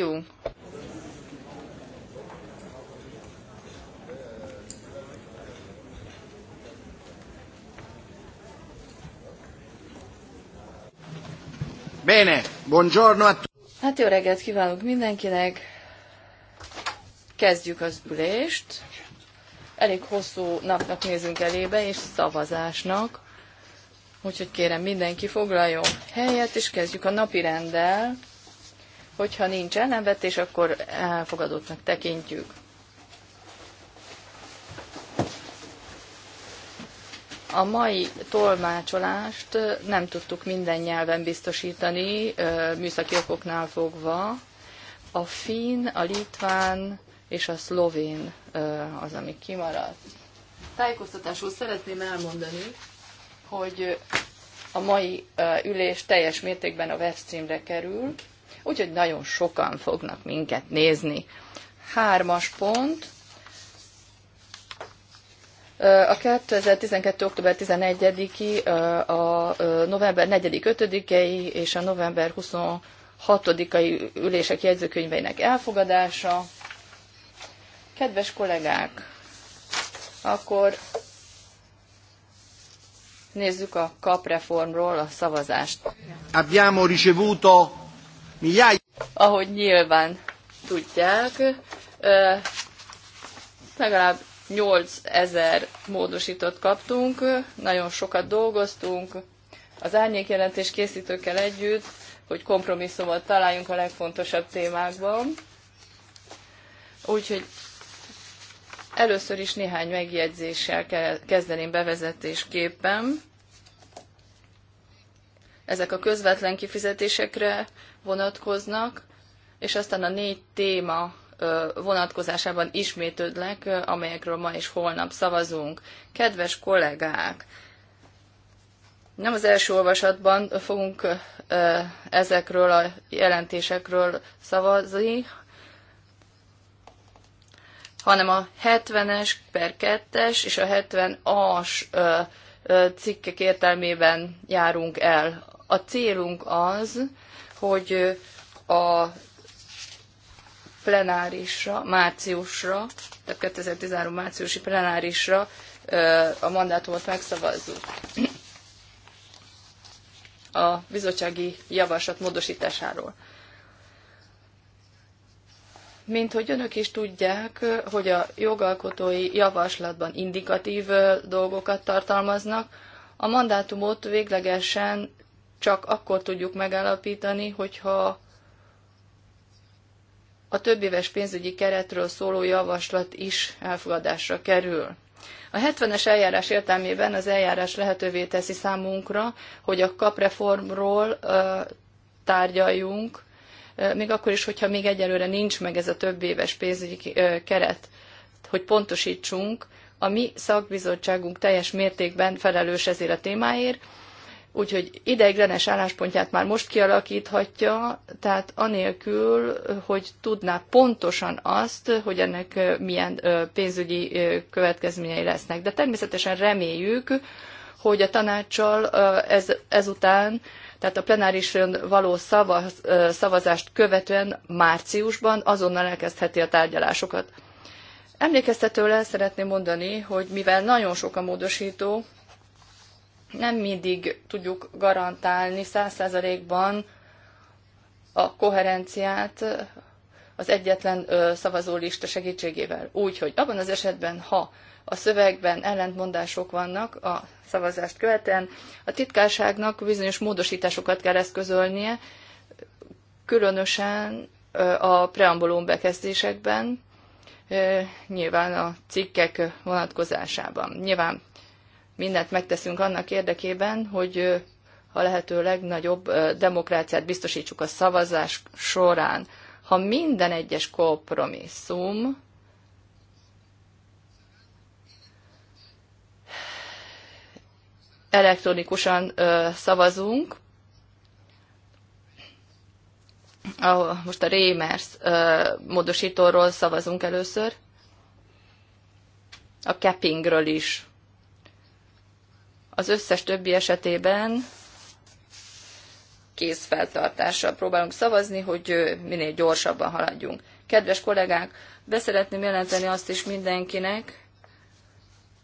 Jó. Bene, buongiorno a tutti. Hát jó reggelt kívánok mindenkinek! Kezdjük az ülést. Elég hosszú napnak nézünk elébe, és szavazásnak. Úgyhogy kérem mindenki foglaljon helyet, és kezdjük a napi rendel. Hogyha nincs ellenvetés, akkor elfogadottnak tekintjük. A mai tolmácsolást nem tudtuk minden nyelven biztosítani, műszaki okoknál fogva. A finn, a litván és a szlovén az, ami kimaradt. Tájékoztatásul szeretném elmondani, hogy a mai ülés teljes mértékben a webstreamre kerül úgyhogy nagyon sokan fognak minket nézni. Hármas pont. A 2012. október 11-i, a november 4 5 i és a november 26-ai ülések jegyzőkönyveinek elfogadása. Kedves kollégák, akkor nézzük a kapreformról a szavazást. Abbiamo ricevuto ahogy nyilván tudják, legalább 8000 módosított kaptunk, nagyon sokat dolgoztunk, az árnyékjelentés készítőkkel együtt, hogy kompromisszumot találjunk a legfontosabb témákban. Úgyhogy először is néhány megjegyzéssel kezdeném bevezetésképpen. Ezek a közvetlen kifizetésekre vonatkoznak, és aztán a négy téma vonatkozásában ismétődlek, amelyekről ma és holnap szavazunk. Kedves kollégák, nem az első olvasatban fogunk ezekről a jelentésekről szavazni, hanem a 70-es per 2-es és a 70-as cikkek értelmében járunk el. A célunk az, hogy a plenárisra, márciusra, tehát 2013 márciusi plenárisra a mandátumot megszavazzuk. A bizottsági javaslat módosításáról. Mint hogy önök is tudják, hogy a jogalkotói javaslatban indikatív dolgokat tartalmaznak, a mandátumot véglegesen csak akkor tudjuk megállapítani, hogyha a éves pénzügyi keretről szóló javaslat is elfogadásra kerül. A 70-es eljárás értelmében az eljárás lehetővé teszi számunkra, hogy a kapreformról tárgyaljunk, még akkor is, hogyha még egyelőre nincs meg ez a éves pénzügyi keret, hogy pontosítsunk, a mi szakbizottságunk teljes mértékben felelős ezért a témáért, Úgyhogy ideiglenes álláspontját már most kialakíthatja, tehát anélkül, hogy tudná pontosan azt, hogy ennek milyen pénzügyi következményei lesznek. De természetesen reméljük, hogy a tanácssal ez, ezután, tehát a plenárisön való szavaz, szavazást követően márciusban azonnal elkezdheti a tárgyalásokat. Emlékeztetőle szeretném mondani, hogy mivel nagyon sok a módosító, nem mindig tudjuk garantálni száz százalékban a koherenciát az egyetlen szavazólista segítségével. Úgyhogy abban az esetben, ha a szövegben ellentmondások vannak a szavazást követően, a titkárságnak bizonyos módosításokat kell eszközölnie, különösen a preambulum bekezdésekben, nyilván a cikkek vonatkozásában. Nyilván mindent megteszünk annak érdekében, hogy a lehető legnagyobb demokráciát biztosítsuk a szavazás során. Ha minden egyes kompromisszum elektronikusan szavazunk, a, most a Rémers módosítóról szavazunk először, a cappingről is az összes többi esetében kézfeltartással próbálunk szavazni, hogy minél gyorsabban haladjunk. Kedves kollégák, beszeretném jelenteni azt is mindenkinek,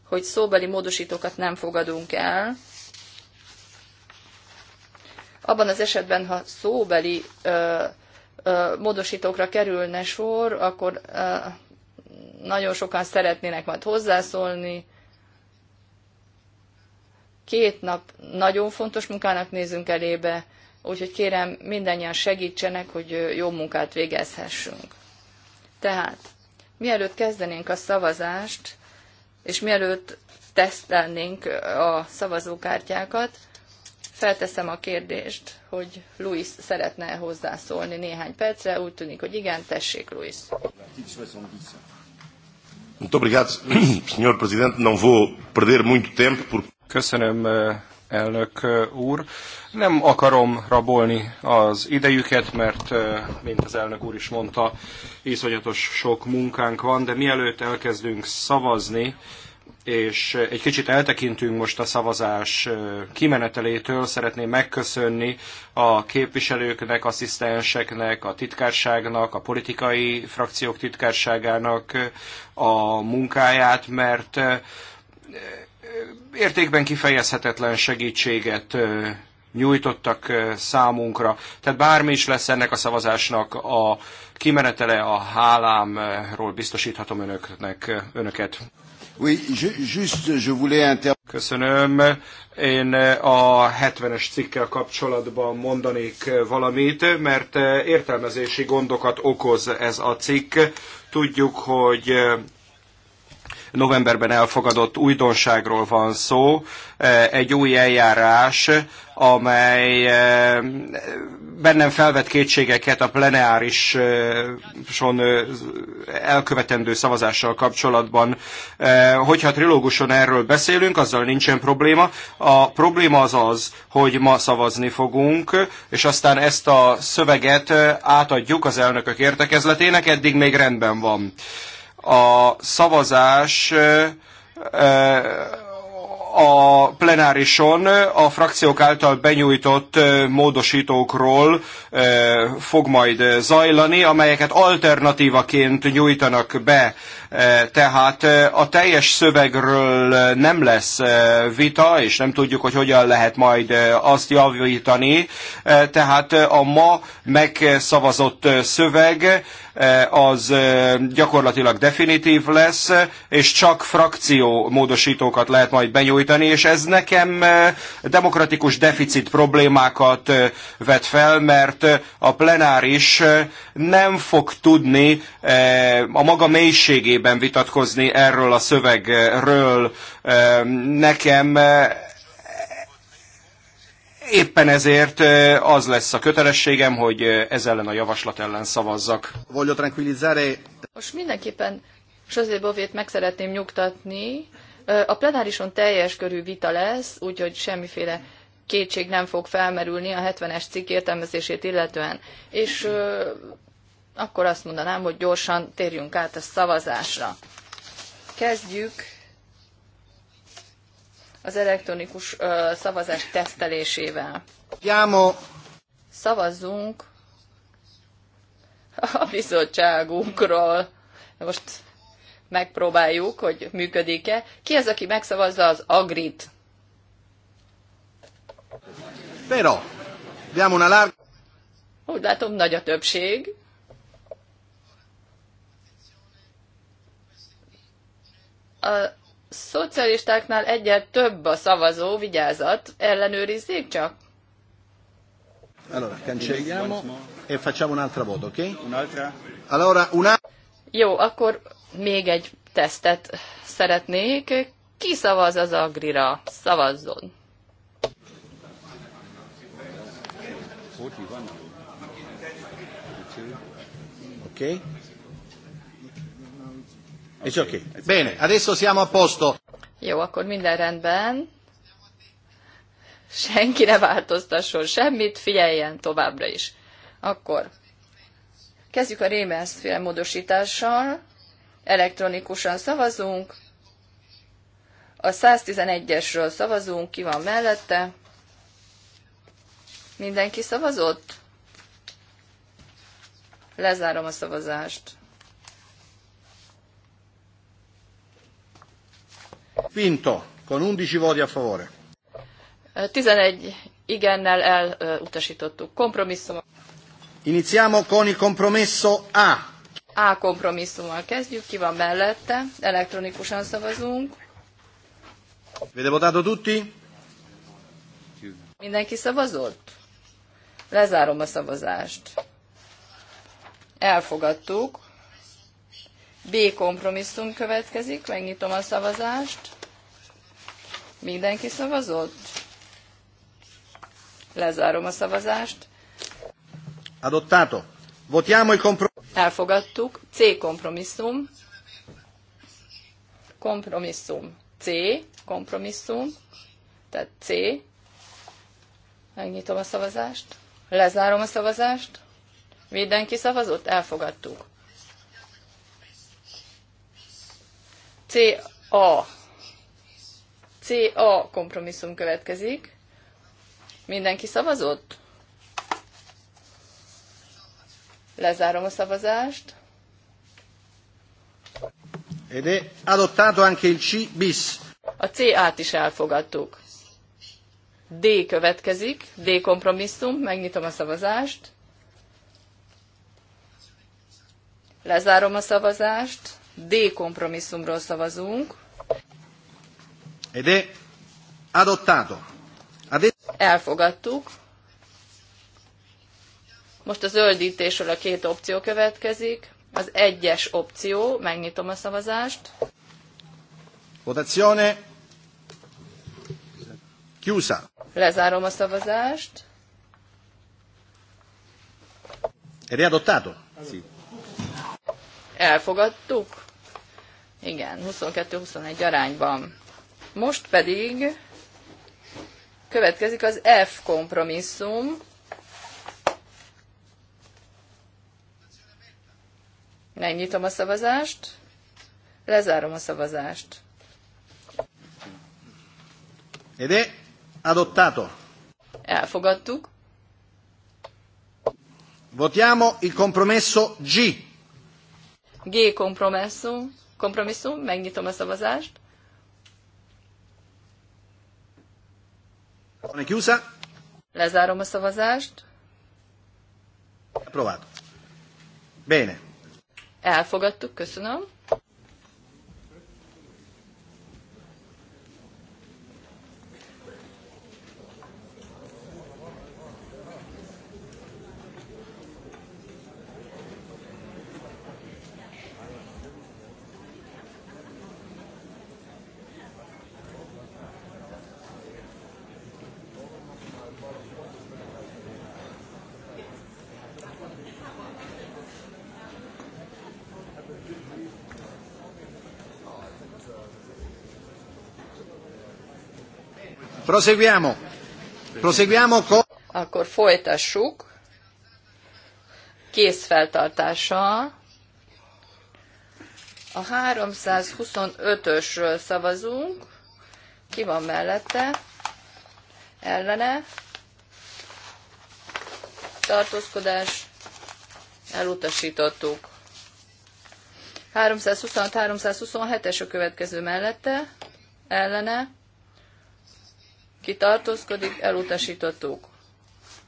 hogy szóbeli módosítókat nem fogadunk el. Abban az esetben, ha szóbeli ö, ö, módosítókra kerülne sor, akkor ö, nagyon sokan szeretnének majd hozzászólni, Két nap nagyon fontos munkának nézünk elébe, úgyhogy kérem mindannyian segítsenek, hogy jó munkát végezhessünk. Tehát, mielőtt kezdenénk a szavazást, és mielőtt tesztelnénk a szavazókártyákat, felteszem a kérdést, hogy Luis szeretne hozzászólni néhány percre. Úgy tűnik, hogy igen, tessék, Luis. Muito obrigado, Sr. Presidente. Não vou perder muito tempo porque... Köszönöm, eh, elnök eh, úr. Nem akarom rabolni az idejüket, mert, eh, mint az elnök úr is mondta, iszonyatos sok munkánk van, de mielőtt elkezdünk szavazni, és egy kicsit eltekintünk most a szavazás kimenetelétől. Szeretném megköszönni a képviselőknek, asszisztenseknek, a titkárságnak, a politikai frakciók titkárságának a munkáját, mert értékben kifejezhetetlen segítséget nyújtottak számunkra. Tehát bármi is lesz ennek a szavazásnak a kimenetele, a hálámról biztosíthatom önöknek, önöket. Oui, je, juste, je voulais inter... Köszönöm. Én a 70-es cikkel kapcsolatban mondanék valamit, mert értelmezési gondokat okoz ez a cikk. Tudjuk, hogy novemberben elfogadott újdonságról van szó, e, egy új eljárás, amely e, bennem felvet kétségeket a plenárison e, elkövetendő szavazással kapcsolatban. Hogyha trilóguson erről beszélünk, azzal nincsen probléma. A probléma az az, hogy ma szavazni fogunk, és aztán ezt a szöveget átadjuk az elnökök értekezletének, eddig még rendben van a szavazás a plenárison a frakciók által benyújtott módosítókról fog majd zajlani, amelyeket alternatívaként nyújtanak be. Tehát a teljes szövegről nem lesz vita, és nem tudjuk, hogy hogyan lehet majd azt javítani. Tehát a ma megszavazott szöveg Eh, az eh, gyakorlatilag definitív lesz, és csak frakció módosítókat lehet majd benyújtani, és ez nekem eh, demokratikus deficit problémákat vet fel, mert a plenáris nem fog tudni a maga mélységében vitatkozni erről a szövegről. Nekem Éppen ezért az lesz a kötelességem, hogy ez ellen a javaslat ellen szavazzak. Voglio tranquillizzare. Most mindenképpen José Bovét meg szeretném nyugtatni. A plenárison teljes körű vita lesz, úgyhogy semmiféle kétség nem fog felmerülni a 70-es cikk értelmezését illetően. És akkor azt mondanám, hogy gyorsan térjünk át a szavazásra. Kezdjük az elektronikus ö, szavazás tesztelésével. Jámo! Szavazzunk a bizottságunkról. Most megpróbáljuk, hogy működik-e. Ki az, aki megszavazza az Agrit? Pero, diamo una larga... Úgy látom, nagy a többség. A szocialistáknál egyel több a szavazó, vigyázat, ellenőrizzék csak. Allora, cancelliamo e facciamo un'altra voto, ok? Un'altra. Allora, una... Jó, akkor még egy tesztet szeretnék. Ki szavaz az Agrira? Szavazzon! Oké. Okay. It's okay. Bene, adesso siamo a posto. Jó, akkor minden rendben. Senki ne változtasson semmit, figyeljen továbbra is. Akkor kezdjük a Rémelsz módosítással. Elektronikusan szavazunk. A 111-esről szavazunk, ki van mellette. Mindenki szavazott? Lezárom a szavazást. respinto con 11 voti a favore. 11 igennel elutasítottuk. Kompromisszum. Iniziamo con il compromesso A. A kompromisszummal kezdjük, ki van mellette, elektronikusan szavazunk. Avete votato tutti? Mindenki szavazott? Lezárom a szavazást. Elfogadtuk. B kompromisszum következik, megnyitom a szavazást. Mindenki szavazott? Lezárom a szavazást. Adottato. Votiamo il compromesso. Elfogadtuk. C kompromisszum. Kompromisszum. C kompromisszum. Tehát C. Megnyitom a szavazást. Lezárom a szavazást. Mindenki szavazott? Elfogadtuk. C. A CA kompromisszum következik. Mindenki szavazott? Lezárom a szavazást. Ed è adottato anche il C bis. A CA-t is elfogadtuk. D következik, D kompromisszum, megnyitom a szavazást. Lezárom a szavazást, D kompromisszumról szavazunk. Ed è adottato. Elfogadtuk. Most a zöldítésről a két opció következik. Az egyes opció, megnyitom a szavazást. Votazione. Chiusa. Lezárom a szavazást. Ed è adottato. Sì. Elfogadtuk? Igen, 22-21 arányban. Most pedig következik az F kompromisszum. Megnyitom a szavazást, lezárom a szavazást. Ede, è adottato. Elfogadtuk. Votiamo il compromesso G. G compromesso. Compromesso, megnyitom a szavazást. Lezárom a szavazást. Approvato. Bene. Elfogadtuk, köszönöm. Proseguiamo. Proseguiamo con... Akkor folytassuk. Készfeltartással. A 325-ösről szavazunk. Ki van mellette? Ellene? Tartózkodás? Elutasítottuk. 326-327-es a következő mellette. Ellene? ki tartózkodik, elutasítottuk.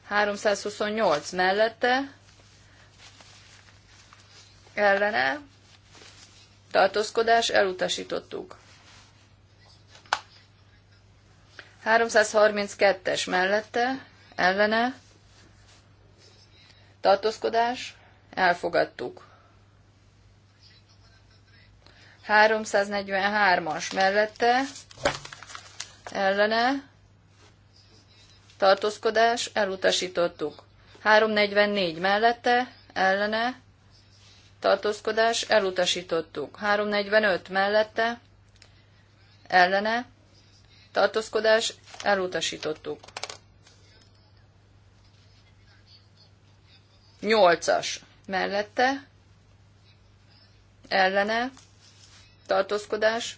328 mellette, ellene, tartózkodás, elutasítottuk. 332-es mellette, ellene, tartózkodás, elfogadtuk. 343-as mellette, ellene, tartózkodás, elutasítottuk. 344 mellette, ellene, tartózkodás, elutasítottuk. 345 mellette, ellene, tartózkodás, elutasítottuk. 8-as mellette, ellene, tartózkodás,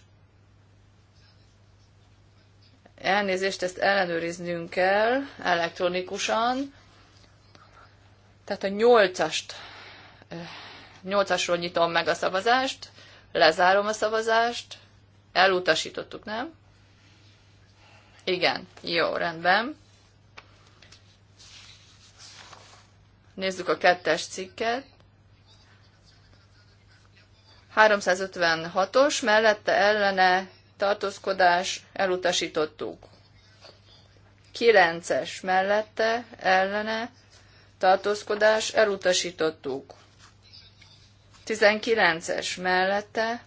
Elnézést, ezt ellenőriznünk kell elektronikusan. Tehát a nyolcast, nyolcasról nyitom meg a szavazást, lezárom a szavazást, elutasítottuk, nem? Igen, jó, rendben. Nézzük a kettes cikket. 356-os, mellette ellene tartózkodás, elutasítottuk. 9-es mellette, ellene, tartózkodás, elutasítottuk. 19-es mellette,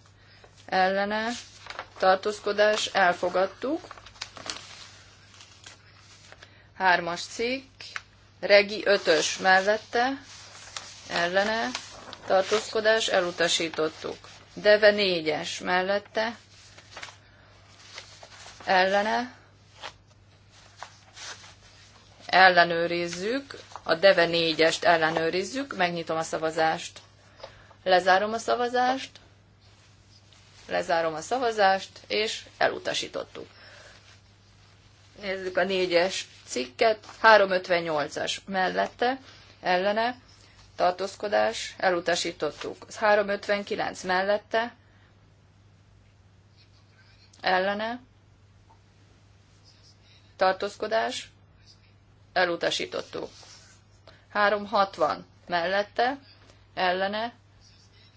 ellene, tartózkodás, elfogadtuk. 3-as cikk, regi 5-ös mellette, ellene, tartózkodás, elutasítottuk. Deve 4-es mellette, ellene. Ellenőrizzük, a DEVE 4-est ellenőrizzük, megnyitom a szavazást. Lezárom a szavazást, lezárom a szavazást, és elutasítottuk. Nézzük a 4-es cikket, 358-as mellette, ellene, tartózkodás, elutasítottuk. 359 mellette, ellene, tartózkodás, elutasítottuk. 360 mellette, ellene,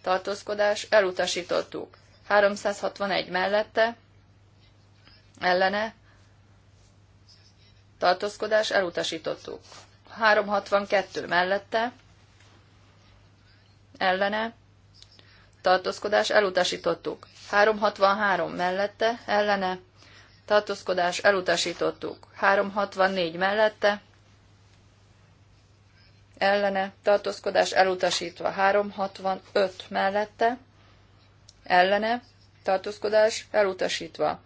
tartózkodás, elutasítottuk. 361 mellette, ellene, tartózkodás, elutasítottuk. 362 mellette, ellene, tartózkodás, elutasítottuk. 363 mellette, ellene, tartózkodás elutasítottuk. 364 mellette, ellene, tartózkodás elutasítva. 365 mellette, ellene, tartózkodás elutasítva.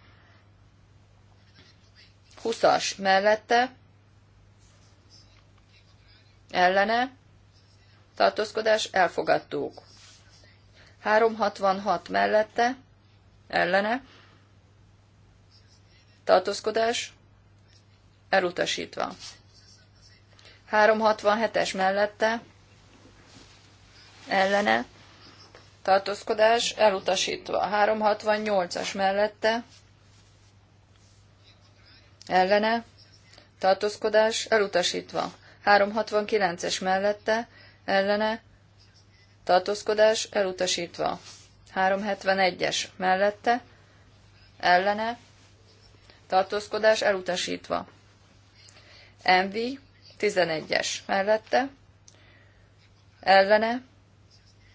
20-as mellette, ellene, tartózkodás elfogadtuk. 366 mellette, ellene, tartózkodás elutasítva. 367-es mellette ellene tartózkodás elutasítva. 368-as mellette ellene tartózkodás elutasítva. 369-es mellette ellene tartózkodás elutasítva. 371-es mellette ellene tartózkodás elutasítva. MV 11-es mellette, ellene,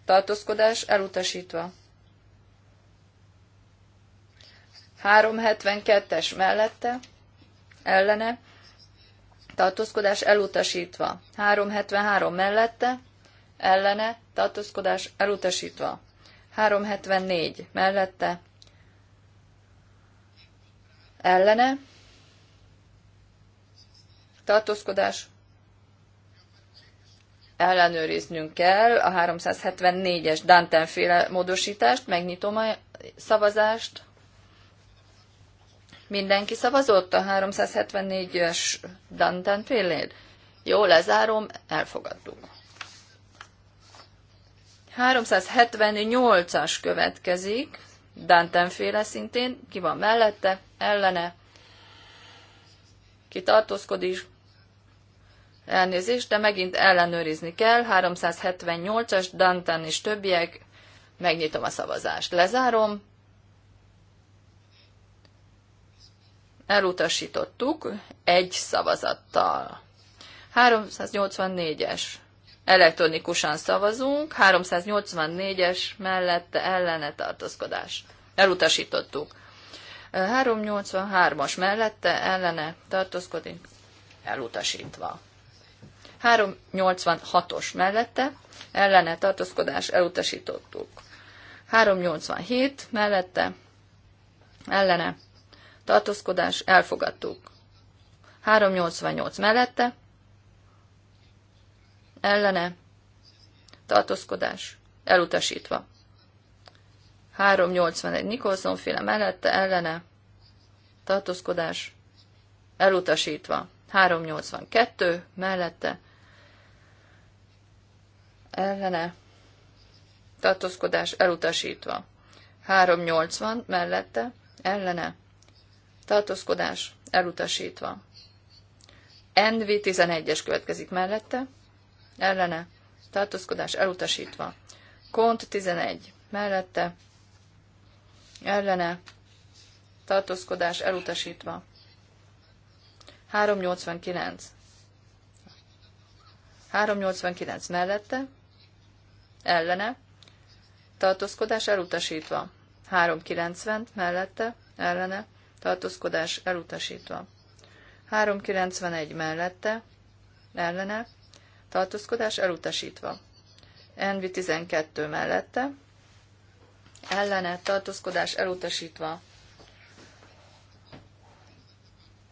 tartózkodás elutasítva. 372-es mellette, ellene, tartózkodás elutasítva. 373 mellette, ellene, tartózkodás elutasítva. 374 mellette, ellene, tartózkodás, ellenőriznünk kell a 374-es Dantenféle módosítást, megnyitom a szavazást. Mindenki szavazott a 374-es Dantenfélét? Jó, lezárom, elfogadtuk. 378-as következik féle szintén, ki van mellette, ellene, ki tartózkodik, elnézést, de megint ellenőrizni kell, 378-as, Danten és többiek, megnyitom a szavazást. Lezárom, elutasítottuk egy szavazattal. 384-es elektronikusan szavazunk, 384-es mellette ellene tartózkodás. Elutasítottuk. 383-as mellette ellene tartózkodni, elutasítva. 386-os mellette ellene tartózkodás elutasítottuk. 387 mellette ellene tartózkodás elfogadtuk. 388 mellette ellene, tartózkodás, elutasítva. 381 Nikolson féle mellette, ellene, tartózkodás, elutasítva. 382 mellette, ellene, tartózkodás, elutasítva. 380 mellette, ellene, tartózkodás, elutasítva. NV 11-es következik mellette, ellene, tartózkodás elutasítva. Kont 11 mellette, ellene, tartózkodás elutasítva. 389. 389 mellette, ellene, tartózkodás elutasítva. 390 mellette, ellene, tartózkodás elutasítva. 391 mellette, ellene, tartózkodás elutasítva. Envi 12 mellette, ellene tartózkodás elutasítva.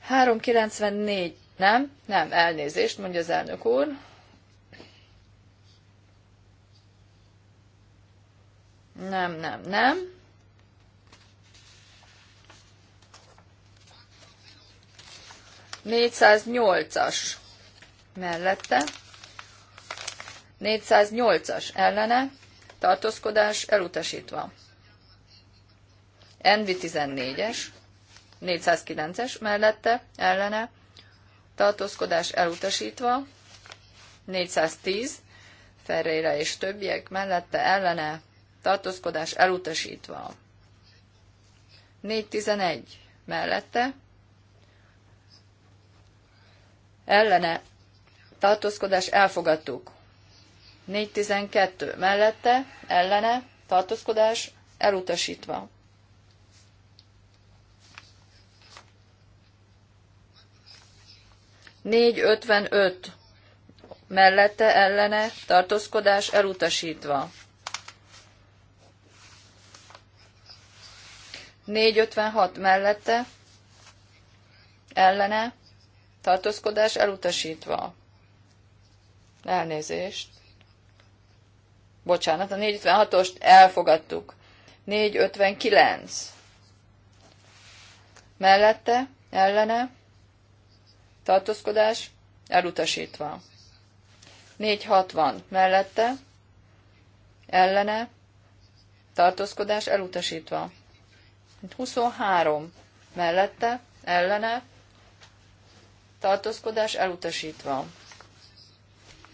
394, nem, nem, elnézést, mondja az elnök úr. Nem, nem, nem. Négyszáznyolcas mellette 408-as ellene, tartózkodás elutasítva. Envi 14 es 409-es mellette, ellene, tartózkodás elutasítva. 410, Ferreira és többiek mellette, ellene, tartózkodás elutasítva. 411 mellette, ellene, tartózkodás elfogadtuk. 412 mellette, ellene, tartózkodás elutasítva. négy öt mellette ellene tartózkodás elutasítva. négy hat mellette ellene tartózkodás elutasítva. Elnézést. Bocsánat, a 456-ost elfogadtuk. 459. Mellette, ellene, tartózkodás, elutasítva. 460. Mellette, ellene, tartózkodás, elutasítva. 23. Mellette, ellene, tartózkodás, elutasítva.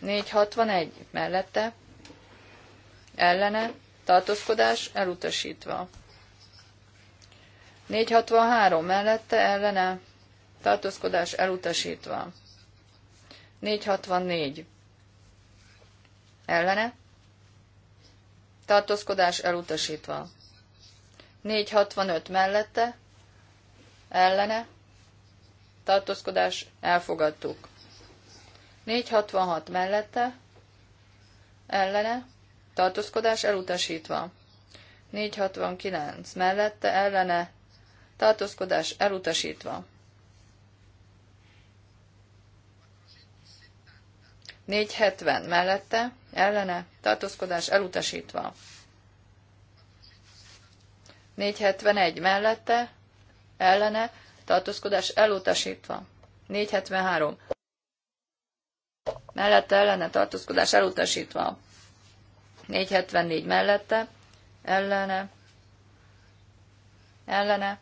461. Mellette, ellene, tartózkodás elutasítva. 463 mellette ellene, tartózkodás elutasítva. 464 ellene, tartózkodás elutasítva. 465 mellette, ellene, tartózkodás elfogadtuk. 466 mellette, ellene, tartózkodás elutasítva. 469 mellette ellene tartózkodás elutasítva. 470 mellette ellene tartózkodás elutasítva. 471 mellette ellene tartózkodás elutasítva. 473 mellette ellene tartózkodás elutasítva. 474 mellette, ellene, ellene,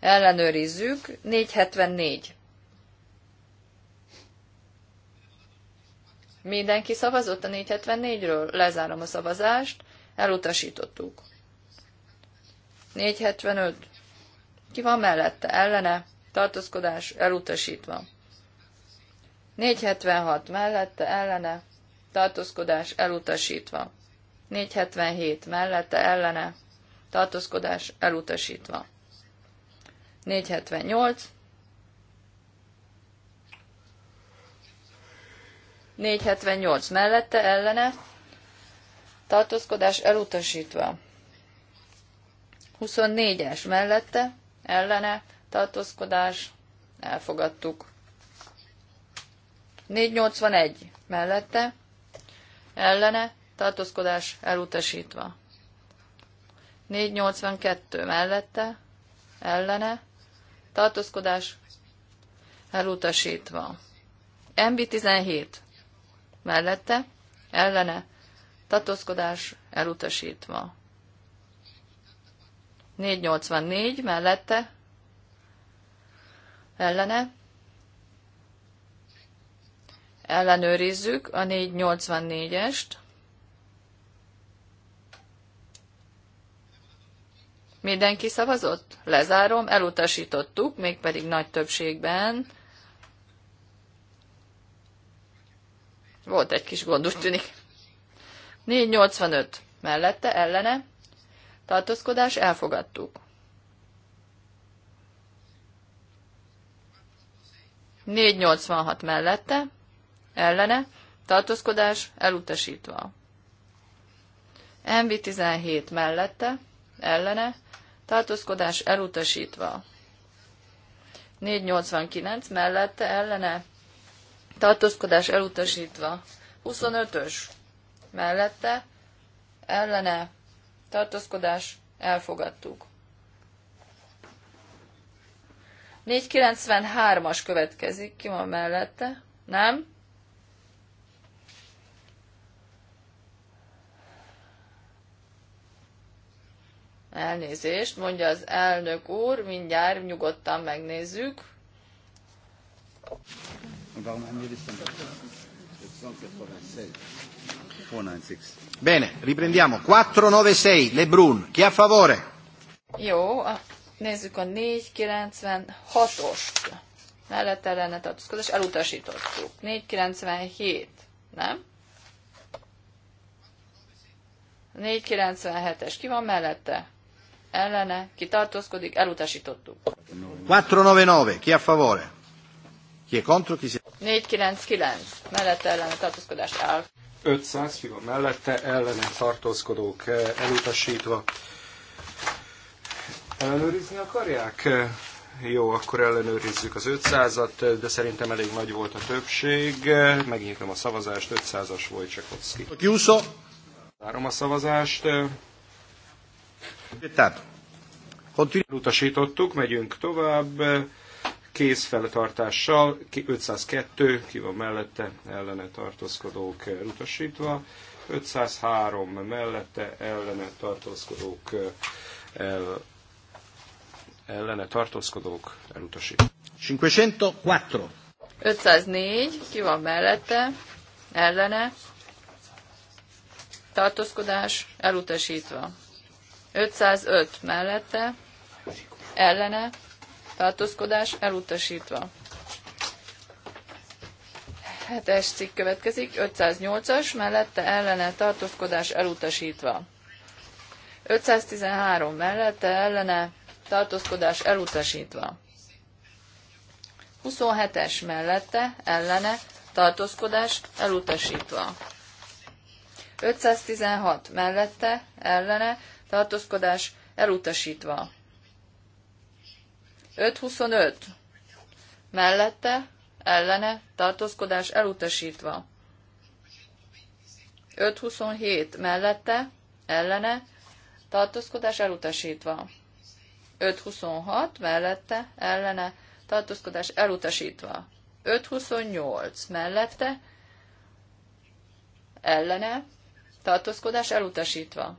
ellenőrizzük, 474. Mindenki szavazott a 474-ről? Lezárom a szavazást, elutasítottuk. 475. Ki van mellette? Ellene? Tartózkodás elutasítva. 476 mellette, ellene, tartózkodás elutasítva. 477 mellette ellene, tartózkodás elutasítva. 478, 478 mellette ellene, tartózkodás elutasítva. 24-es mellette ellene, tartózkodás elfogadtuk. 481 mellette ellene, tartózkodás elutasítva. 482 mellette, ellene, tartózkodás elutasítva. MB17 mellette, ellene, tartózkodás elutasítva. 484 mellette, ellene, ellenőrizzük a 484-est. Mindenki szavazott? Lezárom, elutasítottuk, mégpedig nagy többségben. Volt egy kis gond, úgy tűnik. 485 mellette, ellene. Tartózkodás, elfogadtuk. 486 mellette, ellene, tartózkodás elutasítva. MV17 mellette, ellene, tartózkodás elutasítva. 489 mellette, ellene, tartózkodás elutasítva. 25-ös mellette, ellene, tartózkodás elfogadtuk. 493-as következik, ki van mellette? Nem? Elnézést, mondja az elnök úr, mindjárt nyugodtan megnézzük. Bene, riprendiamo. 496, Lebrun. Chi a favore? Jó, nézzük a 496 os Mellette lenne tartózkodás elutasítottuk. 497, nem? 497-es, ki van mellette? ellene, ki tartózkodik, elutasítottuk. 499, ki a favore? Ki è contro, ki si... 499, mellette ellene tartózkodás áll. 500 figa mellette ellene tartózkodók eh, elutasítva. Ellenőrizni akarják? Jó, akkor ellenőrizzük az 500-at, de szerintem elég nagy volt a többség. Megnyitom a szavazást, 500-as volt, Wojciechowski. Kiuszó! Zárom a szavazást. Utasítottuk, megyünk tovább. Kézfeltartással 502, ki van mellette, ellene tartózkodók utasítva. 503 mellette ellene tartózkodók el, ellene tartózkodók elutasítva. 504. 504, ki van mellette, ellene, tartózkodás elutasítva. 505 mellette, ellene, változkodás elutasítva. 7-es cikk következik, 508-as, mellette ellene tartózkodás elutasítva. 513 mellette ellene tartózkodás elutasítva. 27-es mellette ellene tartózkodás elutasítva. 516 mellette ellene tartózkodás elutasítva. 5.25 mellette, ellene, tartózkodás elutasítva. 5.27 mellette, ellene, tartózkodás elutasítva. 5.26 mellette, ellene, tartózkodás elutasítva. 5.28 mellette, ellene, tartózkodás elutasítva.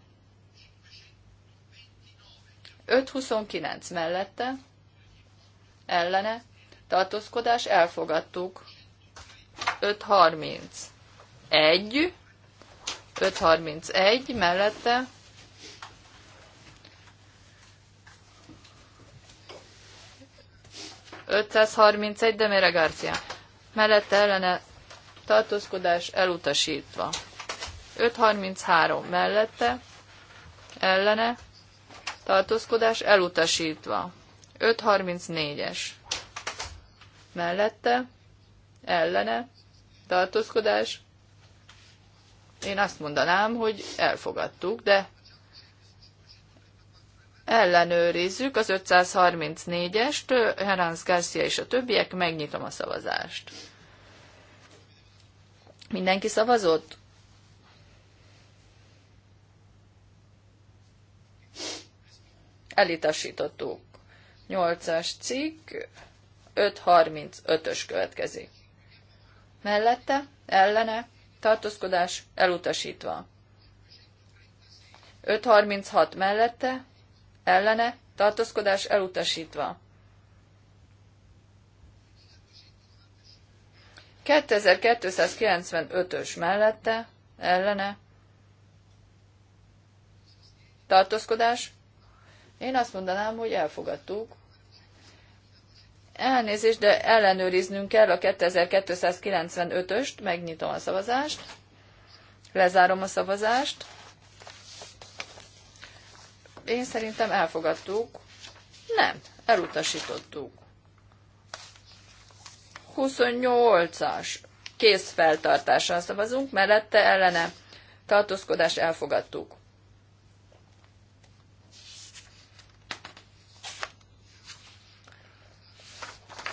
529 mellette, ellene, tartózkodás, elfogadtuk. 531, 531 mellette, egy de mire Garcia? Mellette ellene tartózkodás elutasítva. 533 mellette ellene tartózkodás elutasítva. 534-es mellette, ellene, tartózkodás. Én azt mondanám, hogy elfogadtuk, de ellenőrizzük az 534-est, Heranz Garcia és a többiek, megnyitom a szavazást. Mindenki szavazott? elitasítottuk. 8-as cikk, 5.35-ös következik. Mellette, ellene, tartózkodás elutasítva. 5.36 mellette, ellene, tartózkodás elutasítva. 2295-ös mellette, ellene, tartózkodás én azt mondanám, hogy elfogadtuk. Elnézést, de ellenőriznünk kell a 2295-öst, megnyitom a szavazást, lezárom a szavazást. Én szerintem elfogadtuk. Nem, elutasítottuk. 28-as kész feltartással szavazunk, mellette ellene tartózkodás elfogadtuk.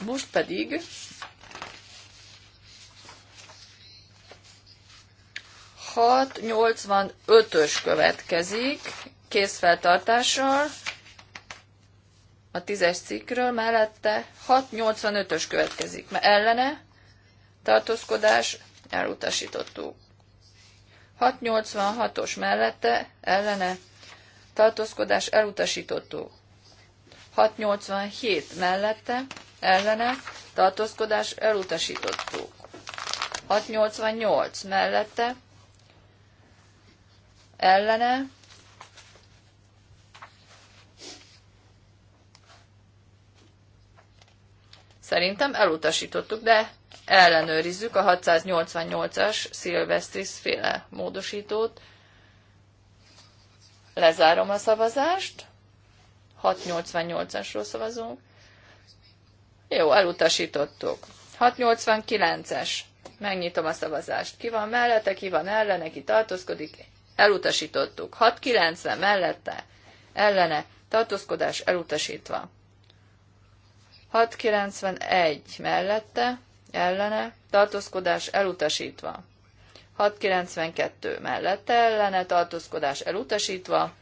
Most pedig hat nyolcvan ötös következik készfeltartással a tízes cikkről, mellette 685 ötös következik, mert ellene tartózkodás elutasítottuk. 686-os mellette ellene tartózkodás elutasítottuk. 687 mellette ellene tartózkodás elutasítottuk. 688 mellette ellene Szerintem elutasítottuk, de ellenőrizzük a 688-as Silvestris féle módosítót. Lezárom a szavazást. 688-asról szavazunk. Jó, elutasítottuk. 689-es. Megnyitom a szavazást. Ki van mellette, ki van ellene, ki tartózkodik. Elutasítottuk. 690 mellette, ellene, tartózkodás elutasítva. 691 mellette, ellene, tartózkodás elutasítva. 692 mellette, ellene, tartózkodás elutasítva.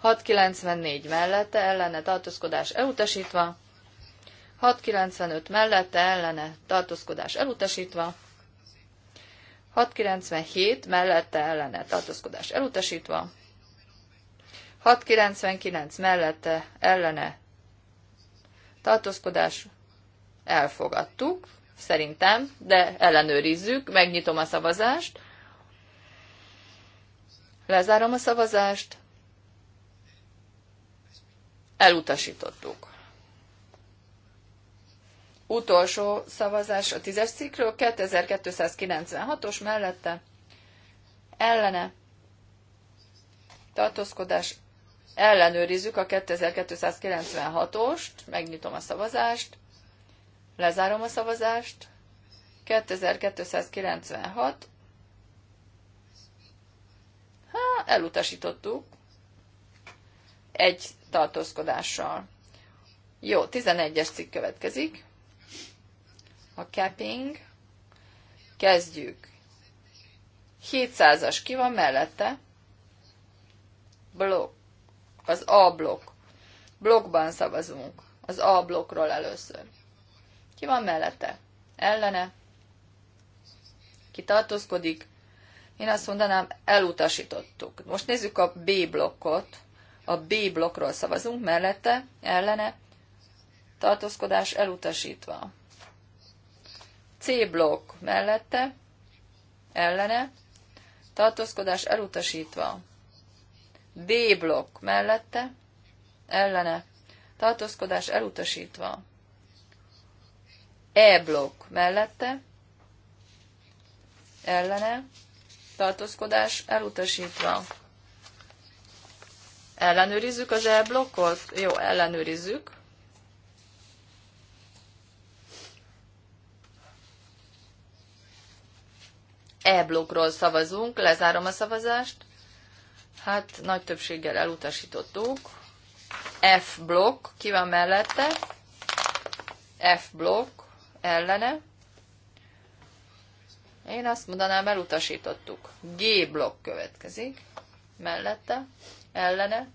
694 mellette, ellene, tartózkodás elutasítva. 695 mellette ellene tartózkodás elutasítva, 697 mellette ellene tartózkodás elutasítva, 699 mellette ellene tartózkodás elfogadtuk, szerintem, de ellenőrizzük, megnyitom a szavazást, lezárom a szavazást, elutasítottuk. Utolsó szavazás a tízes cikkről, 2296-os mellette ellene tartózkodás ellenőrizzük a 2296-ost, megnyitom a szavazást, lezárom a szavazást, 2296, ha elutasítottuk egy tartózkodással. Jó, 11-es cikk következik a capping, kezdjük. 700-as ki van mellette? Blokk. Az A blokk. Blokkban szavazunk. Az A blokkról először. Ki van mellette? Ellene? Ki tartózkodik? Én azt mondanám, elutasítottuk. Most nézzük a B blokkot. A B blokkról szavazunk, mellette, ellene, tartózkodás elutasítva. C blokk mellette, ellene, tartózkodás elutasítva. D blokk mellette, ellene, tartózkodás elutasítva. E blokk mellette, ellene, tartózkodás elutasítva. Ellenőrizzük az E blokkot? Jó, ellenőrizzük. E-blokkról szavazunk, lezárom a szavazást. Hát nagy többséggel elutasítottuk. F blokk, ki van mellette? F blokk, ellene. Én azt mondanám, elutasítottuk. G blokk következik, mellette, ellene.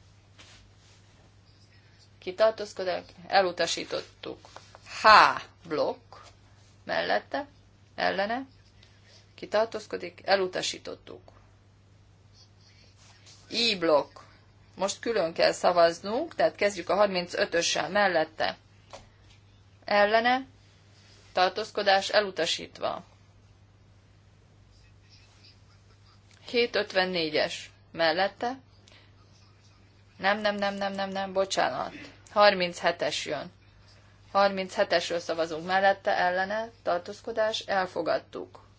Kitartózkodik, elutasítottuk. H blokk, mellette, ellene, ki tartózkodik, elutasítottuk. I blokk. Most külön kell szavaznunk, tehát kezdjük a 35-össel mellette. Ellene, tartózkodás elutasítva. 754-es mellette. Nem, nem, nem, nem, nem, nem, bocsánat. 37-es jön. 37-esről szavazunk mellette, ellene, tartózkodás, elfogadtuk.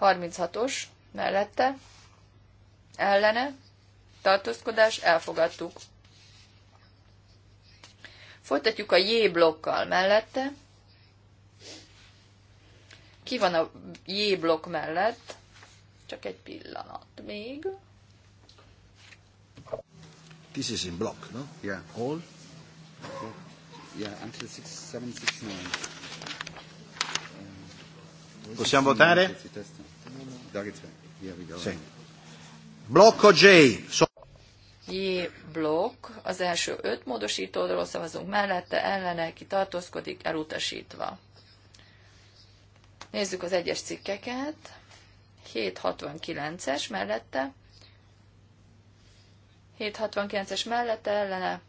36-os mellette, ellene, tartózkodás, elfogadtuk. Folytatjuk a J blokkal mellette. Ki van a J blokk mellett? Csak egy pillanat még. This is in block, no? Yeah, all. Yeah, until 6, 7, 6, 9. Possiamo votare? Sì. Blocco J. J blokk, az első öt módosítóról szavazunk mellette, ellene, ki tartózkodik, elutasítva. Nézzük az egyes cikkeket. 769-es mellette. 769-es mellette ellene.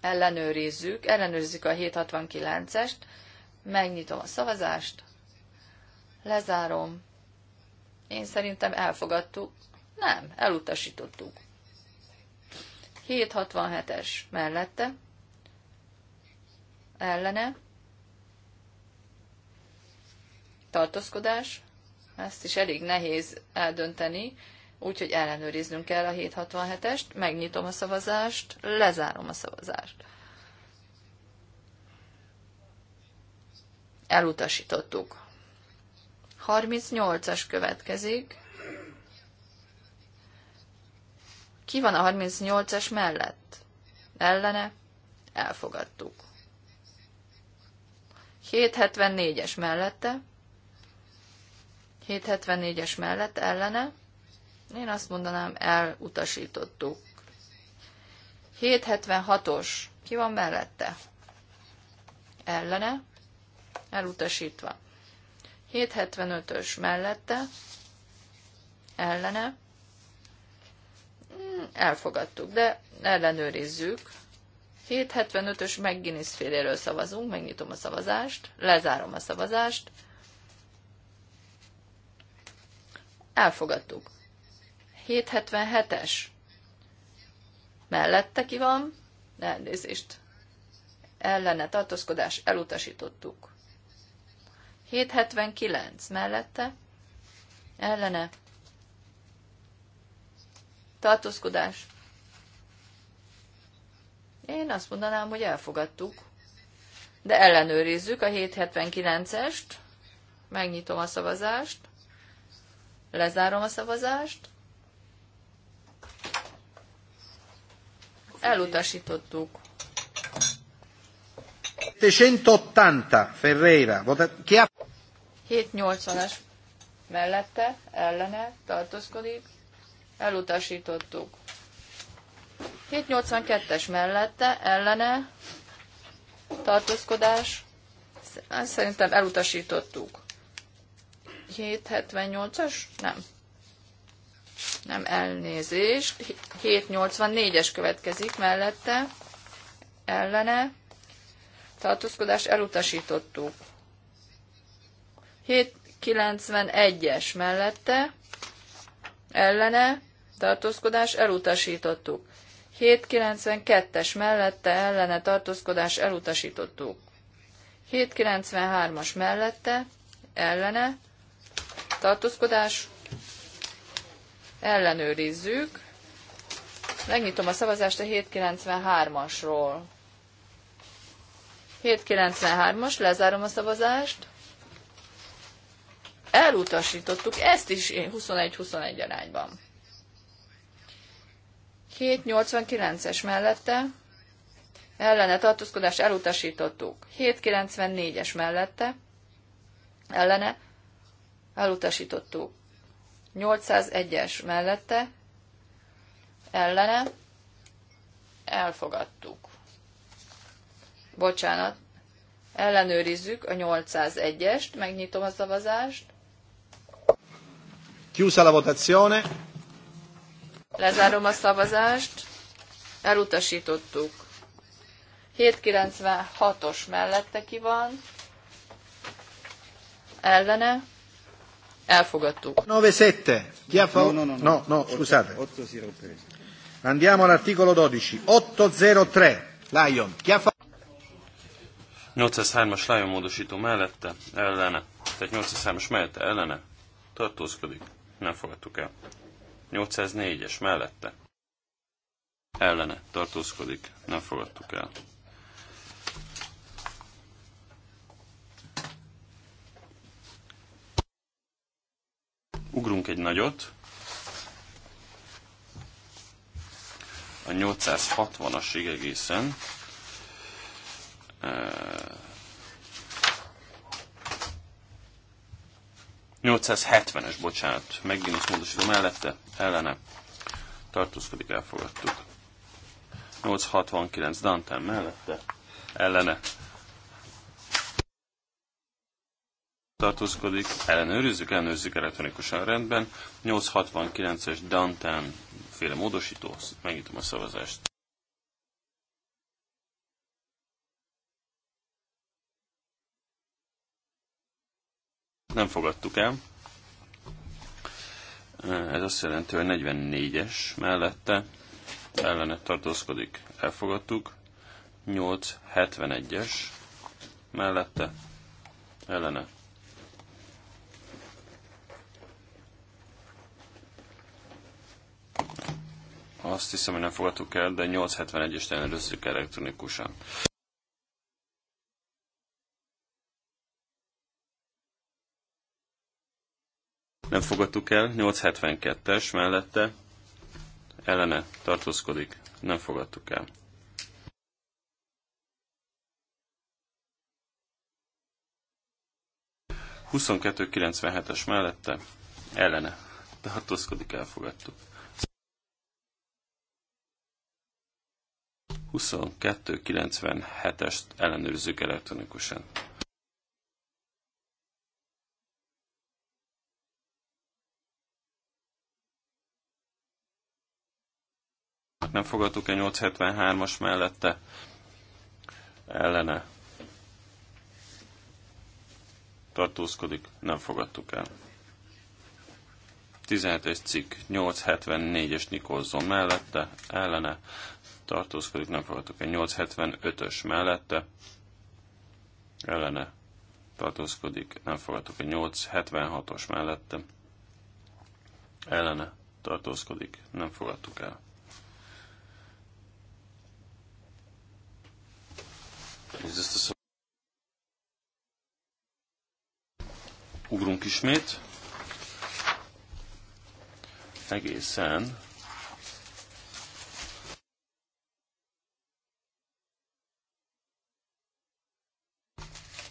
Ellenőrizzük. Ellenőrizzük a 769-est. Megnyitom a szavazást, lezárom. Én szerintem elfogadtuk. Nem, elutasítottuk. 767-es mellette, ellene, tartózkodás, ezt is elég nehéz eldönteni, úgyhogy ellenőriznünk kell a 767-est, megnyitom a szavazást, lezárom a szavazást. elutasítottuk. 38-as következik. Ki van a 38-as mellett? Ellene? Elfogadtuk. 774-es mellette? 774-es mellett ellene? Én azt mondanám, elutasítottuk. 776-os. Ki van mellette? Ellene? elutasítva. 775-ös mellette, ellene, hmm, elfogadtuk, de ellenőrizzük. 775-ös McGuinness féléről szavazunk, megnyitom a szavazást, lezárom a szavazást, elfogadtuk. 777-es mellette ki van, elnézést, ellene tartózkodás, elutasítottuk. 779 mellette, ellene, tartózkodás. Én azt mondanám, hogy elfogadtuk, de ellenőrizzük a 779-est, megnyitom a szavazást, lezárom a szavazást, elutasítottuk. 780 Ferreira. Chi ha 780-as mellette, ellene tartózkodik, elutasítottuk. 782-es mellette, ellene tartózkodás, szerintem elutasítottuk. 778-as? Nem. Nem elnézés. 784-es következik mellette, ellene tartózkodás, elutasítottuk. 791-es mellette, ellene, tartózkodás elutasítottuk. 792-es mellette, ellene, tartózkodás elutasítottuk. 793-as mellette, ellene, tartózkodás ellenőrizzük. Megnyitom a szavazást a 793-asról. 793-as, lezárom a szavazást elutasítottuk, ezt is 21-21 arányban. 789-es mellette ellene tartózkodás elutasítottuk. 794-es mellette ellene elutasítottuk. 801-es mellette ellene elfogadtuk. Bocsánat, ellenőrizzük a 801-est, megnyitom a szavazást. Chiusa la votazione. Lezárom a szavazást. Elutasítottuk. 796-os mellette ki van. Ellene. Elfogadtuk. 97. Chi ha fa... No, no, no, no. no, scusate. Andiamo all'articolo 12. 803. Lion. Chi ha fa... 803-as Lion módosító mellette, ellene. Tehát 803-as mellette, ellene. Tartózkodik nem fogadtuk el. 804-es mellette. Ellene tartózkodik, nem fogadtuk el. Ugrunk egy nagyot. A 860-asig egészen. E 870-es, bocsánat, megint is módosító mellette, ellene tartózkodik, elfogadtuk. 869 Dantem mellette, ellene tartózkodik, ellenőrizzük, ellenőrizzük elektronikusan rendben. 869-es Dantem féle módosító, megnyitom a szavazást. Nem fogadtuk el. Ez azt jelenti, hogy 44-es mellette ellene tartózkodik. Elfogadtuk. 871-es mellette ellene Azt hiszem, hogy nem fogadtuk el, de 871-est ellenőrizzük elektronikusan. nem fogadtuk el, 872-es mellette ellene tartózkodik, nem fogadtuk el. es mellette ellene tartózkodik, elfogadtuk. 2297-est ellenőrizzük elektronikusan. Ezt nem fogadtuk el 873-as mellette ellene tartózkodik, nem fogadtuk el. 17-es cikk, 874-es nikolzon mellette, ellene tartózkodik, nem fogadtuk el. 875-ös mellette, ellene tartózkodik, nem fogadtuk el. 876-os mellette, ellene tartózkodik, nem fogadtuk el. ezt a szó. Ugrunk ismét. Egészen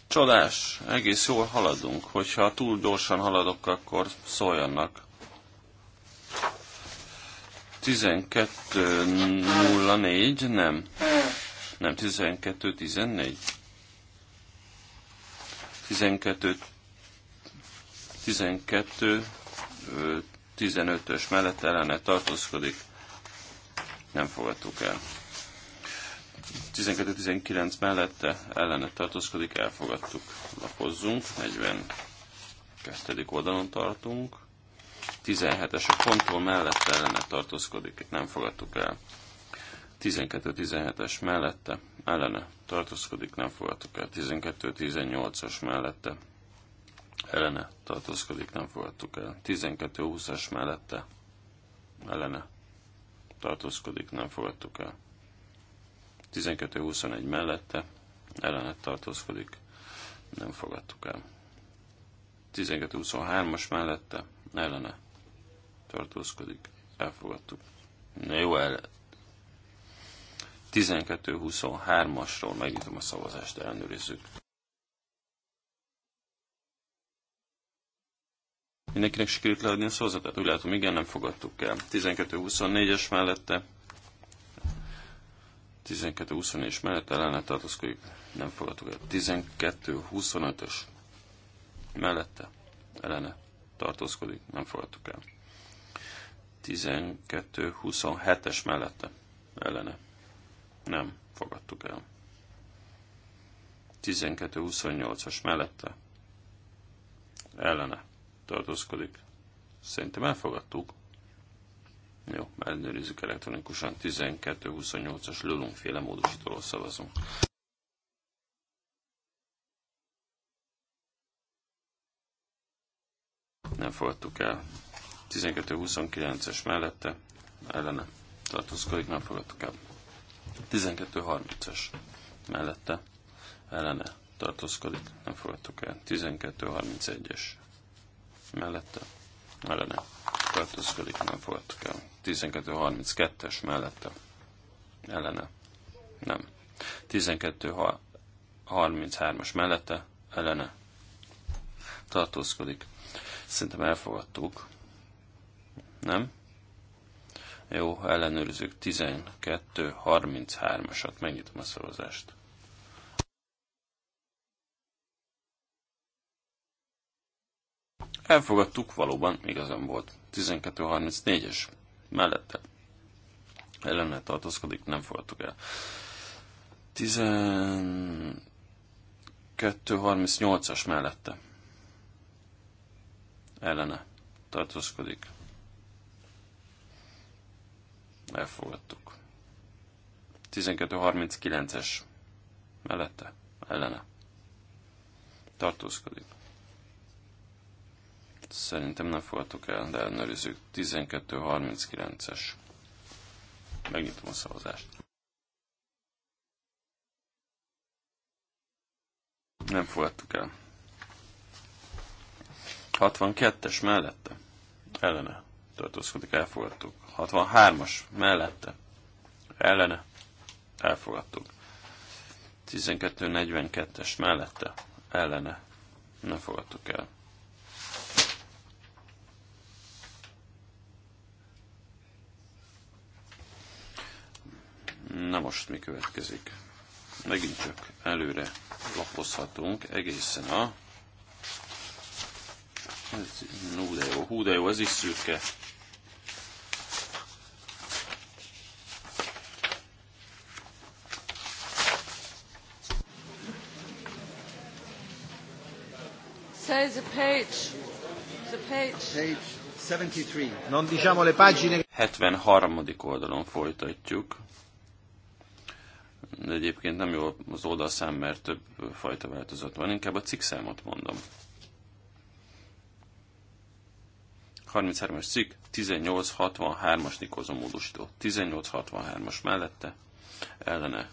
Csodás, egész jól haladunk. Hogyha túl gyorsan haladok, akkor szóljanak. 12.04, nem. Nem, 12, 14. 12, 12, 15-ös mellett ellene tartózkodik. Nem fogadtuk el. 12-19 mellette ellene tartózkodik, elfogadtuk. Lapozzunk, 42. oldalon tartunk. 17-es a ponttól mellette ellene tartózkodik, nem fogadtuk el. 12-17-es mellette ellene tartózkodik, nem fogadtuk el. 12-18-as mellette ellene tartózkodik, nem fogadtuk el. 12-20-as mellette ellene tartózkodik, nem fogadtuk el. 12-21 mellette ellene tartózkodik, nem fogadtuk el. 12-23-as mellette ellene tartózkodik, elfogadtuk. Na jó, el, 12-23-asról megnyitom a szavazást, ellenőrizzük. Mindenkinek sikerült leadni a szavazatát? Úgy látom, igen, nem fogadtuk el. 12-24-es mellette. 12-24-es mellette ellene tartozkodik, Nem fogadtuk el. 12-25-ös mellette ellene tartózkodik. Nem fogadtuk el. 12-27-es mellette ellene nem, fogadtuk el. 12-28-as mellette. Ellene tartózkodik. Szerintem elfogadtuk. Jó, ellenőrizzük elektronikusan. 12-28-as lulunkféle módosítóról szavazunk. Nem fogadtuk el. 12-29-es mellette ellene tartózkodik, nem fogadtuk el. 12.30-as mellette ellene tartózkodik, nem fogadtuk el. 12.31-es mellette ellene tartózkodik, nem fogadtuk el. 12.32-es mellette ellene nem. 12.33-as mellette ellene tartózkodik. Szerintem elfogadtuk. Nem? Jó, ellenőrizzük 12.33-asat. Megnyitom a szavazást. Elfogadtuk, valóban igazam volt. 12.34-es mellette ellene tartózkodik, nem fogadtuk el. 12.38-as mellette ellene tartózkodik, Elfogadtuk. 12.39-es mellette, ellene. Tartózkodik. Szerintem nem fogadtuk el, de ellenőrizzük. 12.39-es. Megnyitom a szavazást. Nem fogadtuk el. 62-es mellette. Ellene tartózkodik, elfogadtuk. 63-as mellette, ellene, elfogadtuk. 12.42-es mellette, ellene, nem fogadtuk el. Na most mi következik? Megint csak előre lapozhatunk egészen a ez, hú de jó, hú de jó, ez is szürke. Says a page. The page. Page 73. Non diciamo le pagine. 73. oldalon folytatjuk. De egyébként nem jó az oldalszám, mert több fajta változat van. Inkább a cikk számot mondom. 33-as cikk, 1863-as Nikozom módosító. 1863-as mellette ellene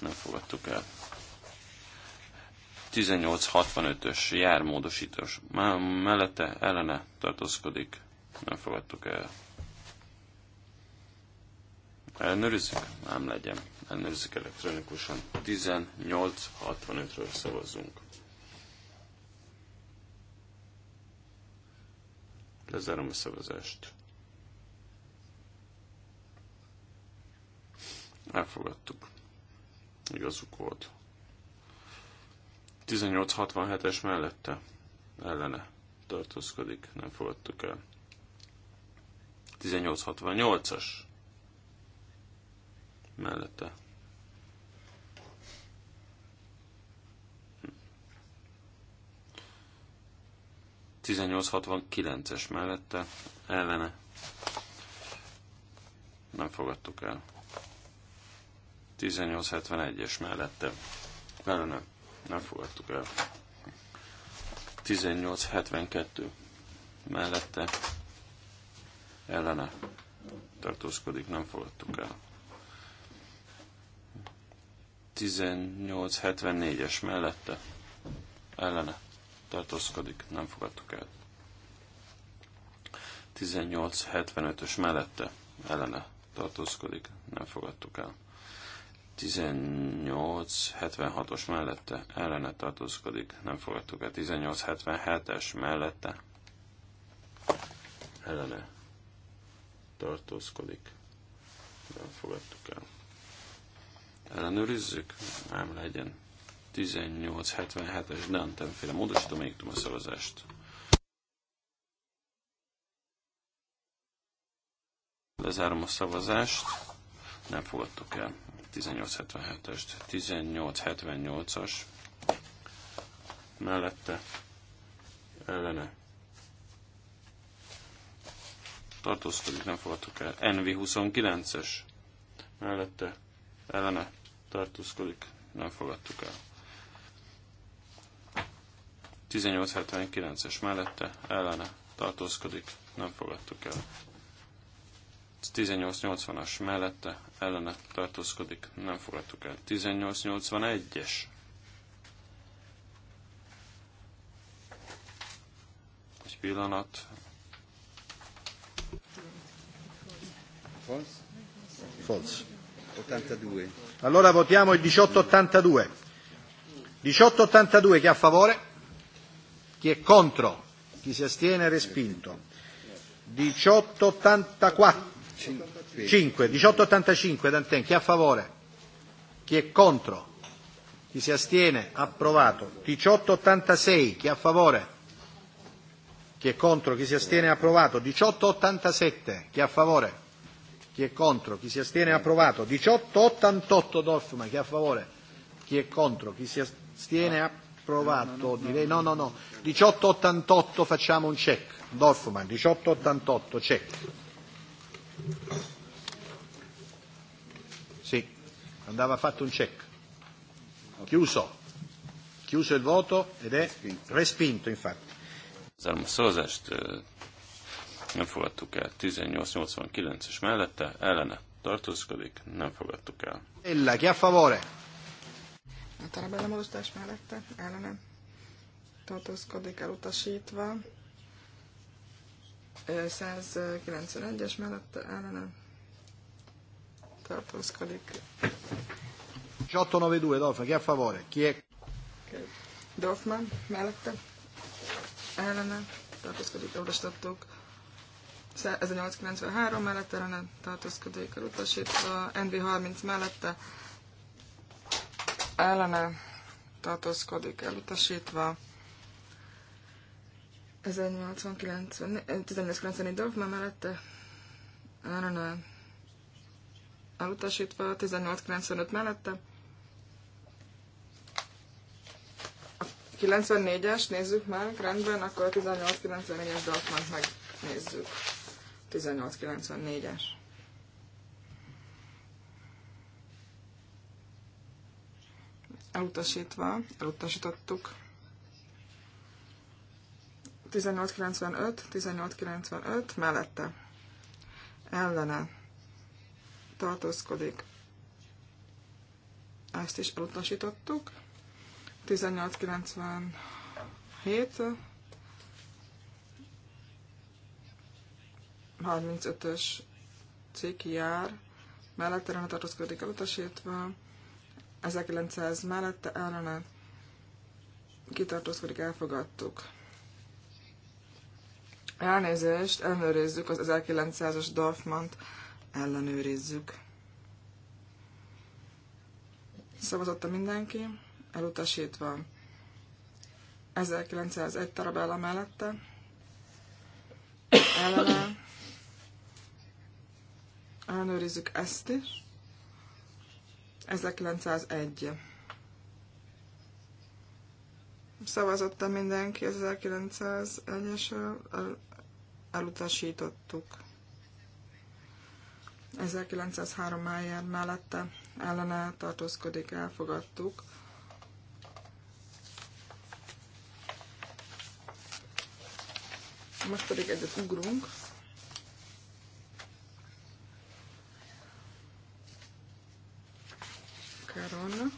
nem fogadtuk el. 1865-ös jármódosítós mellette ellene tartózkodik. Nem fogadtuk el. Ellenőrizzük? Nem legyen. Ellenőrizzük elektronikusan. 1865-ről szavazzunk. Lezárom a szavazást. Elfogadtuk. Igazuk volt. 1867-es mellette ellene tartózkodik, nem fogadtuk el. 1868-as mellette 1869-es mellette ellene nem fogadtuk el. 1871-es mellette ellene nem fogadtuk el. 1872 mellette ellene tartózkodik, nem fogadtuk el. 1874-es mellette ellene tartózkodik, nem fogadtuk el. 1875-ös mellette ellene tartózkodik, nem fogadtuk el. 1876-os mellette ellene tartózkodik, nem fogadtuk el. 1877-es mellette ellene tartózkodik, nem fogadtuk el. Ellenőrizzük? Nem legyen 1877-es Dantenféle módosító, megnyitom a szavazást. Lezárom a szavazást. Nem fogadtok el 1877-est. 1878-as mellette ellene tartózkodik, nem fogadtuk el. NV29-es mellette ellene tartózkodik, nem fogadtuk el. 1879-es mellette ellene tartózkodik, nem fogadtuk el. 1880-as mellette ellene tartózkodik, nem fogadtuk el. 1881-es. Egy pillanat. False? False. 82. Allora votiamo il 1882. 1882 chi a favore? Chi è contro? Chi si astiene? Respinto. 1884. 5. 1885, Danten. Chi è a favore? Chi è contro? Chi si astiene? Approvato. 1886. Chi è a favore? Chi è contro? Chi si astiene? Approvato. 1887. Chi è a favore? Chi è contro? Chi si astiene? Approvato. 1888. Dorfman. Chi è a favore? Chi è contro? Chi si astiene? Approvato approvato, direi no, no, no. 1888 facciamo un check. Dorfman, 1888 check. Sì, andava fatto un check. Chiuso. Chiuso il voto ed è respinto infatti. Zalma a szavazást, nem fogadtuk el 1889-es mellette, ellene tartózkodik, nem fogadtuk el. Ella, chi a favore? a terembelemorodás mellette ellene tartózkodik elutasítva, 191-es mellette ellene tartózkodik. 892 Dolphin, ki a favore? Chi è? Dorfman mellette ellene tartózkodik, elutasítottuk. 1893 mellette ellene tartózkodik, elutasítva. NB30 mellette ellene tartózkodik elutasítva. 1894 Dorfman mellette ellene elutasítva, 1895 mellette. A 94-es nézzük meg, rendben, akkor a 1894-es Dorfman megnézzük. 1894-es. elutasítva, elutasítottuk. 1895, 1895 mellette ellene tartózkodik. Ezt is elutasítottuk. 1897 35-ös cikk jár, mellette tartózkodik elutasítva, 1900 mellette ellene kitartózkodik, elfogadtuk. Elnézést, ellenőrizzük az 1900-as Dorfmant, ellenőrizzük. Szavazotta mindenki, elutasítva. 1901 Tarabella mellette, ellene, ellenőrizzük ezt is. 1901. Szavazottam mindenki 1901 el, elutasítottuk. 1903 májár mellette ellene tartózkodik, elfogadtuk. Most pedig egyet ugrunk. Caron.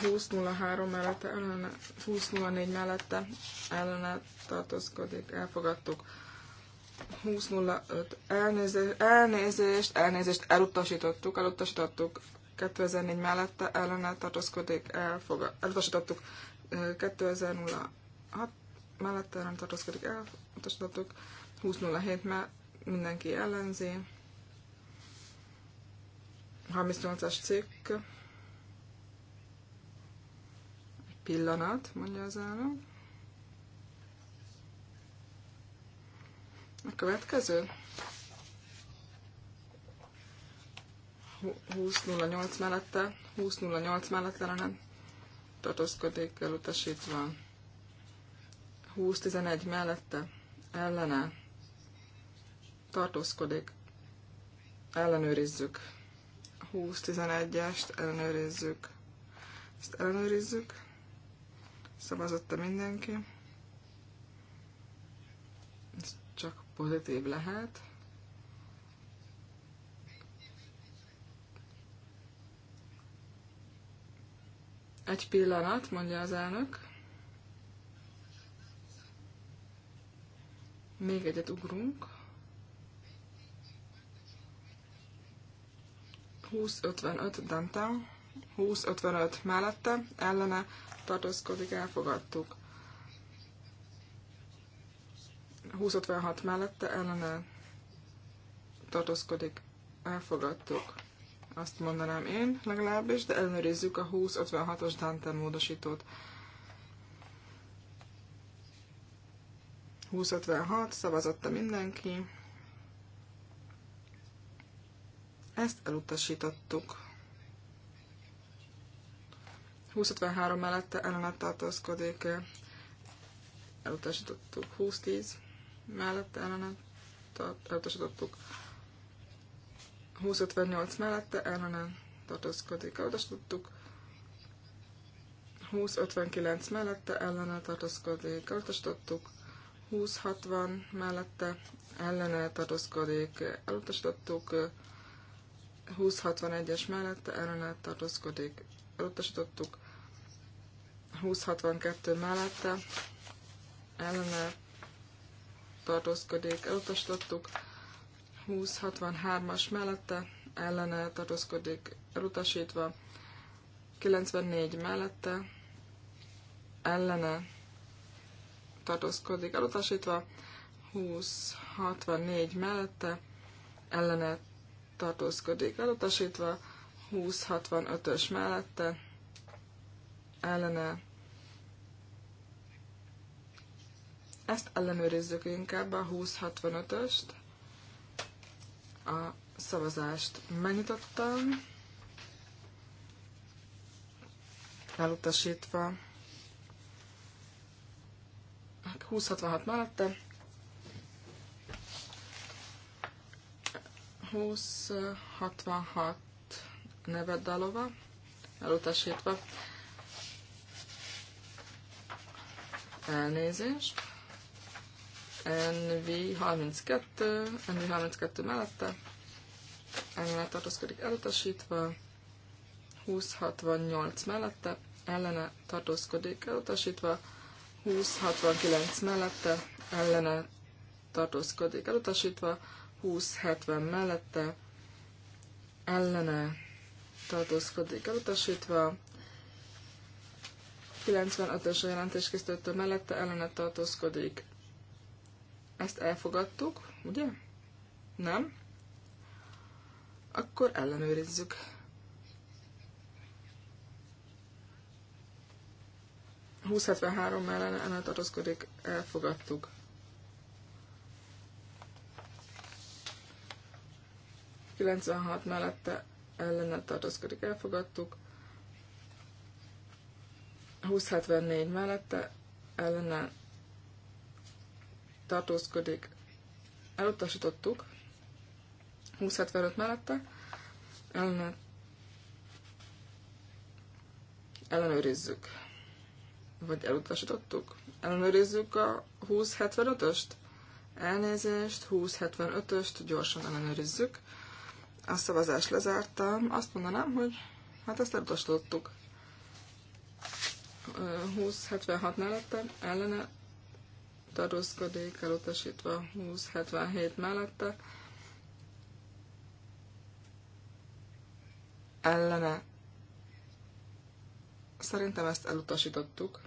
20.03 mellette ellene, 20.04 mellette ellene tartózkodik, elfogadtuk. 20.05 elnézést, elnézést, elnézést, elutasítottuk, elutasítottuk. 2004 mellette ellene tartózkodik, elfogad, elutasítottuk. 2006 mellette ellen tartózkodik, elutasítottuk. 20.07 mellette mindenki ellenzi. 38-as cikk. Pillanat, mondja az állam. A következő. 20.08 mellette, 20.08 mellett lenne tartózkodik elutasítva. 20.11 mellette, ellene tartózkodik, ellenőrizzük. 20-11-est ellenőrizzük. Ezt ellenőrizzük. Szavazott-e mindenki? Ez csak pozitív lehet. Egy pillanat, mondja az elnök. Még egyet ugrunk. 20-55 Dante, 20-55 mellette, ellene tartózkodik, elfogadtuk. 20-56 mellette, ellene tartózkodik, elfogadtuk. Azt mondanám én legalábbis, de ellenőrizzük a 20-56-os Dante módosítót. 20-56, szavazotta mindenki. Ezt elutasítottuk. 2053 mellette ellenet tartózkodik. Elutasítottuk. 2010 mellette ellenet elutasítottuk. 2058 mellette ellenet tartózkodik. Elutasítottuk. 2059 mellette ellenet tartózkodik, elutasítottuk. 2060 mellette ellenet tartózkodik, elutasítottuk. 2061-es mellette ellenállt tartózkodik. Elutasítottuk. 2062 mellette ellenállt tartózkodik. Elutasítottuk. 2063-as mellette ellenállt tartózkodik. Elutasítva. 94 mellette ellene tartózkodik. Elutasítva. 2064 mellette ellenet tartózkodik elutasítva, 65 ös mellette ellene ezt ellenőrizzük inkább a 65 öst A szavazást megnyitottam, elutasítva 20-66 mellette 2066 dalova, elutasítva. Elnézést. NV32, NV32 mellette, ellene tartózkodik elutasítva, 2068 mellette, ellene tartózkodik elutasítva, 2069 mellette, ellene tartózkodik elutasítva, 20-70 mellette ellene tartózkodik elutasítva, 95-ös a jelentéskészítőtől mellette ellene tartózkodik. Ezt elfogadtuk, ugye? Nem? Akkor ellenőrizzük. A 2073 ellene tartózkodik, elfogadtuk. 96 mellette ellene tartózkodik, elfogadtuk. 2074 mellette ellene tartózkodik, elutasítottuk. 2075 mellette ellene ellenőrizzük. Vagy elutasítottuk? Ellenőrizzük a 2075-öst? Elnézést, 2075-öst gyorsan ellenőrizzük a szavazást lezártam, azt mondanám, hogy hát ezt elutasítottuk. 20-76 mellette, ellene tartózkodik, elutasítva 20-77 mellette, ellene. Szerintem ezt elutasítottuk.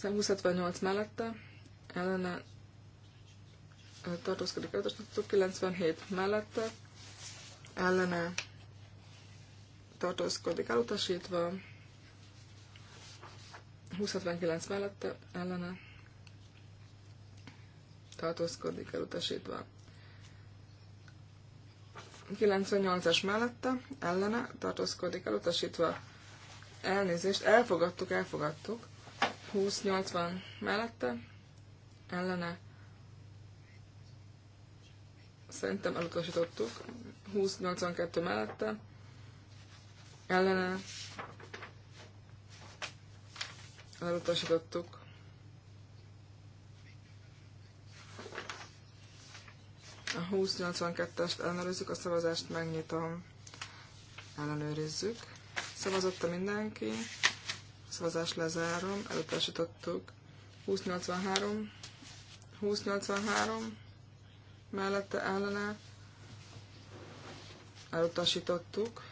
178 mellette, ellene tartózkodik, elutasítottuk, 97 mellette, ellene tartózkodik elutasítva, 2079 mellette ellene tartózkodik elutasítva. 98-as mellette ellene tartózkodik elutasítva. Elnézést, elfogadtuk, elfogadtuk. 2080 mellette ellene szerintem elutasítottuk, 20-82 mellette ellene elutasítottuk. A 82 est ellenőrizzük, a szavazást megnyitom, ellenőrizzük. Szavazotta mindenki, a szavazást lezárom, elutasítottuk. 20-83, mellette ellene elutasítottuk.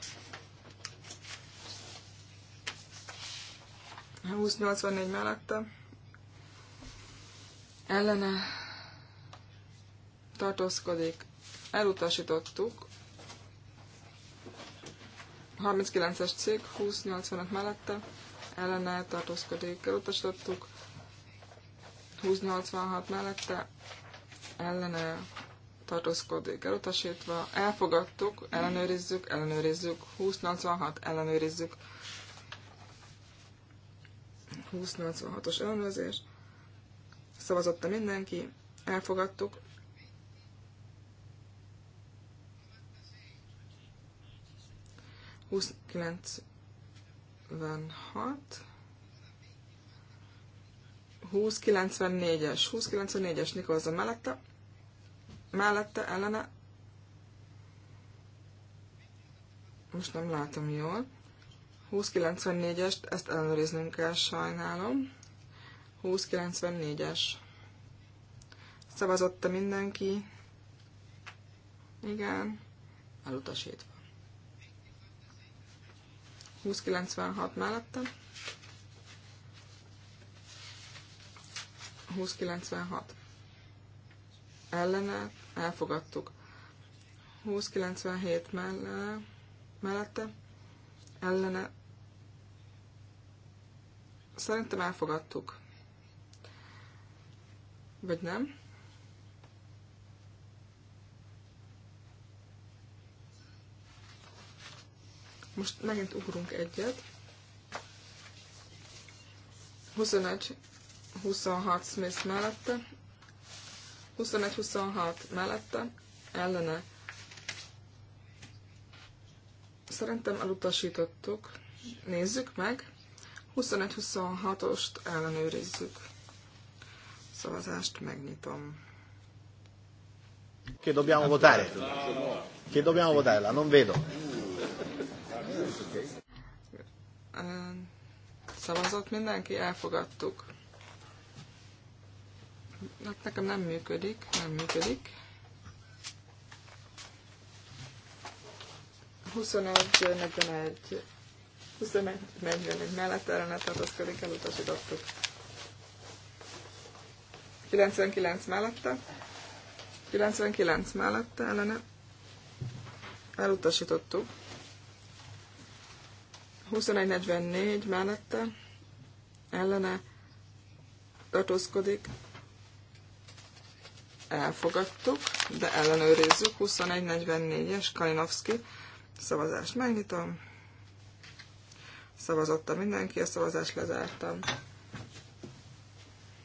2084 mellette ellene tartózkodik, elutasítottuk. 39-es cég, 2085 mellette ellene tartózkodik, elutasítottuk. 2086 mellette ellene tartózkodik elutasítva, elfogadtuk, ellenőrizzük, ellenőrizzük, 2086 ellenőrizzük, 2086-os ellenőrzés, szavazotta mindenki, elfogadtuk, 2096, 2094-es, 2094-es Nikolza mellette, mellette ellene. Most nem látom jól. 2094-est, ezt ellenőriznünk kell, sajnálom. 2094-es. Szavazott-e mindenki. Igen. Elutasítva. 2096 mellette. 2096. Ellenet elfogadtuk. 2097 mell mellette ellene szerintem elfogadtuk. Vagy nem? Most megint ugrunk egyet. 21-26 Smith mellette 21-26 mellette ellene. Szerintem elutasítottuk. Nézzük meg. 21-26-ost ellenőrizzük. Szavazást megnyitom. Che dobbiamo votare? Che dobbiamo votare? La non vedo. Szavazott mindenki? Elfogadtuk. Hát nekem nem működik, nem működik. 21-41 mellett erre mellett ellene elutasítottuk. 99 mellette, 99 mellette ellene elutasítottuk. 21-44 mellette ellene tartózkodik, elfogadtuk, de ellenőrizzük. 21.44-es Kalinowski szavazást megnyitom. Szavazotta mindenki, a szavazást lezártam.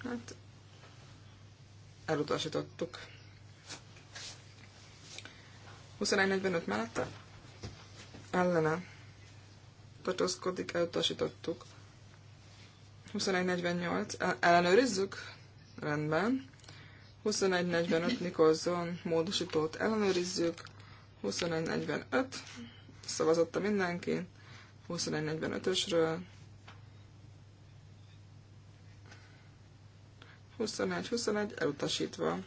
Hát elutasítottuk. 21.45 mellette? Ellene. Tartózkodik, elutasítottuk. 21.48. ellenőrizzük? Rendben. 21.45 Nikolson módosítót ellenőrizzük. 21.45 szavazotta mindenki. 21.45-ösről. 21-21 elutasítva.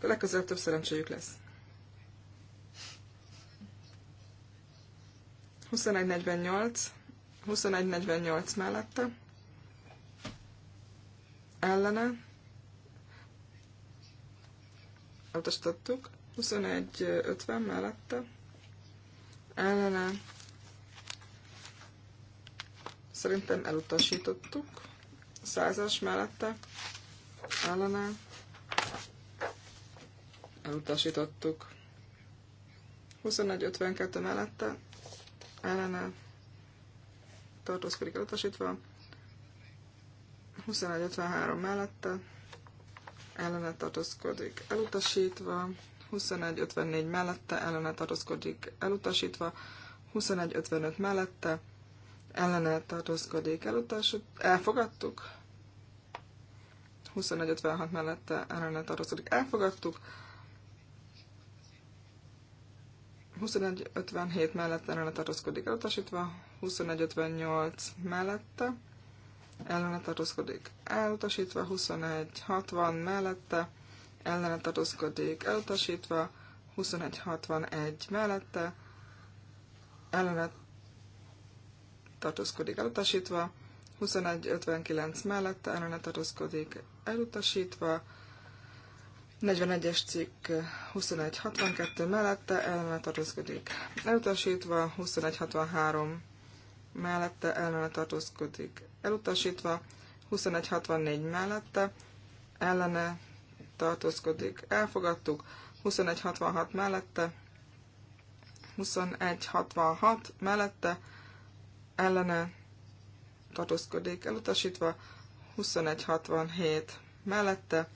Legközelebb több szerencséjük lesz. 21.48 21.48 mellette ellene. Elutasítottuk. 21.50 mellette. Ellene. Szerintem elutasítottuk. Százas mellette. Ellene. Elutasítottuk. 21.52 mellette. Ellene. Tartózkodik elutasítva. 21.53 mellette ellene tartózkodik elutasítva, 21.54 mellette ellene tartózkodik elutasítva, 21.55 mellette ellene tartózkodik elutasítva, elfogadtuk, 21.56 mellette ellene tartózkodik elfogadtuk, 21.57 mellette ellene tartózkodik elutasítva, 21.58 mellette ellene tartózkodik elutasítva, 21-60 mellette ellene tartózkodik elutasítva, 21-61 mellette ellene tartózkodik elutasítva, 21-59 mellette ellene tartózkodik elutasítva, 41-es cikk 21.62 62 mellette ellene tartózkodik elutasítva, 21-63 mellette ellene tartózkodik elutasítva, 2164 mellette ellene tartózkodik elfogadtuk, 2166 mellette 2166 mellette ellene tartózkodik elutasítva, 2167 mellette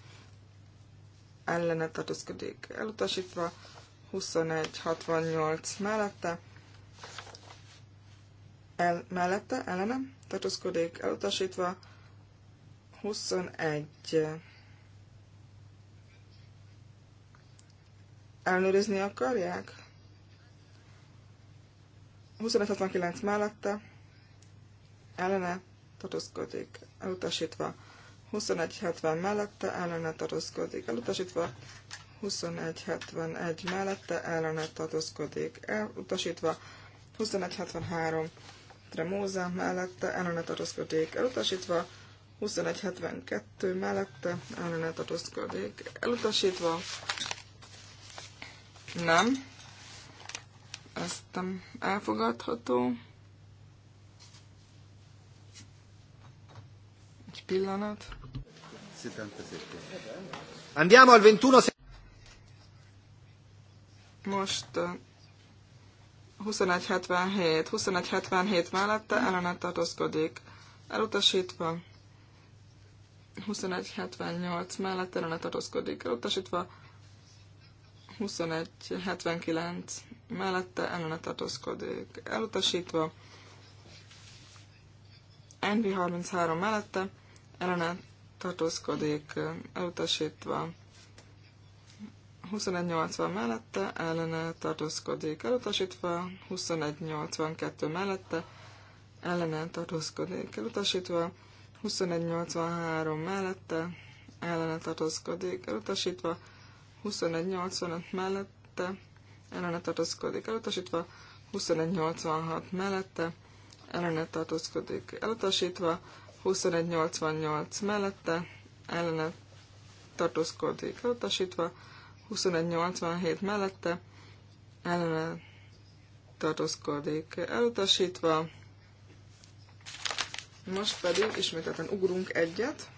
ellene tartózkodik elutasítva, 2168 mellette el, mellette, ellene, tartózkodik elutasítva, 21. Elnőrizni akarják? 2569 mellette, ellene, tartózkodik elutasítva, 2170 mellette, ellene tartózkodik elutasítva, 2171 mellette, ellene tartózkodik elutasítva, 2173 Tremóza mellette ellene tartózkodik elutasítva, 2172 mellette ellene tartózkodik elutasítva, nem, ezt nem elfogadható, egy pillanat. Andiamo al 21. Most eh, 2177. 2177 mellette ellenet tartózkodik. Elutasítva. 2178 mellett ellenet tartózkodik. Elutasítva. 2179 mellette ellenet tartózkodik. Elutasítva. NV33 mellette ellenet tartózkodik. Elutasítva. 2180 mellette ellene tartózkodik elutasítva, 2182 mellette ellene tartózkodik elutasítva, 2183 mellette ellene tartózkodik elutasítva, 2185 mellette ellene tartózkodik elutasítva, 2186 mellette ellene tartózkodik elutasítva, 2188 mellette ellene tartózkodik elutasítva, 2187 mellette ellene tartózkodik elutasítva. Most pedig ismételten ugrunk egyet.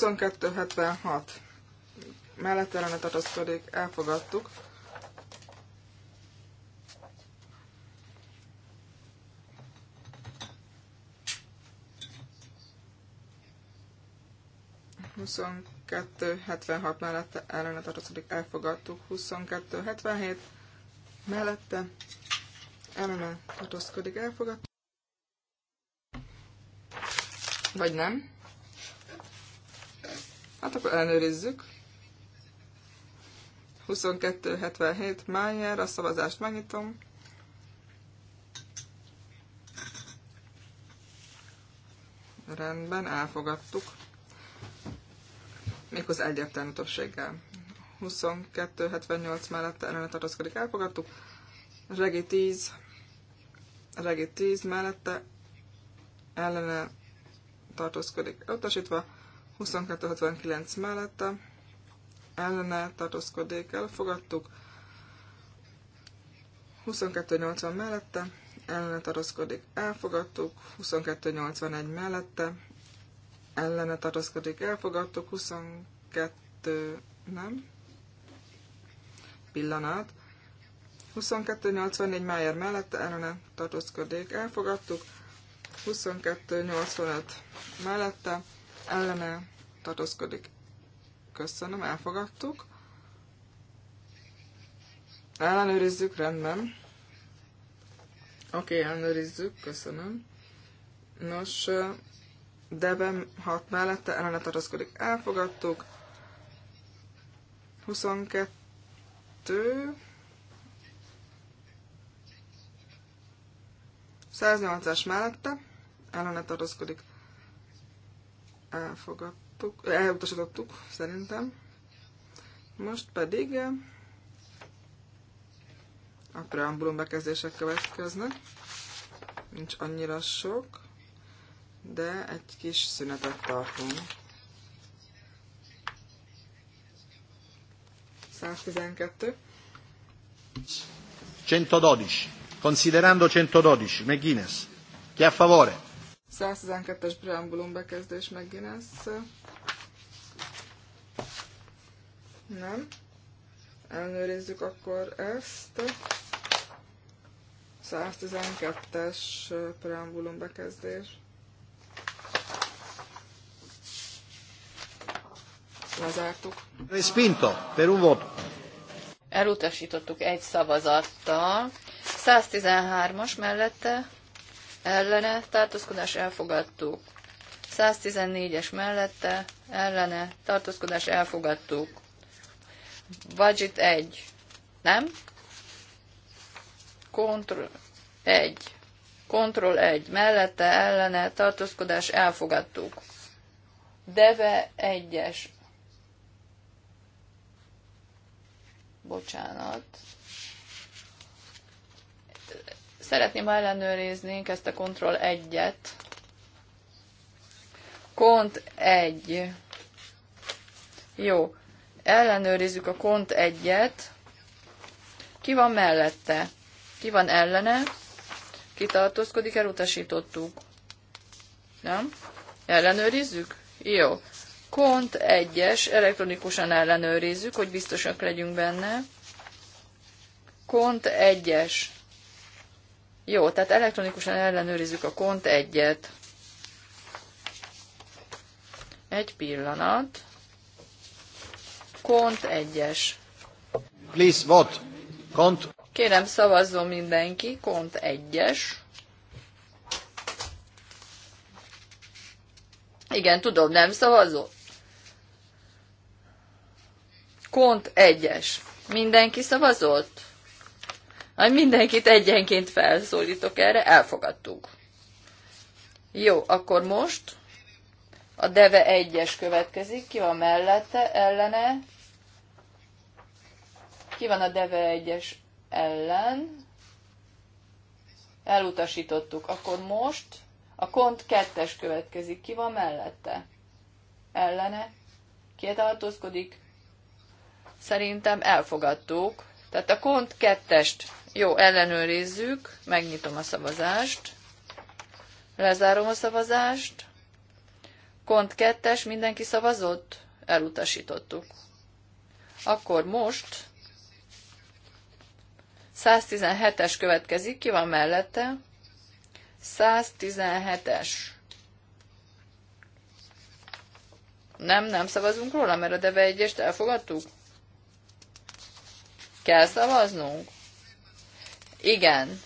2276 mellett ellene tartózkodik, elfogadtuk. Huszonkettő mellette ellene tartozik, elfogadtuk. 2277 mellette ellene tartozkodik elfogadtuk. Vagy nem? Hát akkor ellenőrizzük. 2277 Mayer, a szavazást megnyitom. Rendben, elfogadtuk. Méghozzá egyértelmű többséggel. 2278 mellett ellene tartozkodik, elfogadtuk. Regi 10, Regi 10 mellette ellene tartózkodik, elutasítva. 2269 mellette ellene tartózkodik, elfogadtuk. 2280 mellette ellene tartózkodik, elfogadtuk. 2281 mellette ellene tartózkodik, elfogadtuk. 22 nem. Pillanat. 2284 Meyer mellette ellene tartózkodik, elfogadtuk. 2285 mellette ellene tartózkodik. Köszönöm, elfogadtuk. Ellenőrizzük, rendben. Oké, okay, ellenőrizzük, köszönöm. Nos, debem 6 mellette ellene tartózkodik. Elfogadtuk. 22. 108-as mellette ellene tartózkodik elfogadtuk, elutasítottuk szerintem. Most pedig a preambulum bekezdések következnek. Nincs annyira sok, de egy kis szünetet tartunk. 112. 112. Considerando 112, McGuinness. Chi è a favore? 112-es preambulum bekezdés megint ez. Nem. Ellenőrizzük akkor ezt. 112-es preambulum bekezdés. Lezártuk. Respinto, per un voto. Elutasítottuk egy szavazattal. 113-as mellette ellene, tartózkodás elfogadtuk. 114-es mellette, ellene, tartózkodás elfogadtuk. Budget 1, nem? Control 1. Control 1, mellette, ellene, tartózkodás elfogadtuk. Deve 1-es. Bocsánat. Szeretném ellenőriznénk ezt a Ctrl 1-et. Kont 1. Jó. Ellenőrizzük a kont 1-et. Ki van mellette? Ki van ellene? Ki tartózkodik? Elutasítottuk. Nem? Ellenőrizzük? Jó. Kont 1-es, elektronikusan ellenőrizzük, hogy biztosak legyünk benne. Kont 1-es. Jó, tehát elektronikusan ellenőrizzük a kont egyet. Egy pillanat. Kont egyes. Please vote. Kont. Kérem szavazzon mindenki. Kont egyes. Igen, tudom, nem szavazó. Kont egyes. Mindenki szavazott? Majd mindenkit egyenként felszólítok erre, elfogadtuk. Jó, akkor most a Deve egyes következik, ki van mellette, ellene, ki van a Deve egyes ellen, elutasítottuk, akkor most a kont kettes következik, ki van mellette, ellene, ki tartózkodik, szerintem elfogadtuk, tehát a kont kettest jó, ellenőrizzük, megnyitom a szavazást, lezárom a szavazást. Kont kettes, mindenki szavazott? Elutasítottuk. Akkor most 117-es következik, ki van mellette? 117-es. Nem, nem szavazunk róla, mert a Deve 1-est elfogadtuk? Kell szavaznunk? Igen.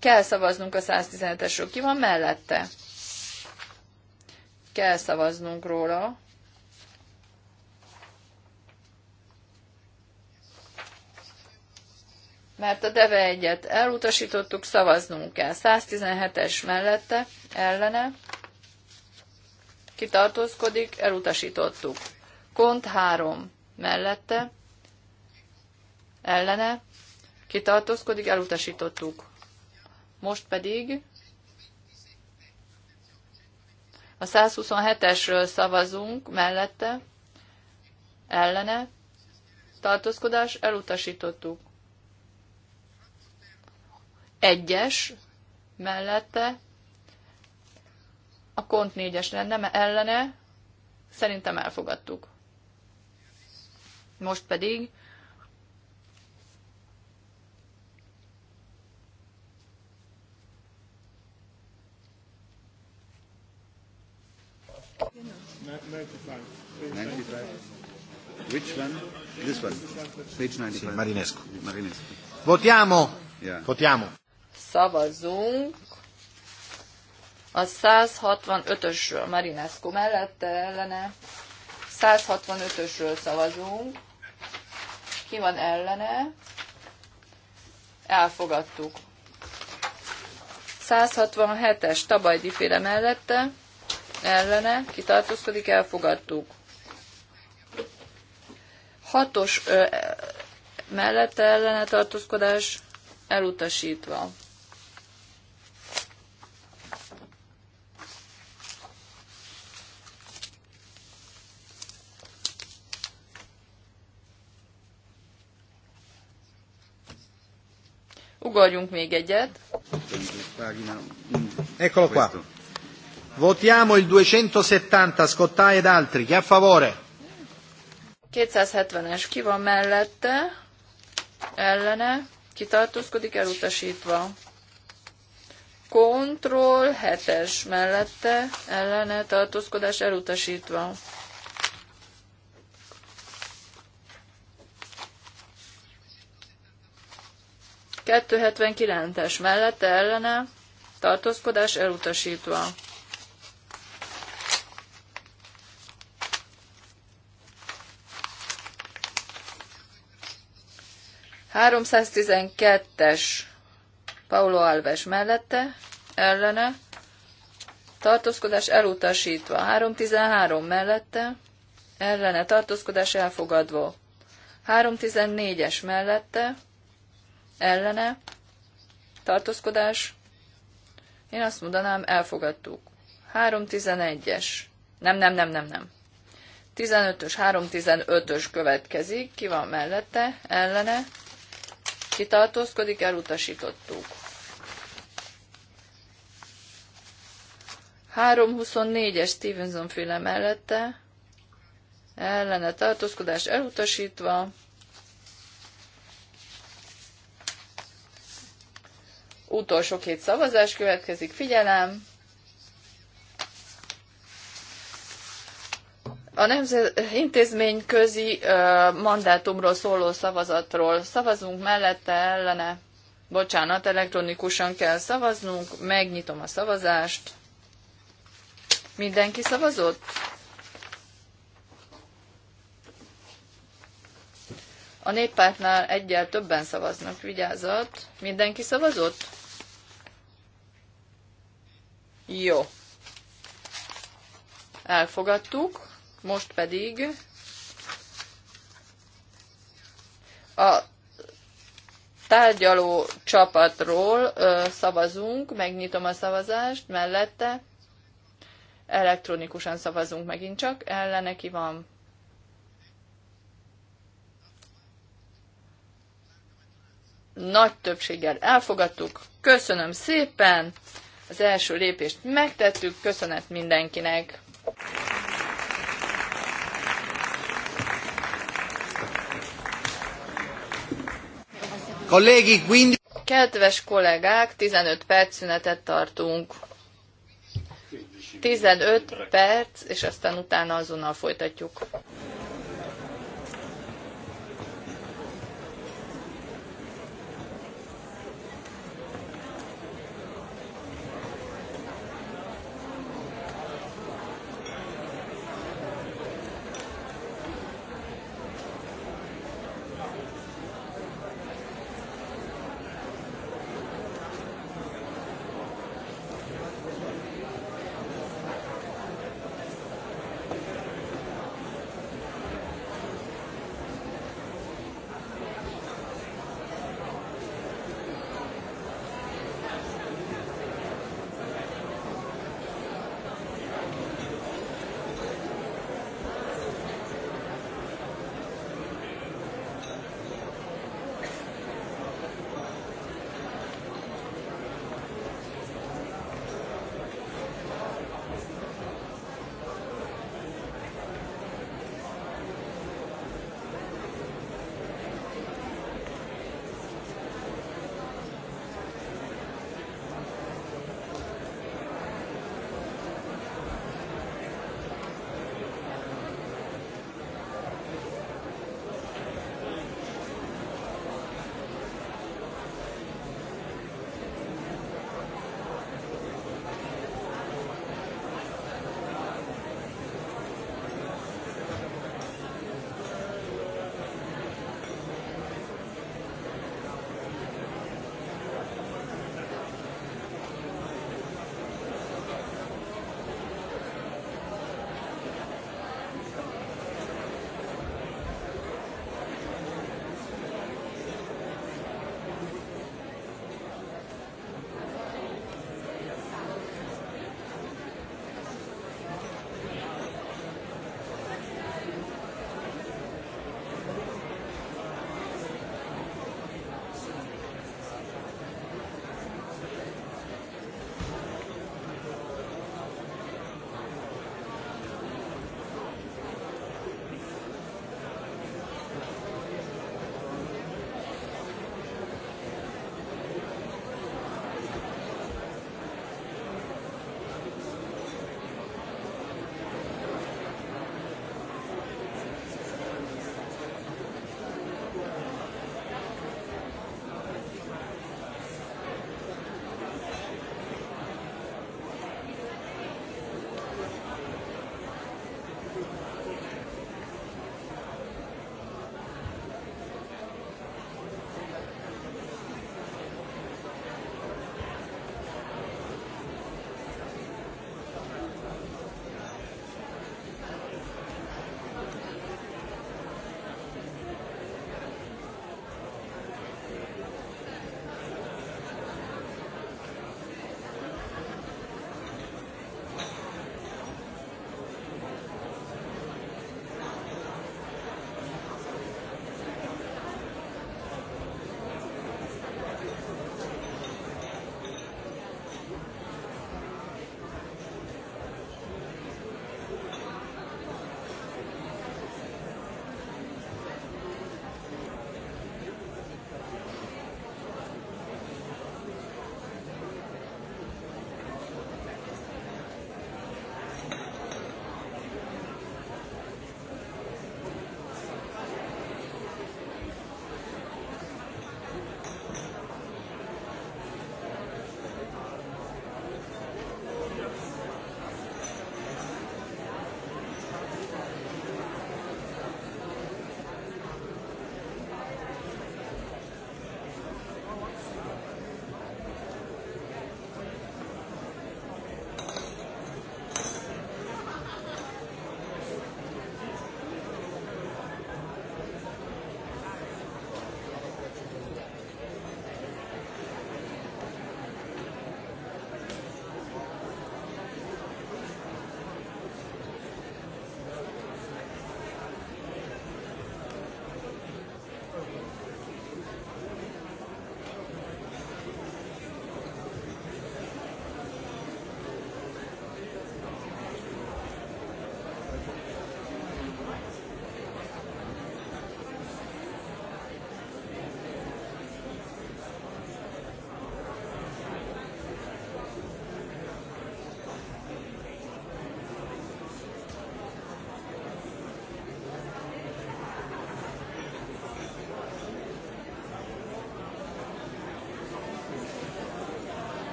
Kell szavaznunk a 117-esről. Ki van mellette? Kell szavaznunk róla. Mert a deve egyet elutasítottuk, szavaznunk kell. 117-es mellette, ellene. Kitartózkodik, elutasítottuk. Kont 3 mellette, ellene kitartózkodik, elutasítottuk. Most pedig a 127-esről szavazunk mellette, ellene, tartózkodás, elutasítottuk. Egyes mellette, a kont négyes lenne, ellene, szerintem elfogadtuk. Most pedig Marinesco. Which Votiamo! Yeah. Votiamo. a 165-ösről Marinescu mellette ellene. 165-ösről szavazunk. Ki van ellene? Elfogadtuk. 167-es Tabajdi féle mellette ellene, kitartózkodik, elfogadtuk. Hatos ö, mellette ellene tartózkodás elutasítva. Ugorjunk még egyet. Ecco qua. Votiamo il 270 Scottai ed altri. Chi a favore? 270-es ki van mellette, ellene, kitartózkodik elutasítva. Control 7-es mellette, ellene, tartózkodás elutasítva. Kettő es mellette, ellene, tartózkodás elutasítva. 312-es Paulo Alves mellette, ellene, tartózkodás elutasítva. 313 mellette, ellene, tartózkodás elfogadva. 314-es mellette, ellene, tartózkodás, én azt mondanám, elfogadtuk. 311-es. Nem, nem, nem, nem, nem. 15-ös, 315-ös következik, ki van mellette, ellene, kitartózkodik, elutasítottuk. 324-es Stevenson féle mellette, ellene tartózkodás elutasítva, utolsó két szavazás következik, figyelem, A nemzet intézmény közi mandátumról szóló szavazatról szavazunk mellette, ellene. Bocsánat, elektronikusan kell szavaznunk. Megnyitom a szavazást. Mindenki szavazott? A néppártnál egyel többen szavaznak, vigyázat. Mindenki szavazott? Jó. Elfogadtuk. Most pedig a tárgyaló csapatról ö, szavazunk, megnyitom a szavazást, mellette elektronikusan szavazunk megint csak, ellene ki van. Nagy többséggel elfogadtuk, köszönöm szépen, az első lépést megtettük, köszönet mindenkinek! Colleghi, quindi... Kedves kollégák, 15 perc szünetet tartunk. 15 perc, és aztán utána azonnal folytatjuk.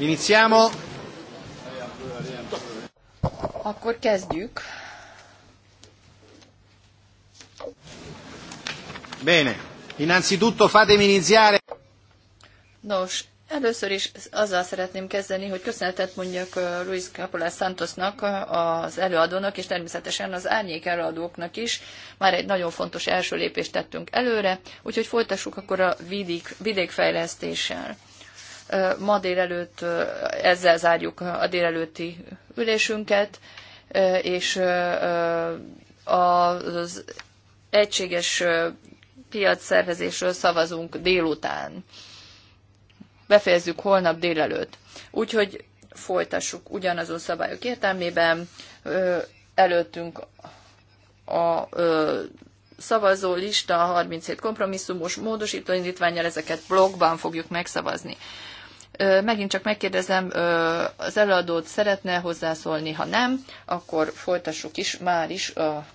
Iniziamo. Akkor kezdjük. Bene. Innanzitutto fatemi iniziare. Nos, először is azzal szeretném kezdeni, hogy köszönetet mondjak uh, Luis Capolás Santosnak, uh, az előadónak, és természetesen az árnyék előadóknak is. Már egy nagyon fontos első lépést tettünk előre, úgyhogy folytassuk akkor a vidék, vidékfejlesztéssel. Ma délelőtt ezzel zárjuk a délelőtti ülésünket, és az egységes piacszervezésről szavazunk délután. Befejezzük holnap délelőtt. Úgyhogy folytassuk ugyanazon szabályok értelmében. Előttünk a szavazó lista 37 kompromisszumos módosító indítványjal ezeket blogban fogjuk megszavazni. Megint csak megkérdezem, az előadót szeretne hozzászólni, ha nem, akkor folytassuk is már is a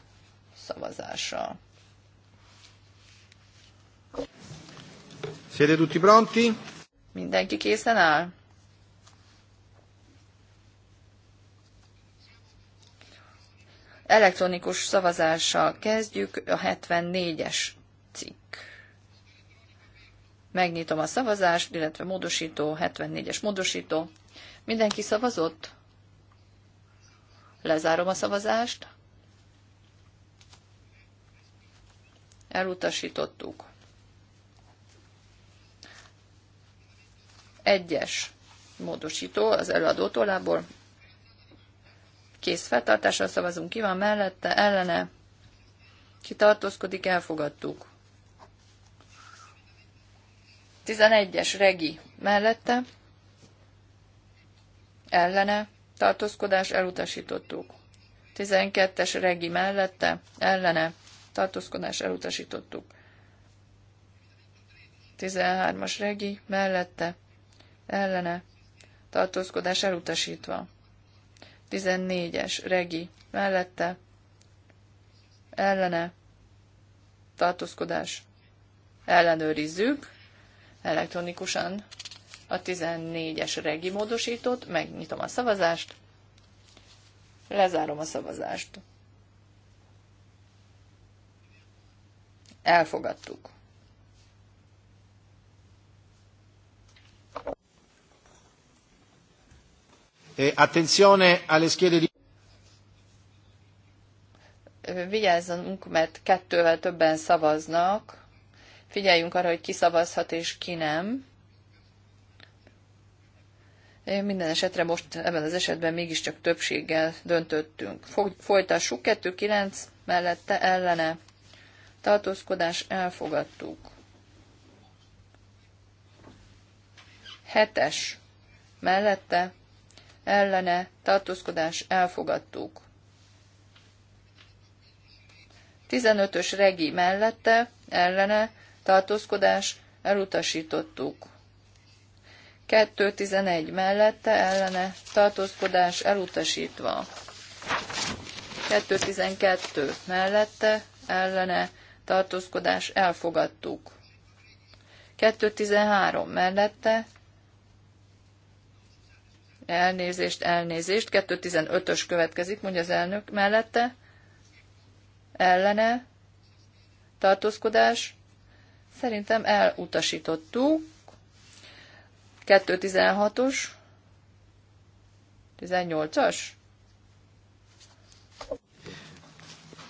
szavazással. Siete tutti pronti? Mindenki készen áll? Elektronikus szavazással kezdjük a 74-es Megnyitom a szavazást, illetve módosító, 74-es módosító. Mindenki szavazott? Lezárom a szavazást. Elutasítottuk. Egyes módosító az előadó tollából. Kész feltartással szavazunk, ki van mellette, ellene, Kitartózkodik, elfogadtuk. 11-es regi mellette ellene tartózkodás elutasítottuk. 12-es regi mellette ellene tartózkodás elutasítottuk. 13-as regi mellette ellene tartózkodás elutasítva. 14-es regi mellette ellene tartózkodás ellenőrizzük elektronikusan a 14-es regi módosítót, megnyitom a szavazást, lezárom a szavazást. Elfogadtuk. E, attenzione alle schede di... Vigyázzunk, mert kettővel többen szavaznak figyeljünk arra, hogy ki szavazhat és ki nem. Minden esetre most ebben az esetben mégiscsak többséggel döntöttünk. Folytassuk 2-9 mellette ellene. Tartózkodás elfogadtuk. Hetes mellette ellene tartózkodás elfogadtuk. 15-ös regi mellette ellene tartózkodás, elutasítottuk. 2.11 mellette ellene tartózkodás elutasítva. 2.12 mellette ellene tartózkodás elfogadtuk. 2.13 mellette elnézést, elnézést, 2.15-ös következik, mondja az elnök mellette, ellene tartózkodás Szerintem elutasítottuk. 2.16-os, 18-as.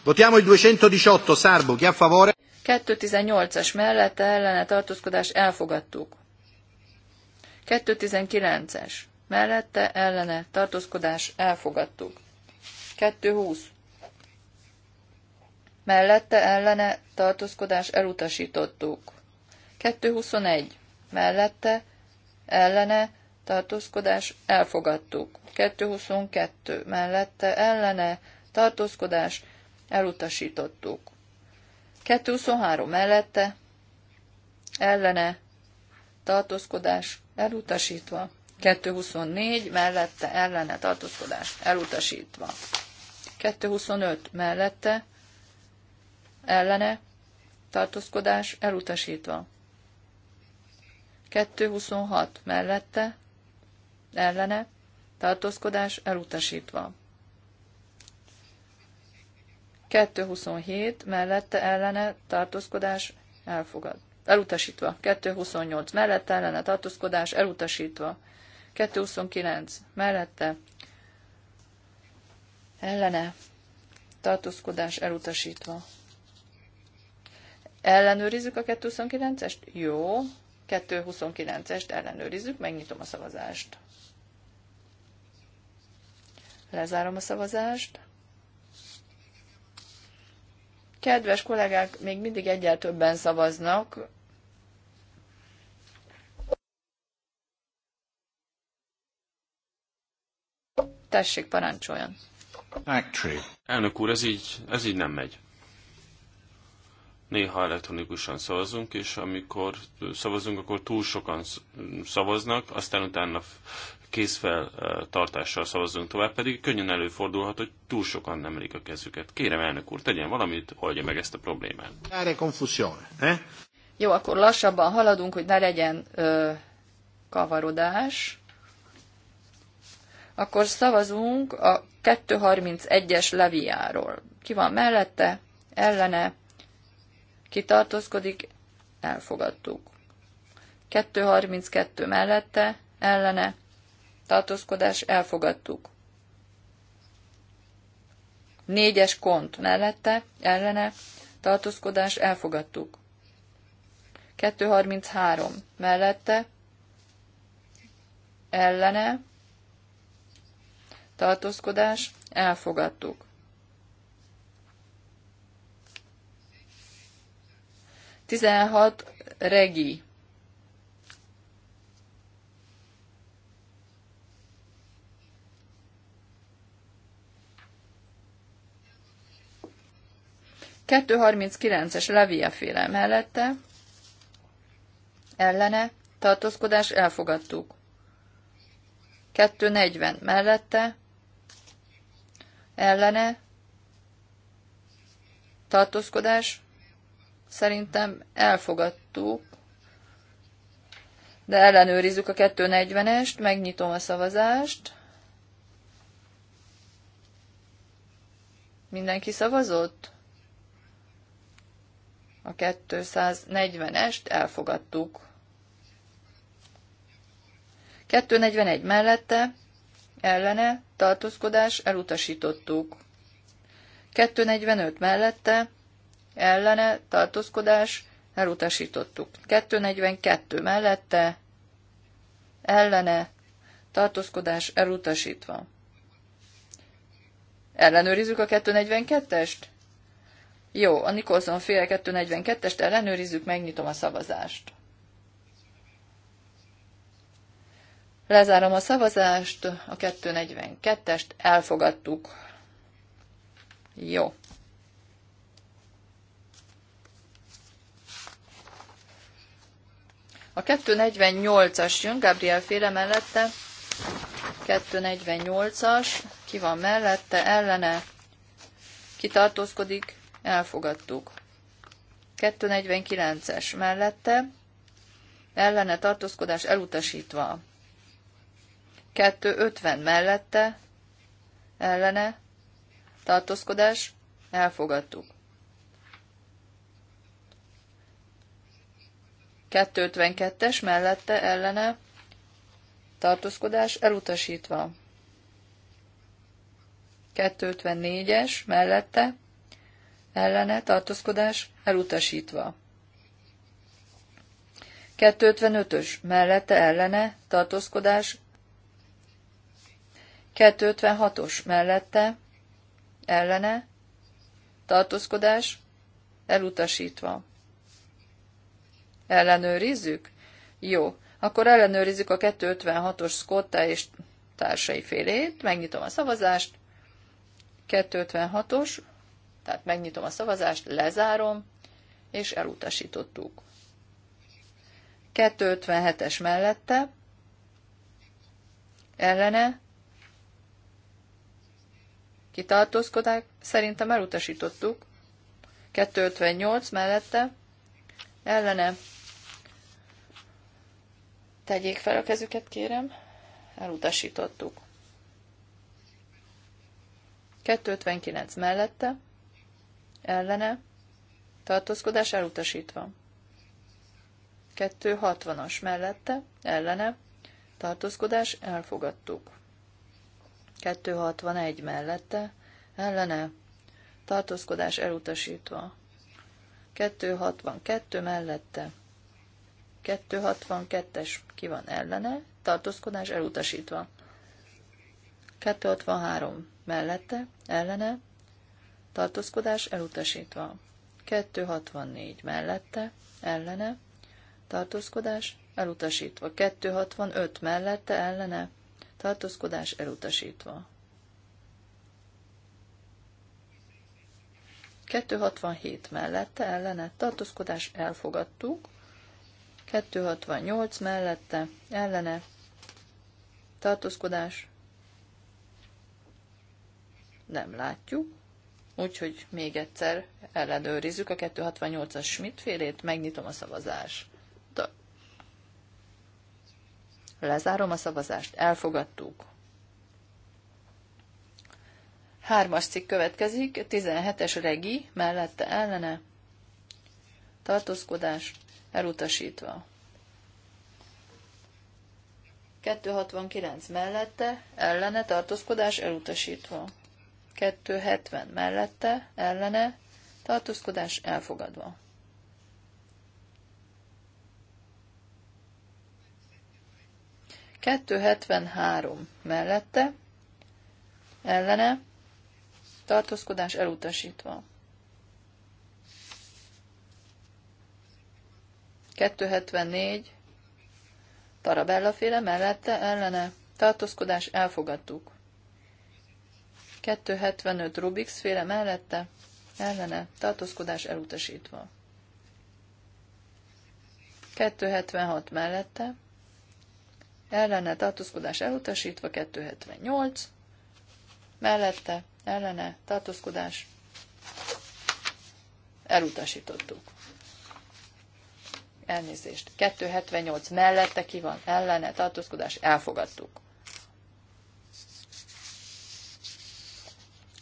Votiamo il 218, Sarbo, chi a favore? 2.18-as mellette ellene tartózkodás elfogadtuk. 2.19-es mellette ellene tartózkodás elfogadtuk. 2.20 mellette ellene tartózkodás elutasítottuk. 221 mellette ellene tartózkodás elfogadtuk. 222 mellette ellene tartózkodás elutasítottuk. 223 mellette ellene tartózkodás elutasítva. 224 mellette ellene tartózkodás elutasítva. 225 mellette ellene, tartózkodás elutasítva. 226 mellette, ellene, tartózkodás elutasítva. 227 mellette, ellene, tartózkodás elfogad. Elutasítva. 228 mellette, ellene, tartózkodás elutasítva. 229 mellette, ellene, tartózkodás elutasítva. Ellenőrizzük a 229-est? Jó. 229-est ellenőrizzük, megnyitom a szavazást. Lezárom a szavazást. Kedves kollégák, még mindig egyel többen szavaznak. Tessék, parancsoljon. Factory. Elnök úr, ez így, ez így nem megy. Néha elektronikusan szavazunk, és amikor szavazunk, akkor túl sokan szavaznak, aztán utána kézfeltartással szavazunk, tovább, pedig könnyen előfordulhat, hogy túl sokan nem emelik a kezüket. Kérem, elnök úr, tegyen valamit, oldja meg ezt a problémát. Eh? Jó, akkor lassabban haladunk, hogy ne legyen ö, kavarodás. Akkor szavazunk a 231-es leviáról. Ki van mellette, ellene, ki tartózkodik, elfogadtuk. 232 mellette, ellene, tartózkodás, elfogadtuk. Négyes kont mellette, ellene, tartózkodás, elfogadtuk. 233 mellette, ellene, tartózkodás, elfogadtuk. 16 regi. Kettő es Levia féle mellette, ellene, tartózkodás elfogadtuk. 240 mellette, ellene, tartózkodás Szerintem elfogadtuk, de ellenőrizzük a 240-est, megnyitom a szavazást. Mindenki szavazott? A 240-est elfogadtuk. 241 mellette, ellene, tartózkodás, elutasítottuk. 245 mellette, ellene tartózkodás elutasítottuk. 242 mellette ellene tartózkodás elutasítva. Ellenőrizzük a 242-est? Jó, a Nikolson fél 242-est ellenőrizzük, megnyitom a szavazást. Lezárom a szavazást, a 242-est elfogadtuk. Jó. A 248-as jön, Gabriel féle mellette, 248-as, ki van mellette, ellene, kitartózkodik, elfogadtuk. 249-es mellette, ellene tartózkodás elutasítva. 250 mellette, ellene, tartózkodás, elfogadtuk. 252-es mellette ellene tartózkodás elutasítva. 254-es mellette ellene tartózkodás elutasítva. 255-ös mellette ellene tartózkodás 256-os mellette ellene tartózkodás elutasítva. Ellenőrizzük? Jó. Akkor ellenőrizzük a 256-os Scotta és társai félét. Megnyitom a szavazást. 256-os, tehát megnyitom a szavazást, lezárom, és elutasítottuk. 257-es mellette, ellene, kitartózkodák, szerintem elutasítottuk. 258 mellette, ellene, Tegyék fel a kezüket, kérem. Elutasítottuk. 259 mellette, ellene, tartózkodás elutasítva. 260-as mellette, ellene, tartózkodás elfogadtuk. 261 mellette, ellene, tartózkodás elutasítva. 262 mellette, 262-es ki van ellene, tartózkodás elutasítva. 263 mellette, ellene, tartózkodás elutasítva. 264 mellette, ellene, tartózkodás elutasítva. 265 mellette, ellene, tartózkodás elutasítva. 267 mellette, ellene, tartózkodás elfogadtuk. 268 mellette, ellene, tartózkodás, nem látjuk, úgyhogy még egyszer ellenőrizzük a 268-as Schmidt félét, megnyitom a szavazást. Lezárom a szavazást, elfogadtuk. Hármas cikk következik, 17-es regi, mellette ellene, tartózkodás elutasítva. 269 mellette, ellene, tartózkodás elutasítva. 270 mellette, ellene, tartózkodás elfogadva. 273 mellette, ellene, tartózkodás elutasítva. 274 Tarabella féle mellette ellene tartózkodás elfogadtuk. 275 Rubix féle mellette ellene tartózkodás elutasítva. 276 mellette ellene tartózkodás elutasítva 278 mellette ellene tartózkodás elutasítottuk elnézést, 278 mellette ki van, ellene, tartózkodás, elfogadtuk.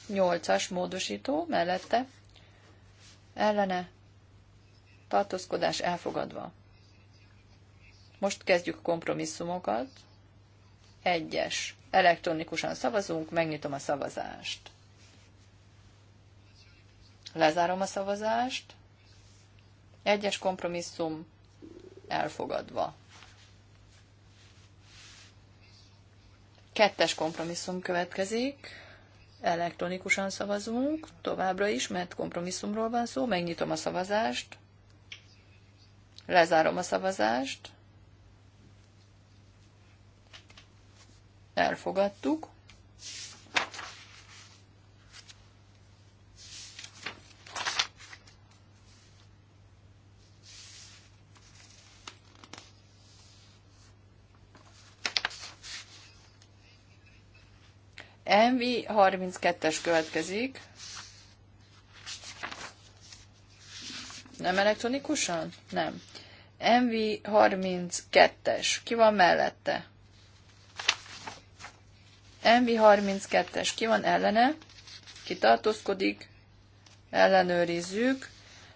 8-as módosító mellette, ellene, tartózkodás elfogadva. Most kezdjük a kompromisszumokat. Egyes. Elektronikusan szavazunk, megnyitom a szavazást. Lezárom a szavazást. Egyes kompromisszum elfogadva. Kettes kompromisszum következik. Elektronikusan szavazunk, továbbra is, mert kompromisszumról van szó. Megnyitom a szavazást. Lezárom a szavazást. Elfogadtuk. MV 32-es következik. Nem elektronikusan? Nem. MV 32-es. Ki van mellette? MV 32-es. Ki van ellene? Ki tartózkodik? Ellenőrizzük.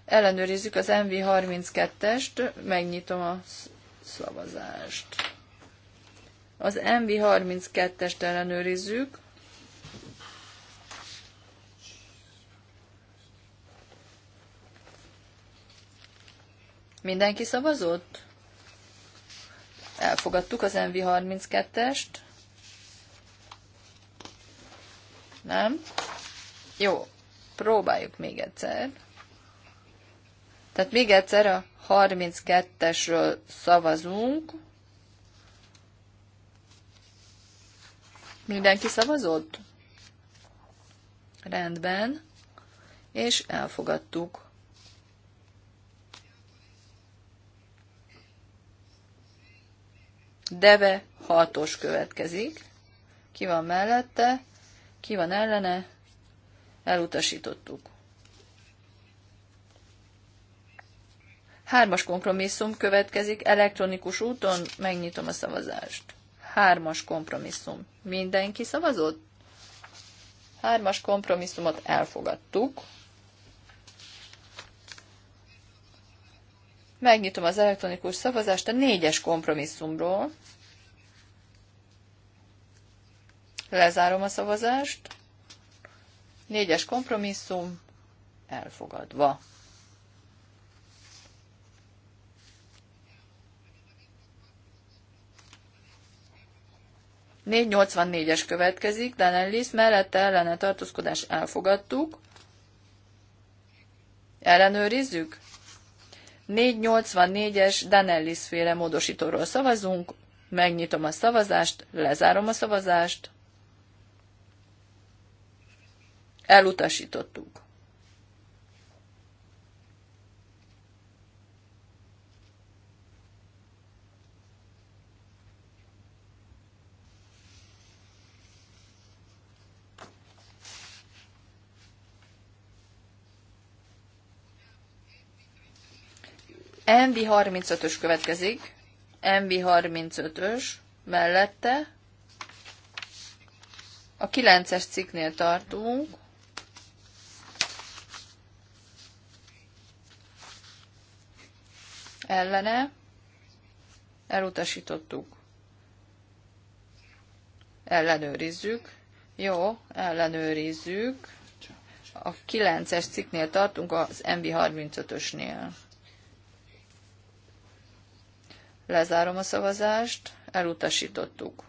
Ellenőrizzük az MV 32-est. Megnyitom a szavazást. Az MV 32-est ellenőrizzük. Mindenki szavazott? Elfogadtuk az MV32-est. Nem? Jó, próbáljuk még egyszer. Tehát még egyszer a 32-esről szavazunk. Mindenki szavazott? Rendben. És elfogadtuk. Deve 6-os következik. Ki van mellette, ki van ellene, elutasítottuk. Hármas kompromisszum következik, elektronikus úton megnyitom a szavazást. Hármas kompromisszum. Mindenki szavazott? Hármas kompromisszumot elfogadtuk. Megnyitom az elektronikus szavazást a négyes kompromisszumról. Lezárom a szavazást. Négyes kompromisszum elfogadva. Négy 484-es következik, Lisz mellette ellene tartózkodás elfogadtuk. Ellenőrizzük? 484-es Danellis féle módosítóról szavazunk, megnyitom a szavazást, lezárom a szavazást, elutasítottuk. MV35-ös következik. MV35-ös mellette. A 9-es cikknél tartunk. Ellene. Elutasítottuk. Ellenőrizzük. Jó, ellenőrizzük. A 9-es cikknél tartunk, az MV35-ösnél. Lezárom a szavazást, elutasítottuk.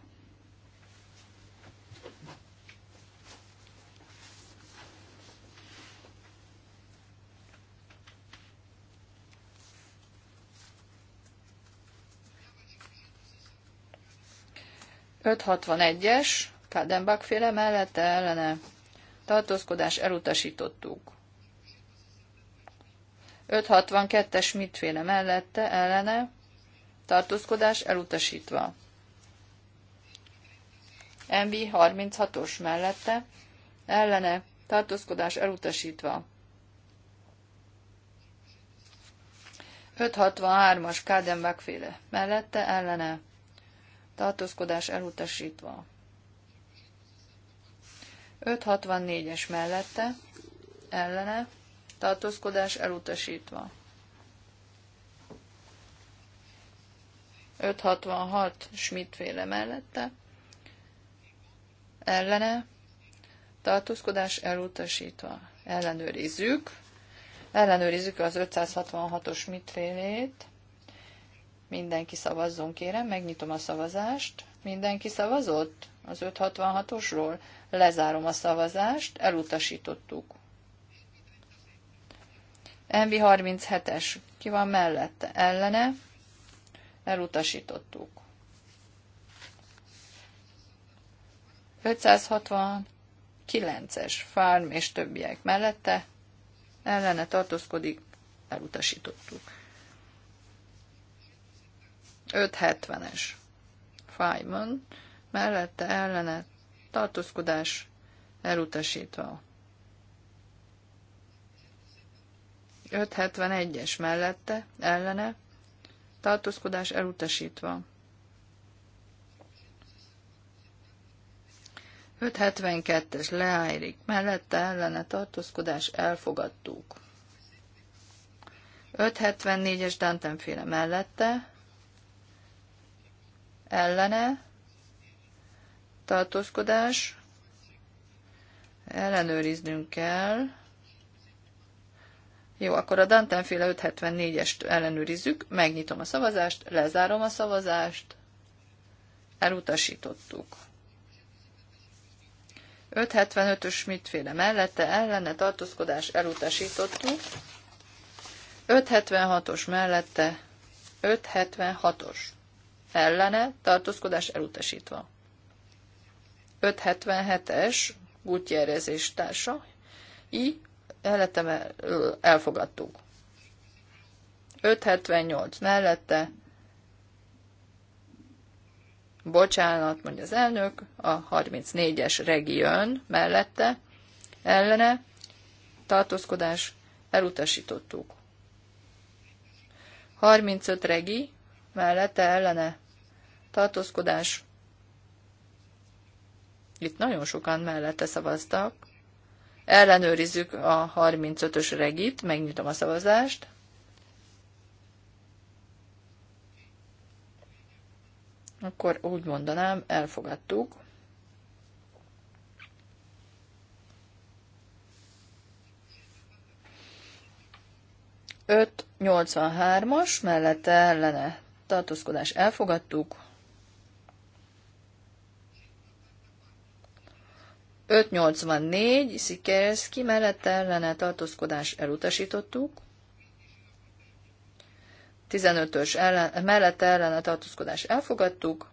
es Kádenbak féle mellette ellene tartózkodás elutasítottuk. 562-es mitféle mellette ellene tartózkodás elutasítva. MV 36-os mellette, ellene, tartózkodás elutasítva. 563-as Kádenbach féle, mellette, ellene, tartózkodás elutasítva. 564-es mellette, ellene, tartózkodás elutasítva. 566 Schmidt féle mellette, ellene, tartózkodás elutasítva. Ellenőrizzük. Ellenőrizzük az 566-os félét. Mindenki szavazzon, kérem. Megnyitom a szavazást. Mindenki szavazott az 566-osról? Lezárom a szavazást. Elutasítottuk. MV37-es. Ki van mellette? Ellene elutasítottuk. 569-es farm és többiek mellette ellene tartózkodik, elutasítottuk. 570-es Feynman mellette ellene tartózkodás elutasítva. 571-es mellette ellene tartózkodás elutasítva. 572-es leállik, mellette ellene tartózkodás elfogadtuk. 574-es Dantenféle mellette, ellene, tartózkodás, ellenőriznünk kell, jó, akkor a Dantenféle 574-est ellenőrizzük, megnyitom a szavazást, lezárom a szavazást, elutasítottuk. 575-ös mitféle mellette ellene tartózkodás elutasítottuk, 576-os mellette 576-os ellene tartózkodás elutasítva. 577-es Gutierrez és társa, I mellette elfogadtuk. 578 mellette, bocsánat, mondja az elnök, a 34-es region mellette, ellene, tartózkodás, elutasítottuk. 35 regi, mellette, ellene, tartózkodás, itt nagyon sokan mellette szavaztak, Ellenőrizzük a 35-ös regit, megnyitom a szavazást. Akkor úgy mondanám, elfogadtuk. Öt 83-as, mellette ellene tartózkodás elfogadtuk. 584, Szikerszki mellett ellene tartózkodás elutasítottuk. 15-ös ellen, mellett ellene tartózkodás elfogadtuk.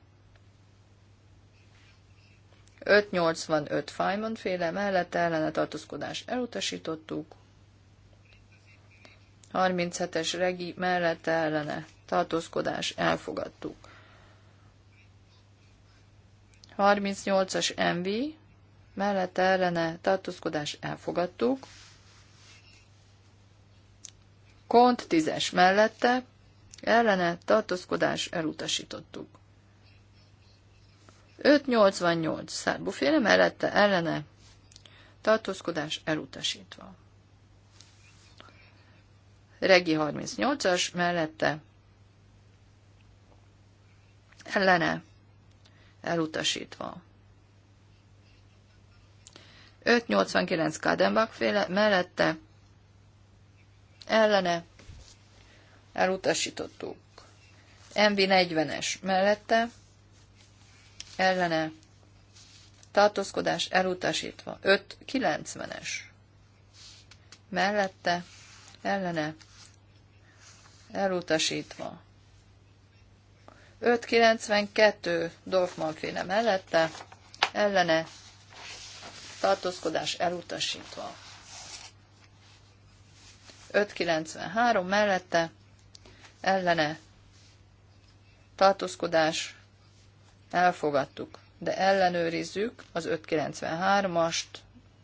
585 Fajmon féle mellett ellene tartózkodás elutasítottuk. 37-es regi mellett ellene tartózkodás elfogadtuk. 38-as Envi mellett ellene tartózkodás elfogadtuk. Kont tízes mellette ellene tartózkodás elutasítottuk. 588 szárbuféle mellette ellene tartózkodás elutasítva. Regi 38-as mellette ellene elutasítva. 589 Kadenbach féle mellette ellene elutasítottuk. MB 40 es mellette ellene tartózkodás elutasítva. 590-es mellette ellene elutasítva. 592 Dorfman féle mellette ellene tartózkodás elutasítva. 593 mellette ellene tartózkodás elfogadtuk, de ellenőrizzük az 593-ast,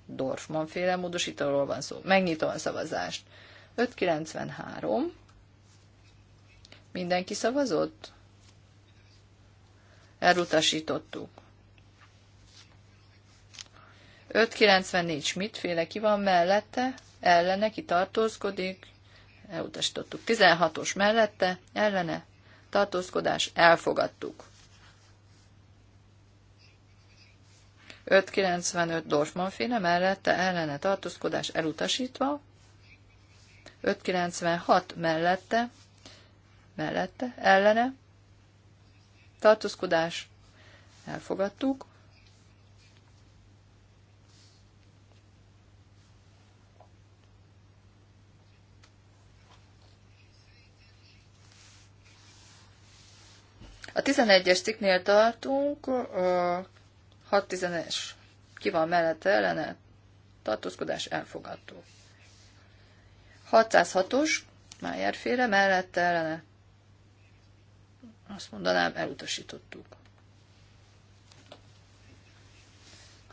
Dorfman féle módosítóról van szó. Megnyitom a szavazást. 593. Mindenki szavazott? Elutasítottuk. 594 Schmidt féle ki van mellette, ellene ki tartózkodik, elutasítottuk. 16-os mellette, ellene, tartózkodás, elfogadtuk. 595 Dorfman féle mellette, ellene, tartózkodás, elutasítva. 596 mellette, mellette, ellene, tartózkodás, elfogadtuk. A 11-es cikknél tartunk, a 6-10-es. Ki van mellette ellene? Tartózkodás elfogadó. 606-os, Májárféle, mellette ellene. Azt mondanám, elutasítottuk.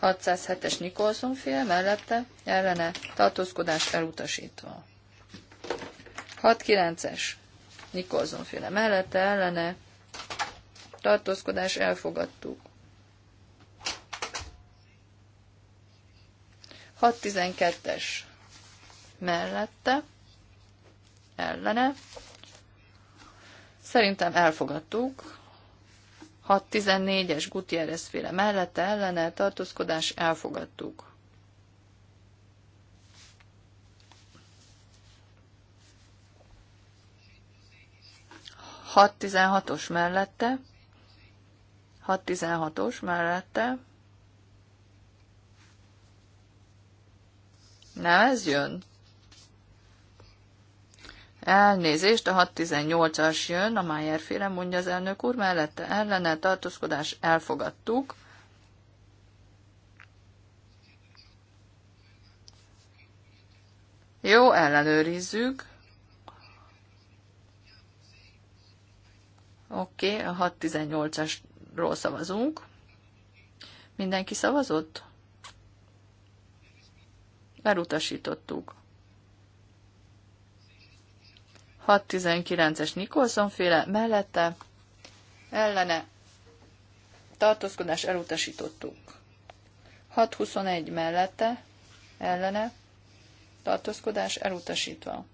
607-es Nikolson fél, mellette ellene tartózkodás elutasítva. 6-9-es Nikolson féle mellette ellene tartózkodás elfogadtuk. 6.12-es mellette, ellene. Szerintem elfogadtuk. 6.14-es Gutierrez féle mellette, ellene, tartózkodás elfogadtuk. Hat tizenhatos mellette, 616-os mellette. Nem, ez jön. Elnézést, a 618-as jön, a Májer féle, mondja az elnök úr, mellette ellene tartózkodás elfogadtuk. Jó, ellenőrizzük. Oké, okay, a 618-as ról szavazunk. Mindenki szavazott? Elutasítottuk. 619-es Nikolson féle mellette ellene tartózkodás elutasítottuk. 621 mellette ellene tartózkodás elutasítva.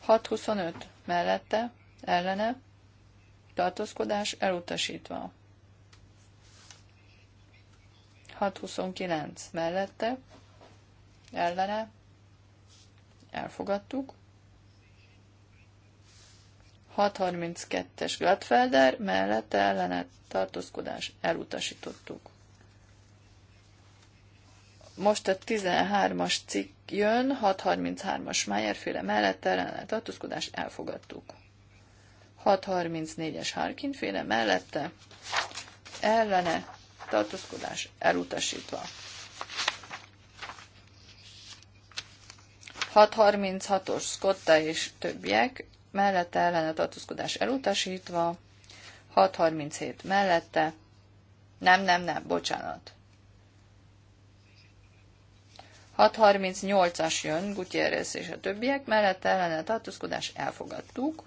625 mellette ellene tartózkodás elutasítva. 629 mellette, ellene, elfogadtuk. 632-es Gladfelder, mellette ellene tartózkodás elutasítottuk. Most a 13-as cikk jön, 633-as Májerféle mellette ellene tartózkodás elfogadtuk. 634-es Harkin féle mellette ellene tartózkodás elutasítva. 636-os Scotta és többiek mellette ellene tartózkodás elutasítva, 637 mellette, nem, nem, nem, bocsánat. 638-as jön, Gutierrez és a többiek mellette ellene tartózkodás elfogadtuk.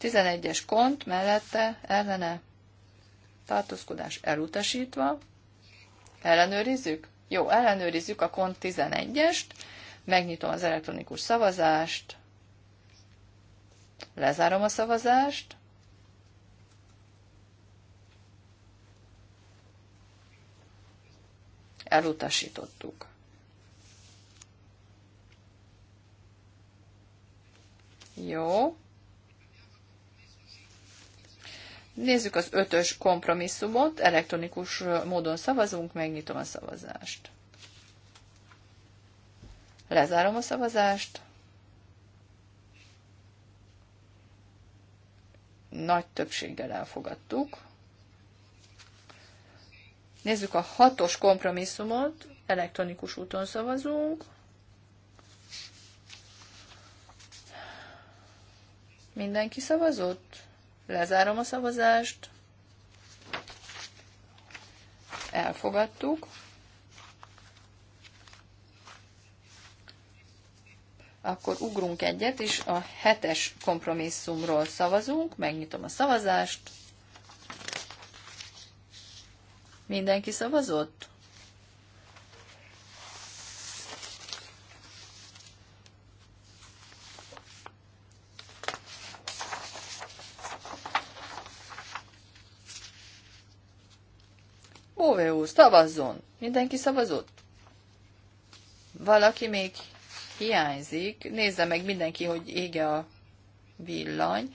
11-es kont mellette ellene tartózkodás elutasítva. Ellenőrizzük? Jó, ellenőrizzük a kont 11-est. Megnyitom az elektronikus szavazást. Lezárom a szavazást. Elutasítottuk. Jó. Nézzük az ötös kompromisszumot, elektronikus módon szavazunk, megnyitom a szavazást. Lezárom a szavazást. Nagy többséggel elfogadtuk. Nézzük a hatos kompromisszumot, elektronikus úton szavazunk. Mindenki szavazott? Lezárom a szavazást. Elfogadtuk. Akkor ugrunk egyet, és a hetes kompromisszumról szavazunk. Megnyitom a szavazást. Mindenki szavazott? Szavazzon! Mindenki szavazott? Valaki még hiányzik. Nézze meg mindenki, hogy ége a villany.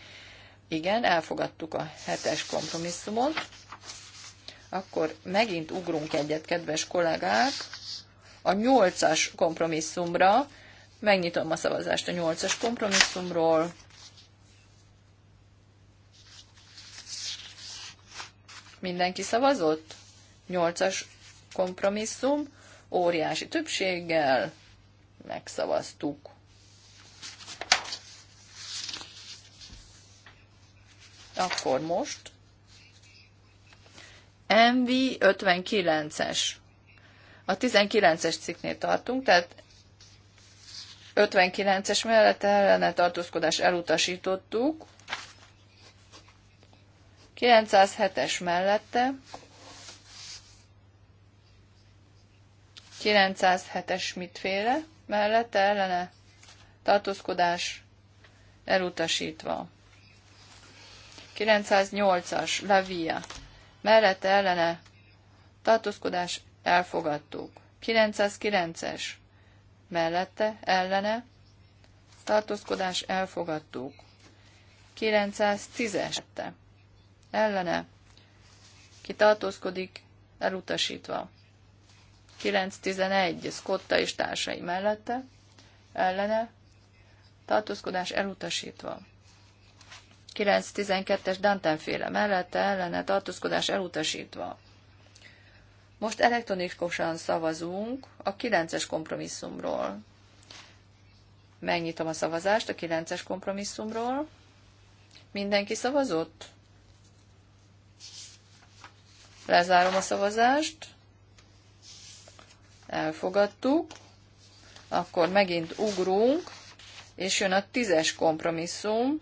Igen, elfogadtuk a hetes kompromisszumot. Akkor megint ugrunk egyet, kedves kollégák, a nyolcas kompromisszumra. Megnyitom a szavazást a nyolcas kompromisszumról. Mindenki szavazott? Nyolcas kompromisszum, óriási többséggel megszavaztuk. Akkor most MV 59-es. A 19-es cikknél tartunk, tehát 59-es mellett ellene tartózkodás elutasítottuk, 907-es mellette 907-es mitféle, mellette ellene tartózkodás elutasítva. 908-as Lavia, mellette ellene tartózkodás elfogadtuk. 909-es mellette ellene tartózkodás elfogadtuk. 910-es ellene ki tartózkodik elutasítva. 9.11. 11 Scotta és társai mellette, ellene, tartózkodás elutasítva. 912 es Dantenféle mellette, ellene, tartózkodás elutasítva. Most elektronikusan szavazunk a 9-es kompromisszumról. Megnyitom a szavazást a 9-es kompromisszumról. Mindenki szavazott? Lezárom a szavazást elfogadtuk, akkor megint ugrunk, és jön a tízes kompromisszum.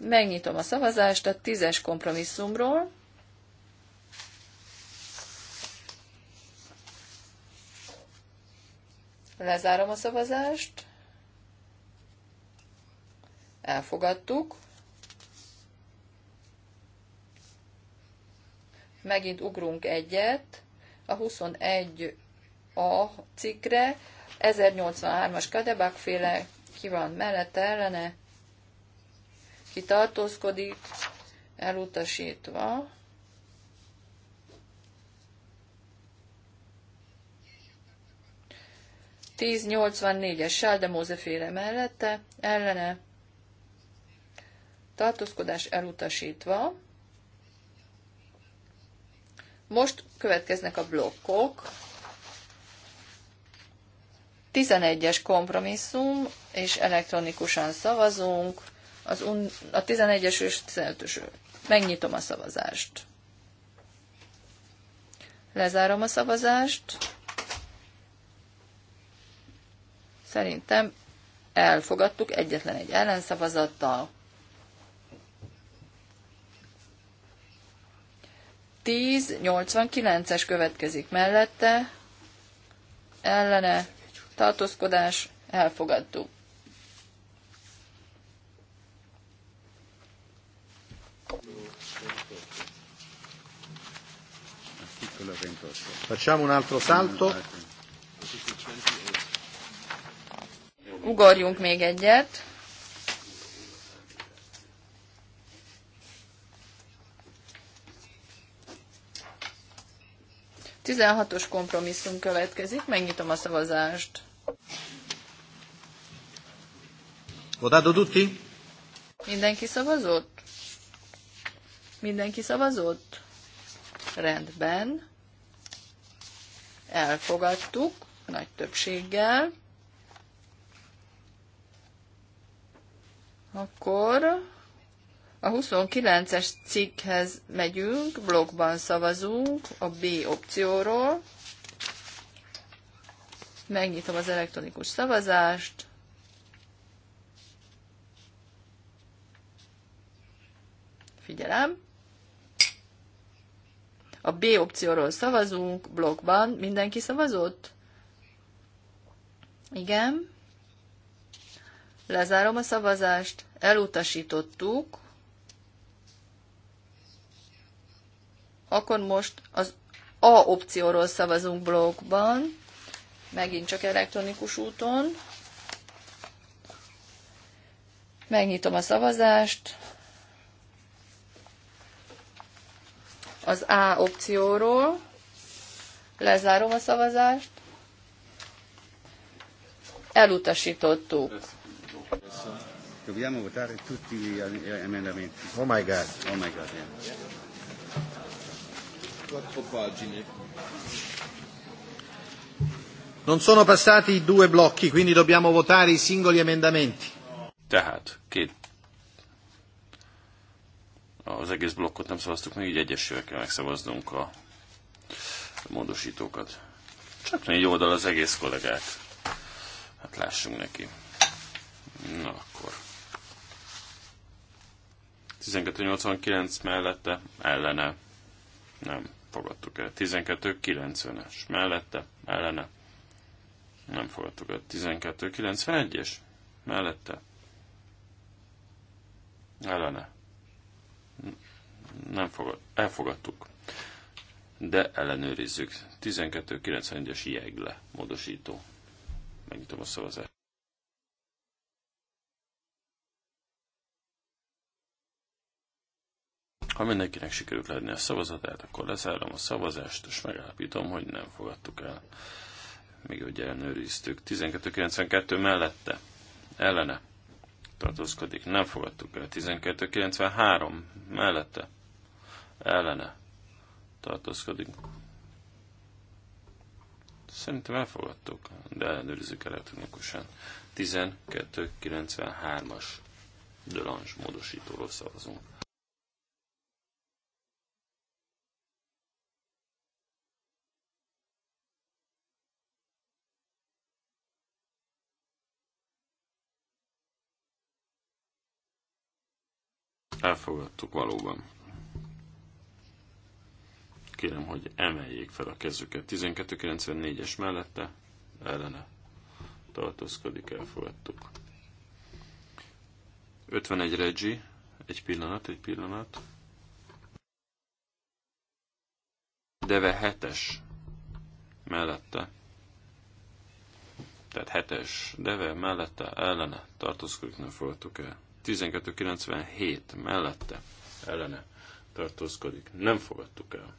Megnyitom a szavazást a tízes kompromisszumról. Lezárom a szavazást. Elfogadtuk. Megint ugrunk egyet a 21a cikkre, 1083-as Kadebak féle, ki van mellette, ellene, ki tartózkodik, elutasítva. Tíz es Sáldemóze féle mellette, ellene, tartózkodás elutasítva. Most következnek a blokkok. 11-es kompromisszum, és elektronikusan szavazunk. Az un- a 11-es és 15-ös. Megnyitom a szavazást. Lezárom a szavazást. Szerintem elfogadtuk egyetlen egy ellenszavazattal. 10-89-es következik mellette, ellene, tartózkodás, elfogadtuk. Facciamo un altro salto. Ugorjunk még egyet. 16-os kompromisszum következik, megnyitom a szavazást. Votato tutti? Mindenki szavazott? Mindenki szavazott? Rendben. Elfogadtuk nagy többséggel. Akkor a 29-es cikkhez megyünk, blogban szavazunk a B opcióról. Megnyitom az elektronikus szavazást. Figyelem. A B opcióról szavazunk, blogban. Mindenki szavazott? Igen. Lezárom a szavazást. Elutasítottuk. akkor most az A opcióról szavazunk blogban, megint csak elektronikus úton. Megnyitom a szavazást. Az A opcióról. Lezárom a szavazást. Elutasítottuk. Dobbiamo votare tutti gli emendamenti. Oh my god. Oh my god, yeah. Quattro pagine. Non sono passati i due blocchi, quindi dobbiamo votare i singoli emendamenti. Tehát két az egész blokkot nem szavaztuk, még így egyesével kell megszavaznunk a módosítókat. Csak négy oldal az egész kollégát. Hát lássunk neki. Na akkor. 1289 mellette ellene. Nem fogadtuk el. 12.90-es mellette, ellene nem fogadtuk el. 12.91-es mellette, ellene nem fogad, elfogadtuk. De ellenőrizzük. 12.91-es jegle módosító. Megnyitom a szavazást. Ha mindenkinek sikerült leadni a szavazatát, akkor lezárom a szavazást, és megállapítom, hogy nem fogadtuk el. Még ugye ellenőriztük. 1292 mellette. Ellene. Tartózkodik. Nem fogadtuk el. 1293 mellette. Ellene. Tartózkodik. Szerintem elfogadtuk, de ellenőrizzük elektronikusan. 1293-as Delange módosítóról szavazunk. Elfogadtuk valóban. Kérem, hogy emeljék fel a kezüket. 1294-es mellette ellene tartózkodik, elfogadtuk. 51 Regi, egy pillanat, egy pillanat. Deve 7-es mellette. Tehát 7-es Deve mellette ellene tartózkodik, nem fogadtuk el. 1297 mellette ellene tartózkodik. Nem fogadtuk el.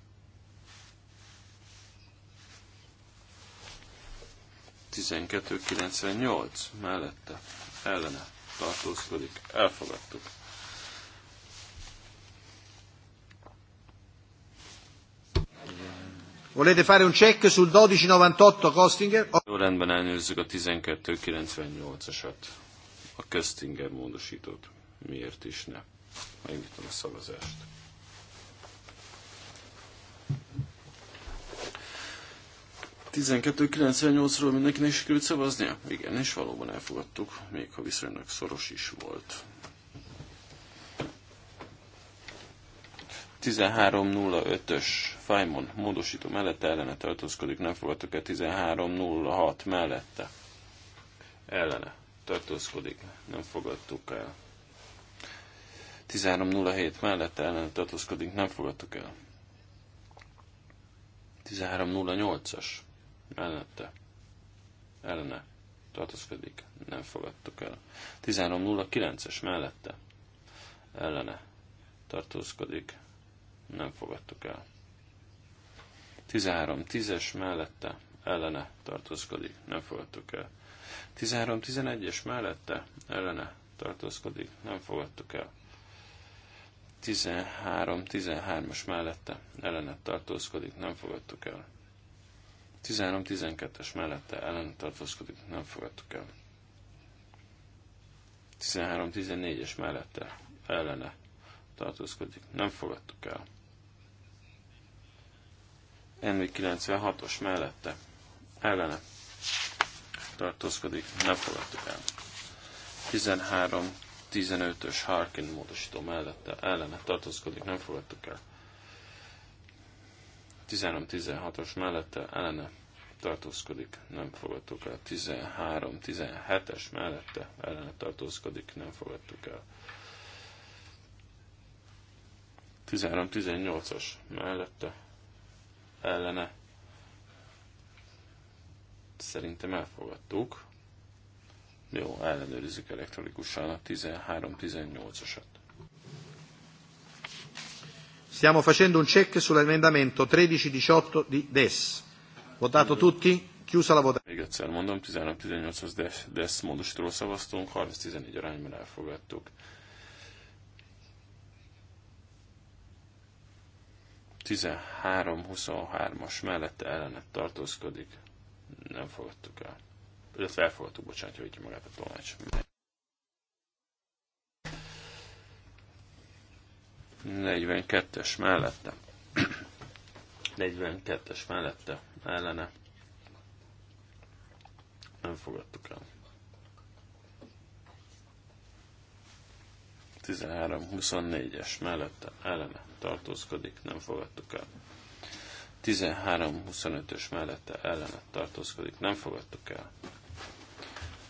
1298 mellette ellene tartózkodik. Elfogadtuk. Volete fare un check sul 1298 Costinger? Jó rendben elnőzzük a 1298-asat a köztinger módosított. Miért is ne? Megnyitom a szavazást. ról mindenkinek sikerült szavaznia? Igen, és valóban elfogadtuk, még ha viszonylag szoros is volt. 13.05-ös Fajmon módosító mellette ellene tartózkodik, nem fogadtuk el 13.06 mellette ellene tartózkodik, nem fogadtuk el. 13.07 mellett ellen tartózkodik, nem fogadtuk el. 13.08-as mellette ellene tartózkodik, nem fogadtuk el. 13.09-es mellette ellene tartózkodik, nem fogadtuk el. 13.10-es mellette ellene tartózkodik, nem fogadtuk el. 13.11 13-11-es mellette ellene tartózkodik, nem fogadtuk el. 13-13-as mellette ellene tartózkodik, nem fogadtuk el. 13-12-es mellette ellen tartózkodik, nem fogadtuk el. 13-14-es mellette ellene tartózkodik, nem fogadtuk el. NV96-os mellette ellene tartózkodik, nem fogadtuk el. 13-15-ös Harkin módosító mellette ellene tartózkodik, nem fogadtuk el. 13-16-os mellette ellene tartózkodik, nem fogadtuk el. 13-17-es mellette ellene tartózkodik, nem fogadtuk el. 13 18 os mellette ellene Szerintem elfogadtuk. Jó, ellenőrizzük elektronikusan a 13-18-asat. Stiamo facendo un check sull'emendamento 13-18 di DES. Votato tutti? Chiusa la votazione. Még egyszer mondom, 13-18-as DES, DES módosítóról szavaztunk, 30-14 arányban elfogadtuk. 13-23-as mellette ellenet tartózkodik. 13-24 nem fogadtuk el. Illetve elfogadtuk, bocsánat, hogy magát a tolmács. Negyvenkettes mellette. 42-es mellette ellene nem fogadtuk el. 13-24-es mellette ellene tartózkodik, nem fogadtuk el. 13-25-ös mellette ellene tartózkodik, nem fogadtuk el.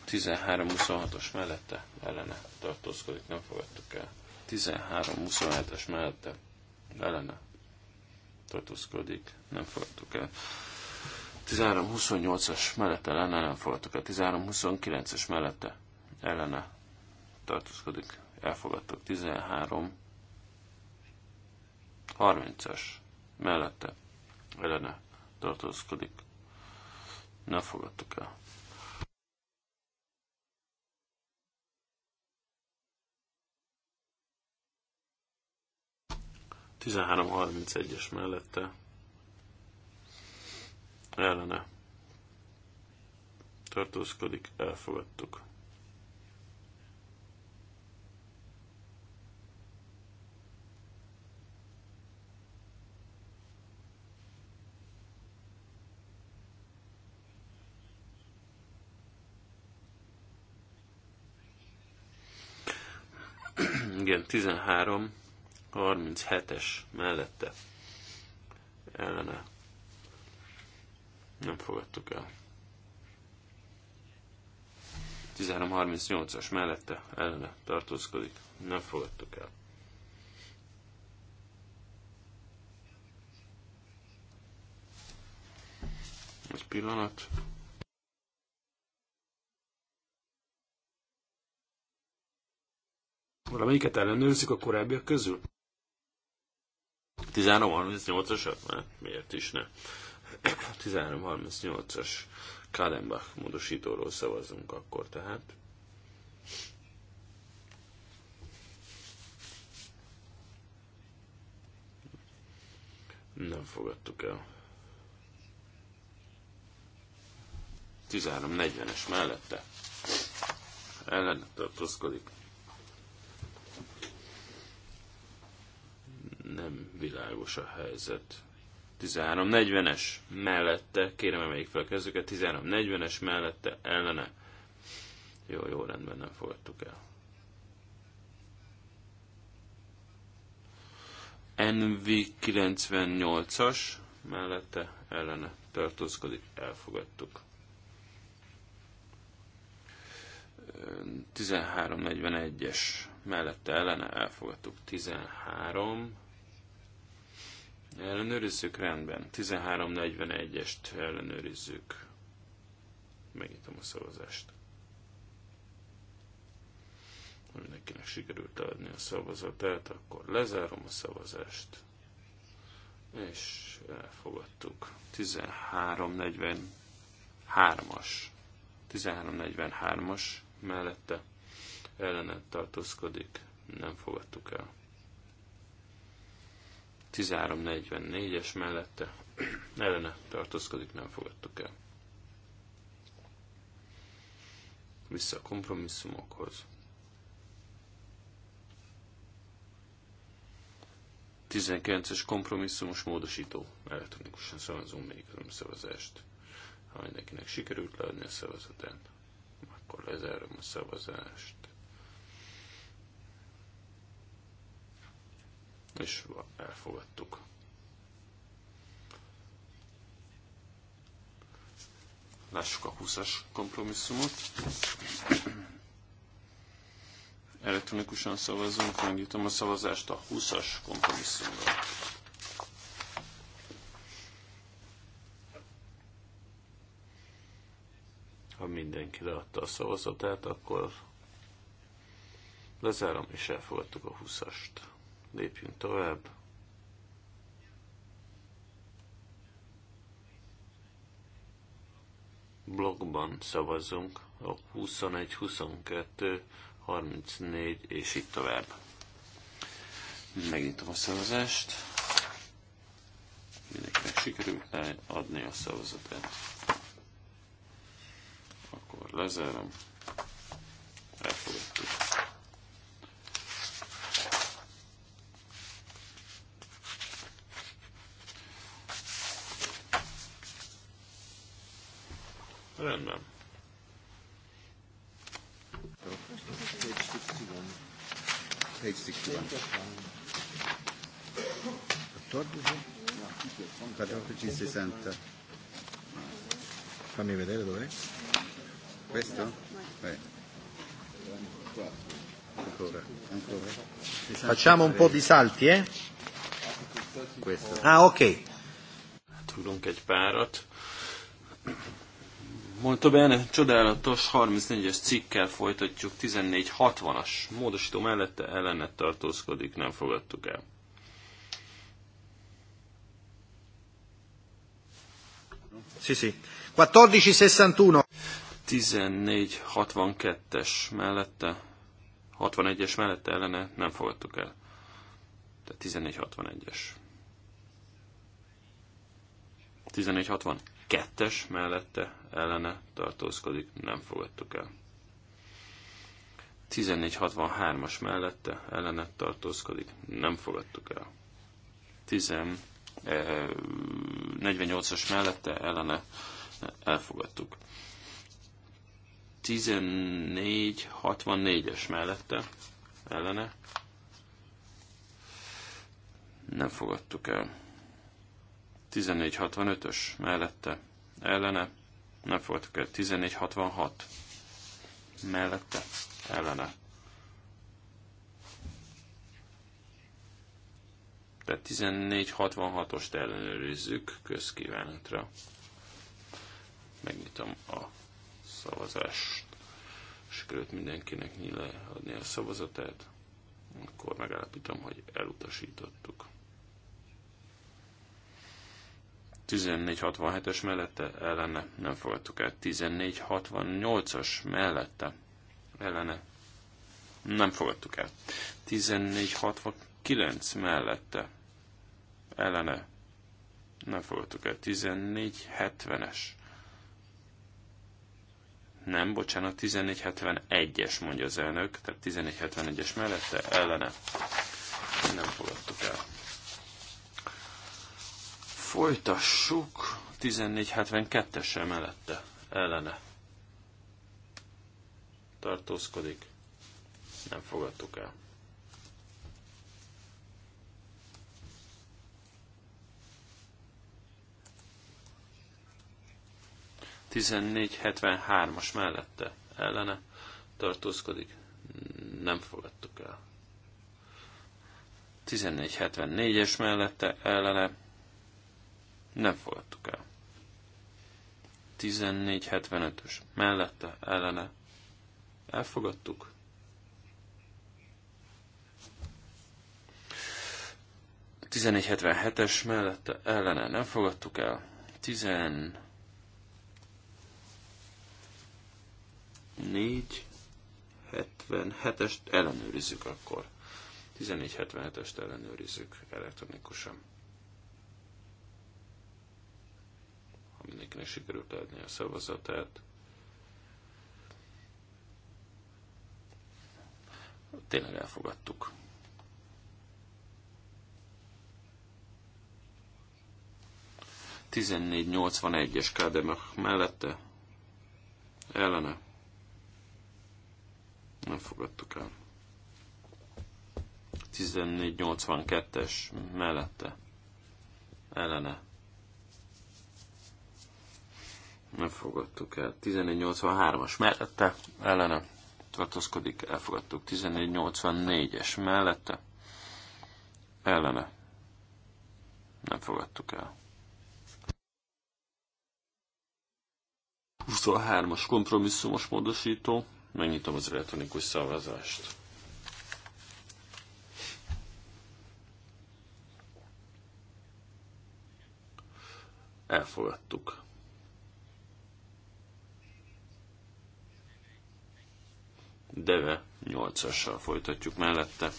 13-26-os mellette ellene tartózkodik, nem fogadtuk el. 13-27-es mellette ellene tartózkodik, nem fogadtuk el. 13-28-as mellette ellene nem fogadtuk el. 13-29-es mellette ellene tartózkodik, elfogadtuk. 13 30-as mellette ellene tartózkodik. Ne fogadtuk el. Tizenhárom harminc egyes mellette ellene tartózkodik, elfogadtuk. Igen, 13, 37-es mellette ellene nem fogadtuk el. 13 38 as mellette ellene tartózkodik, nem fogadtuk el. Egy pillanat. valamelyiket ellenőrzik a korábbiak közül? 1338-asat? Hát, miért is ne? 1338-as Kadenbach módosítóról szavazunk akkor tehát. Nem fogadtuk el. 13.40-es mellette ellen tartózkodik. nem világos a helyzet. 13.40-es mellette, kérem emeljék fel a kezdőket, 13.40-es mellette, ellene. Jó, jó, rendben, nem fogadtuk el. NV98-as mellette ellene tartózkodik, elfogadtuk. 1341-es mellette ellene elfogadtuk 13 Ellenőrizzük? Rendben. 13.41-est ellenőrizzük. Megnyitom a szavazást. Ha mindenkinek sikerült adni a szavazatát, akkor lezárom a szavazást. És elfogadtuk. 13.43-as. 13.43-as mellette ellenet tartózkodik. Nem fogadtuk el. 1344-es mellette ellene tartozkodik nem fogadtuk el. Vissza a kompromisszumokhoz. 19-es kompromisszumos módosító. Elektronikusan szavazunk még szavazást. Ha mindenkinek sikerült leadni a szavazatát, akkor lezárom a szavazást. és elfogadtuk. Lássuk a 20-as kompromisszumot. Elektronikusan szavazunk, megnyitom a szavazást a 20-as kompromisszumra. Ha mindenki leadta a szavazatát, akkor lezárom és elfogadtuk a 20-ast. Lépjünk tovább. Blogban szavazzunk a 21, 22, 34 és így tovább. Megnyitom a szavazást. Mindenkinek sikerült adni a szavazatát. Akkor lezárom. Rendben. Fammi vedere dove? Questo? Ancora, ancora. Facciamo un po' di salti, eh? Questo. Ah, ok. Tudunk egy párat. Mondta Bene, csodálatos 34-es cikkkel folytatjuk, 1460-as módosító mellette ellenet tartózkodik, nem fogadtuk el. Sí, sí. 1461. 1462-es mellette, 61-es mellette ellene nem fogadtuk el. Tehát 1461-es. 1460 kettes mellette ellene tartózkodik, nem fogadtuk el. 1463-as mellette ellene tartózkodik, nem fogadtuk el. 1048 eh, as mellette ellene elfogadtuk. 1464-es mellette ellene nem fogadtuk el. 1465-ös mellette ellene, nem fogadtuk el 1466 mellette ellene. Tehát 1466-ost ellenőrizzük közkívánatra. Megnyitom a szavazást. Sikerült mindenkinek nyíle adni a szavazatát. Akkor megállapítom, hogy elutasítottuk. 1467-es mellette ellene nem fogadtuk el. 1468-as mellette ellene nem fogadtuk el. 1469 mellette ellene nem fogadtuk el. 1470-es nem, bocsánat, 1471-es mondja az elnök, tehát 1471-es mellette ellene nem fogadtuk el. Folytassuk 1472 es mellette, ellene. Tartózkodik. Nem fogadtuk el. Tizennégy as mellette, ellene. Tartózkodik. Nem fogadtuk el. 1474-es mellette ellene nem fogadtuk el. 1475-ös mellette ellene elfogadtuk. A 1477-es mellette ellene nem fogadtuk el. 1477 est ellenőrizzük akkor. 1477-est ellenőrizzük elektronikusan. ha mindenkinek sikerült adni a szavazatát. Tényleg elfogadtuk. Tizennégy es egyes mellette ellene nem fogadtuk el. 1482-es mellette ellene nem fogadtuk el. 1483-as mellette, ellene Tartozkodik. elfogadtuk. 1484-es mellette, ellene nem fogadtuk el. 23-as kompromisszumos módosító, megnyitom az elektronikus szavazást. Elfogadtuk. Deve 8-assal folytatjuk mellette,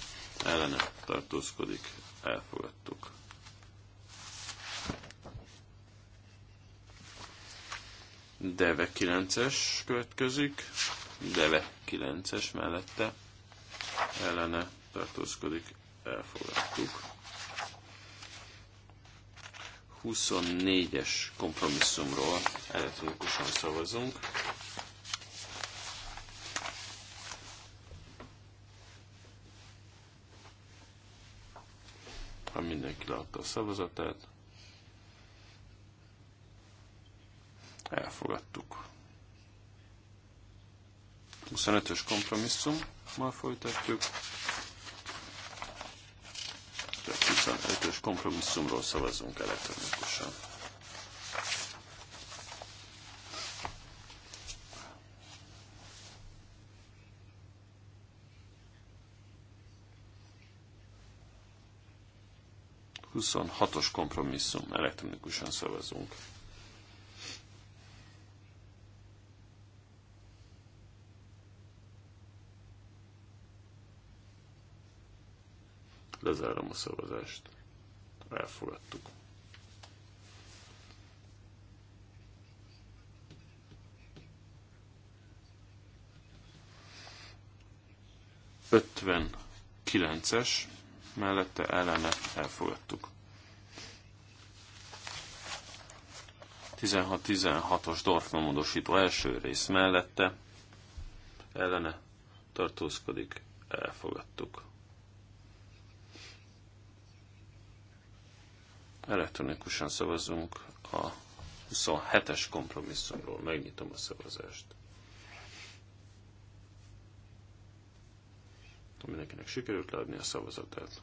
ellene tartózkodik, elfogadtuk. Deve 9-es következik, Deve 9-es mellette, ellene tartózkodik, elfogadtuk. 24-es kompromisszumról elektronikusan szavazunk. Ha mindenki leadta a szavazatát, elfogadtuk. 25-ös kompromisszum, kompromisszummal folytatjuk. Tehát 25-ös kompromisszumról szavazunk elektronikusan. 26-os kompromisszum, elektronikusan szavazunk. Lezárom a szavazást. Elfogadtuk. Ötven kilences mellette ellene elfogadtuk. 16-16-os Dorfman módosító első rész mellette ellene tartózkodik, elfogadtuk. Elektronikusan szavazunk a 27-es kompromisszumról. Megnyitom a szavazást. Látom, mindenkinek sikerült leadni a szavazatát.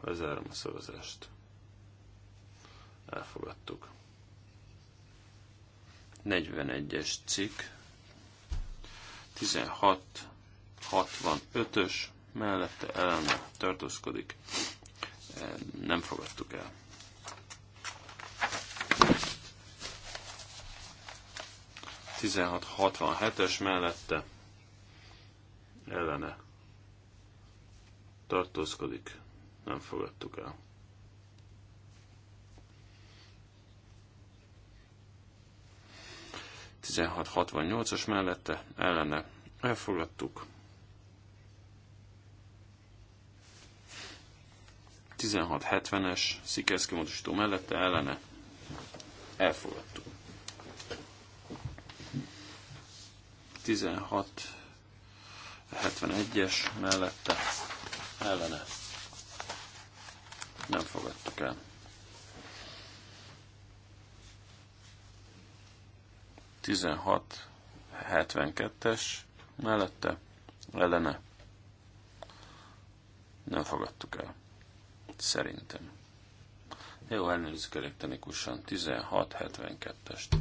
Lezárom a szavazást. Elfogadtuk. 41-es cikk, 16-65-ös, mellette ellen tartózkodik. Nem fogadtuk el. 1667-es mellette ellene tartózkodik. Nem fogadtuk el. as mellette ellene elfogadtuk. 1670-es szikeszkimódosító mellette ellene elfogadtuk. 16 71-es mellette ellene nem fogadtuk el. Tizenhat, es mellette, ellene nem fogadtuk el. Szerintem. Jó, elnézzük elektronikusan. 1672-est.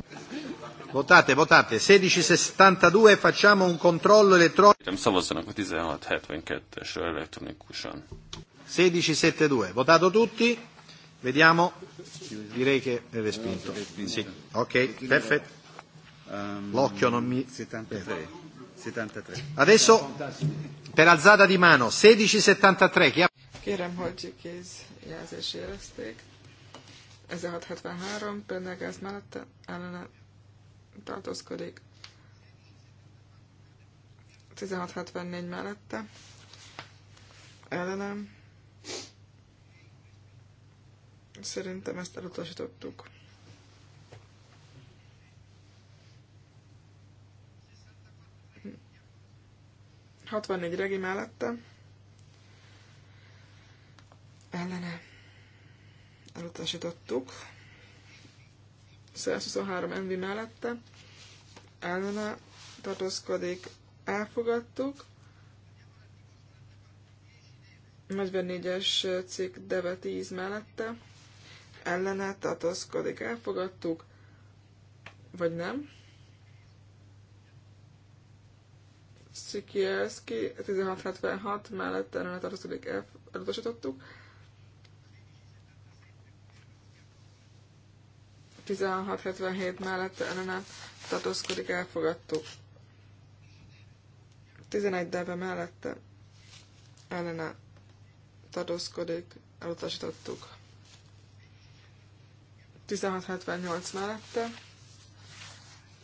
Votate, votate. 1672, facciamo un controllo elettronico. Nem szavazzanak a 1672-esről elektronikusan. 1672, votato tutti. Vediamo. Direi che è respinto. Sì. Ok, perfetto. Ehm, L'occhio non mi... 73. 73. Adesso, per alzata di mano, 1673. Kérem, hogy kéz jelzés érezték. 1673, például ez mellette ellene tartózkodik. 1674 mellette ellenem. Szerintem ezt elutasítottuk. 64 regi mellette. Ellene elutasítottuk. 123 envi mellette ellene tartózkodik, elfogadtuk. 44-es cikk Deve 10 mellette ellene tartózkodik, elfogadtuk, vagy nem. Szikielszki 1676 mellette ellene tartózkodik, elutasítottuk. 1677 mellette ellene tartózkodik, elfogadtuk. 11 debe mellette ellene tartózkodik, elutasítottuk. 1678 mellette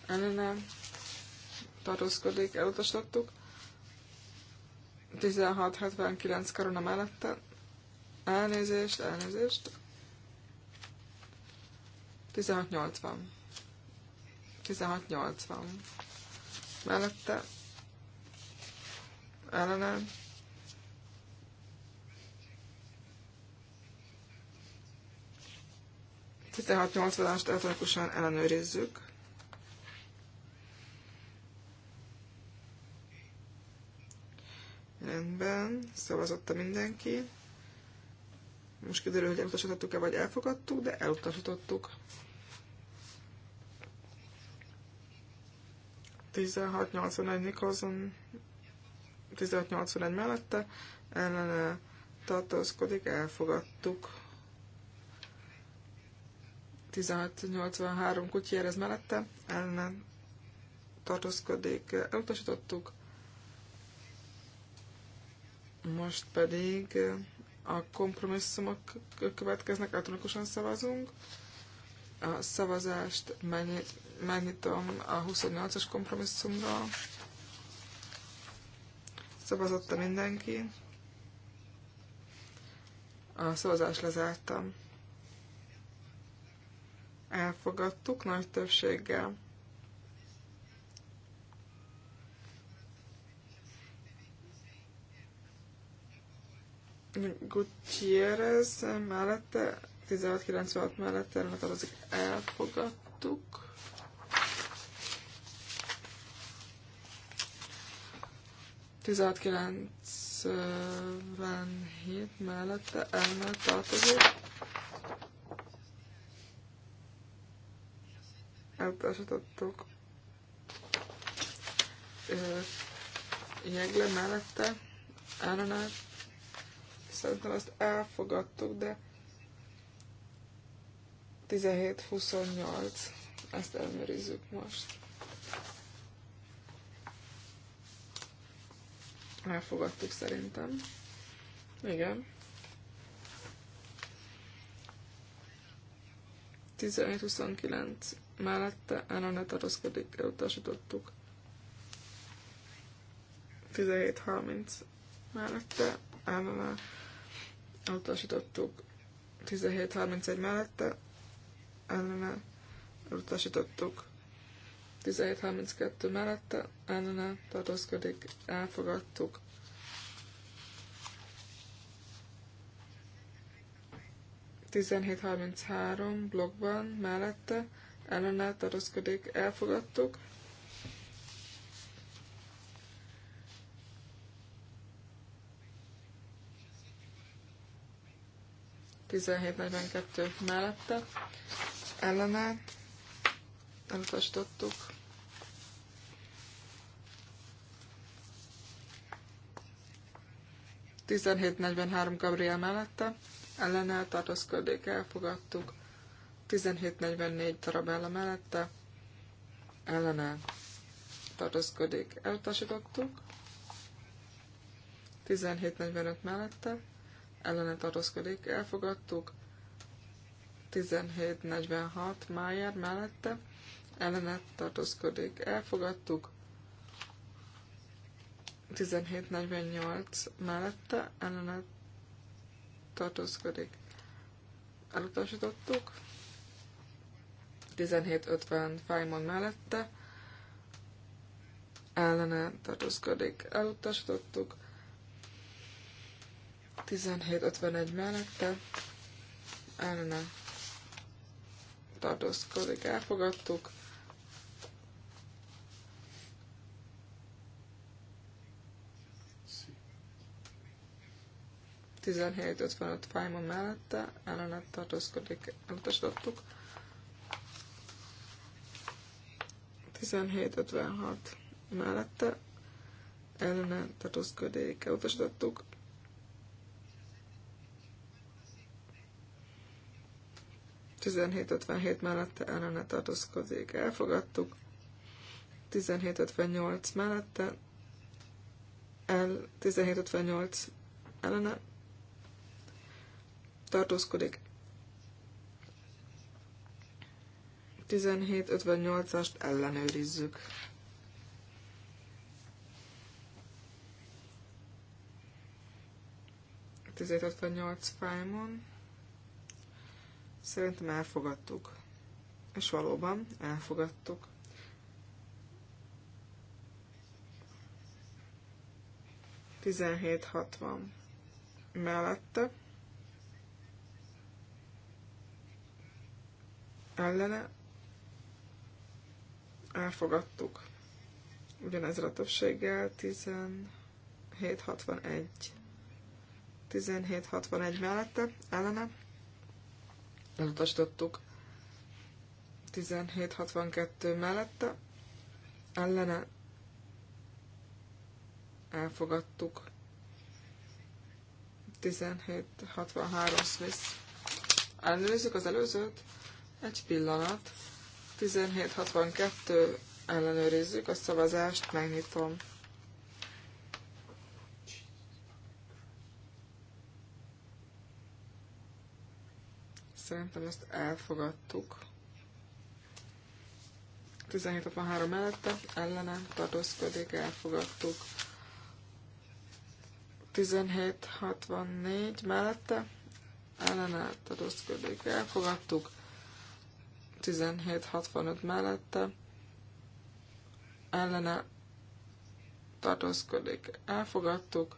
ellene tartózkodik, elutasítottuk. 1679 karona mellette elnézést, elnézést, 1680. 1680. Mellette ellene Tehát 80-ast elektronikusan ellenőrizzük. Rendben, szavazotta mindenki. Most kiderül, hogy elutasítottuk-e, vagy elfogadtuk, de elutasítottuk. 1681 Nikolson 1681 mellette ellene tartózkodik, elfogadtuk. 1683 kutyérez mellette ellene tartózkodik, elutasítottuk. Most pedig a kompromisszumok következnek, elektronikusan szavazunk. A szavazást mennyit megnyitom a 28-as kompromisszumra. Szavazotta mindenki. A szavazást lezártam. Elfogadtuk nagy többséggel. Gutierrez mellette, 1696 mellette, az elfogadtuk. 1697 mellette ellen tartozik. Elutasítottuk jegle mellette ellenállt. Szerintem azt elfogadtuk, de 17-28. Ezt elmerizzük most. 17-28. elfogadtuk szerintem. Igen. 17-29 mellette Anna ne tartózkodik, elutasítottuk. 17-30 mellette Anna ne elutasítottuk. 17-31 mellette Anna ne elutasítottuk. 17-32 17.32 mellette ellene tartózkodik, elfogadtuk. Tizenhét blogban mellette ellenállt tartózkodik, elfogadtuk. Tizenhét negyvenkettő mellette ellenállt elutasítottuk. 1743 Gabriel mellette, ellene tartózkodik, elfogadtuk. 1744 Tarabella mellette, ellene tartózkodik, elutasítottuk. 1745 mellette, ellene tartózkodik, elfogadtuk. 1746 Májár mellette, ellene tartózkodik, elfogadtuk. 1748 mellette ellene tartózkodik. Elutasítottuk. 1750 Fájmon mellette ellene tartózkodik. Elutasítottuk. 1751 mellette ellene tartózkodik. Elfogadtuk. 17.55 Fájma mellette ellenet tartózkodik, elutasítottuk. 17.56 mellette ellene tartózkodik, elutasítottuk. 17.57 mellette ellene tartózkodik, elfogadtuk. 17.58 mellette el 17.58 ellene tartózkodik. 17.58-ast ellenőrizzük. nyolc fájmon. Szerintem elfogadtuk. És valóban elfogadtuk. Tizenhét hatvan mellette. ellene elfogadtuk. Ugyanezzel a többséggel 1761. 1761 mellette ellene elutasítottuk. 1762 mellette ellene elfogadtuk. 1763 Swiss. elnőzzük az előzőt. Egy pillanat. 1762 ellenőrizzük a szavazást, megnyitom. Szerintem ezt elfogadtuk. 1763 mellette, ellene tartózkodik, elfogadtuk. 1764 mellette, ellene tartózkodik, elfogadtuk. 1765 mellette ellene tartózkodik. Elfogadtuk.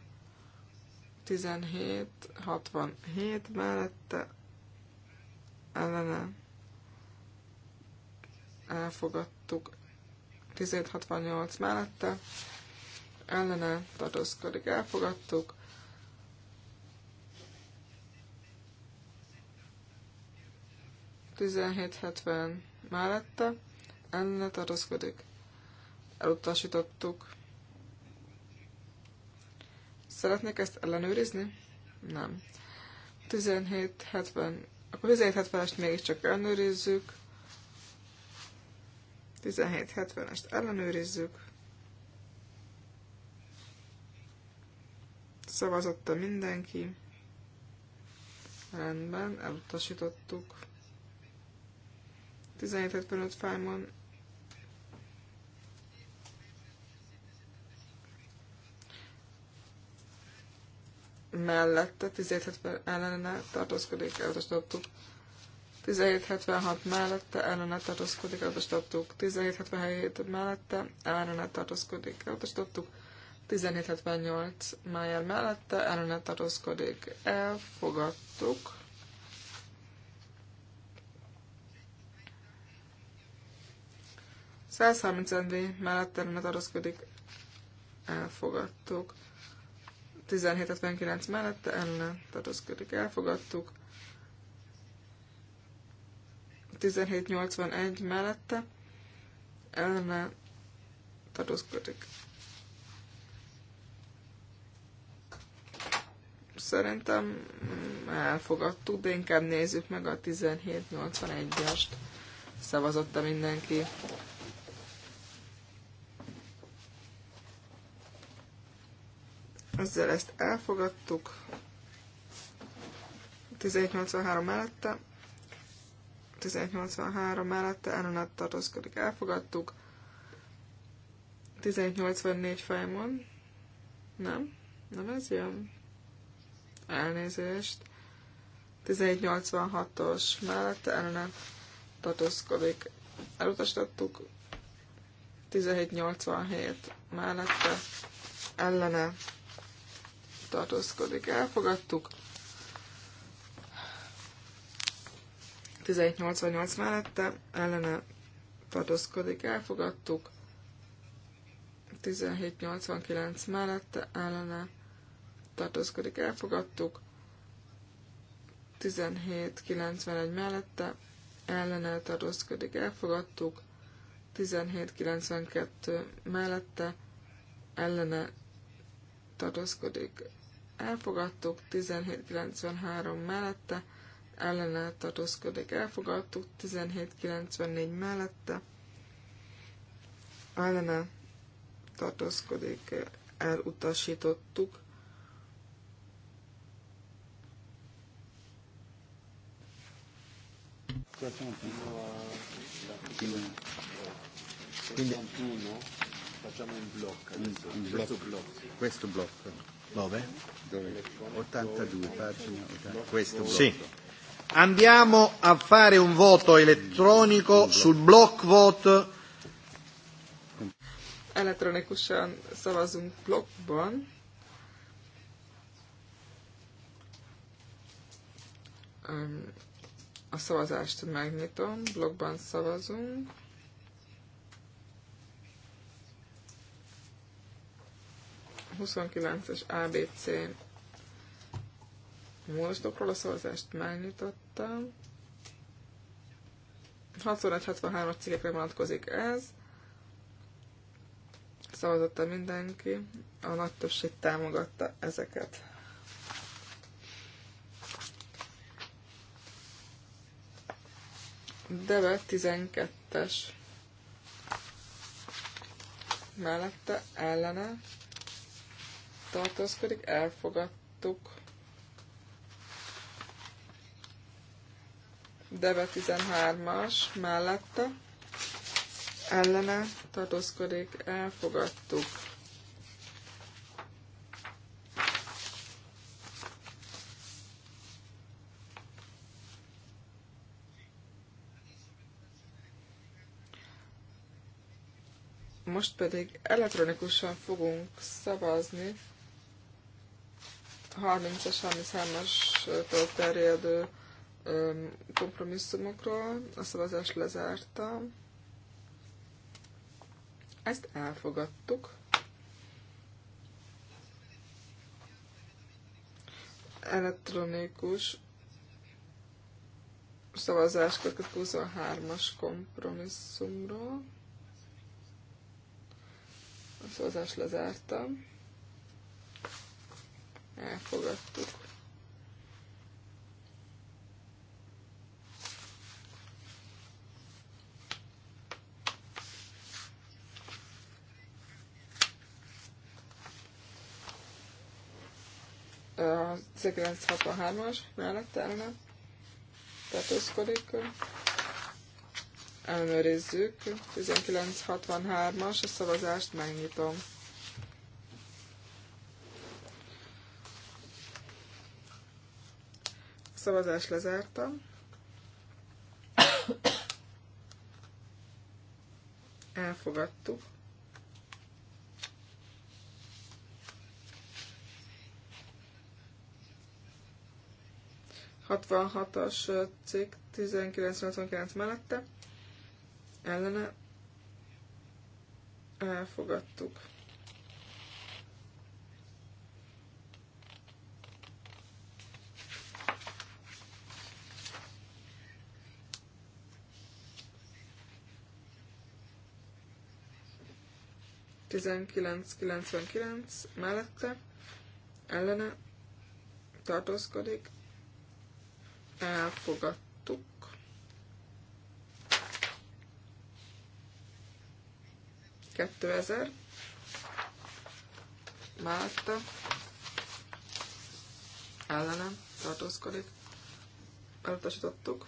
1767 mellette ellene elfogadtuk. 1768 mellette ellene tartózkodik. Elfogadtuk. 1770 mellette ennél tartózkodik. Elutasítottuk. Szeretnék ezt ellenőrizni? Nem. 1770. Akkor 1770-est mégiscsak ellenőrizzük. 1770-est ellenőrizzük. Szavazotta mindenki. Rendben, elutasítottuk. 17.55 Fájmon mellette, 17.70 ellene tartózkodik, elutasítottuk. 17.76 mellette, ellene tartózkodik, elutasítottuk. 17.77 mellette, ellene tartózkodik, elutasítottuk. 17.78 Májer mellette, ellene tartózkodik, elfogadtuk. 130 MV mellett terület araszkodik, elfogadtuk. 1759 mellette ellen tartozkodik. elfogadtuk. 1781 mellette ellen tartozkodik. Szerintem elfogadtuk, de inkább nézzük meg a 1781-est. Szavazotta mindenki. Ezzel ezt elfogadtuk. 1783 mellette. 1783 mellette ellenet tartózkodik. Elfogadtuk. 1784 fejmon. Nem? Nem ez jön? Elnézést. 1786-os mellette ellenet tartózkodik. Elutasítottuk. 1787 mellette ellene tartózkodik. Elfogadtuk. 1188 mellette ellene tartózkodik. Elfogadtuk. 1789 mellette ellene tartózkodik. Elfogadtuk. 1791 mellette ellene tartózkodik. Elfogadtuk. 1792 mellette ellene tartózkodik elfogadtuk, 1793 mellette, ellene tartózkodik, elfogadtuk, 1794 mellette, ellene tartózkodik, elutasítottuk, facciamo un blocco, adesso, questo blocco. Questo blocco. Dove? Dove? 82, pagina Questo blocco. Sì. Andiamo a fare un voto elettronico sul block vote. Elektronikusan szavazunk blokkban. A szavazást megnyitom, blokkban szavazunk. 29-es ABC módosítókról a szavazást megnyitottam. 61 as cikkekre vonatkozik ez. Szavazotta mindenki, a nagy többség támogatta ezeket. Deve 12-es mellette, ellene tartózkodik, elfogadtuk. Deve 13-as mellette ellene tartózkodik, elfogadtuk. Most pedig elektronikusan fogunk szavazni 30-as, 33-as terjedő kompromisszumokról. A szavazást lezárta. Ezt elfogadtuk. Elektronikus szavazás következő a as kompromisszumról. A szavazást lezártam elfogadtuk. A C963-as mellett ellene tartózkodik. Ellenőrizzük. 1963-as, a szavazást megnyitom. Szavazás lezárta. Elfogadtuk. as cikk 1989 mellette ellene elfogadtuk. 1999 mellette ellene tartózkodik. Elfogadtuk. Kettőezer. Mellette ellene tartózkodik. Elutasítottuk.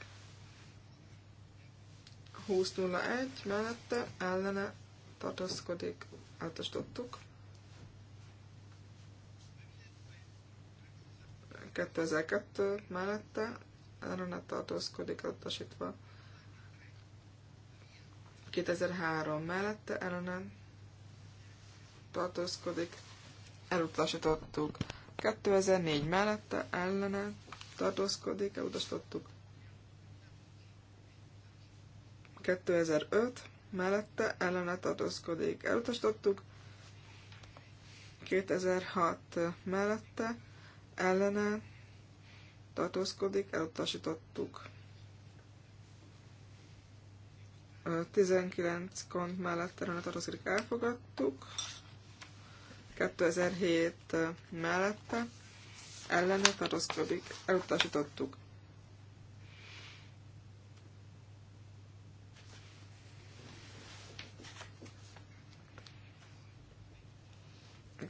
20.01 mellette ellene tartózkodik. Átostottuk. 2002 mellette ne tartózkodik elutasítva. 2003 mellette ellene tartózkodik, elutasítottuk. 2004 mellette ellene tartózkodik, elutasítottuk. 2005 mellette ellene tartózkodik. Elutasítottuk. 2006 mellette ellene tartózkodik, elutasítottuk. 19 kont mellett ellene tartózkodik, elfogadtuk. 2007 mellette ellene tartózkodik, elutasítottuk.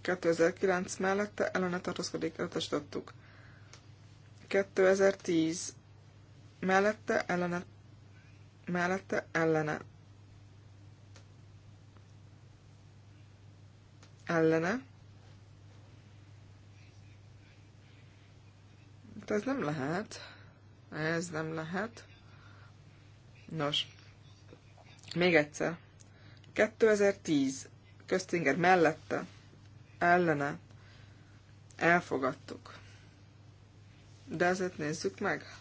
2009 mellette ellene tartózkodik, elutasítottuk. 2010 mellette ellene mellette ellene ellene De hát ez nem lehet. Ez nem lehet. Nos. Még egyszer. 2010. Köztinger mellette ellene elfogadtuk. De ezért nézzük meg.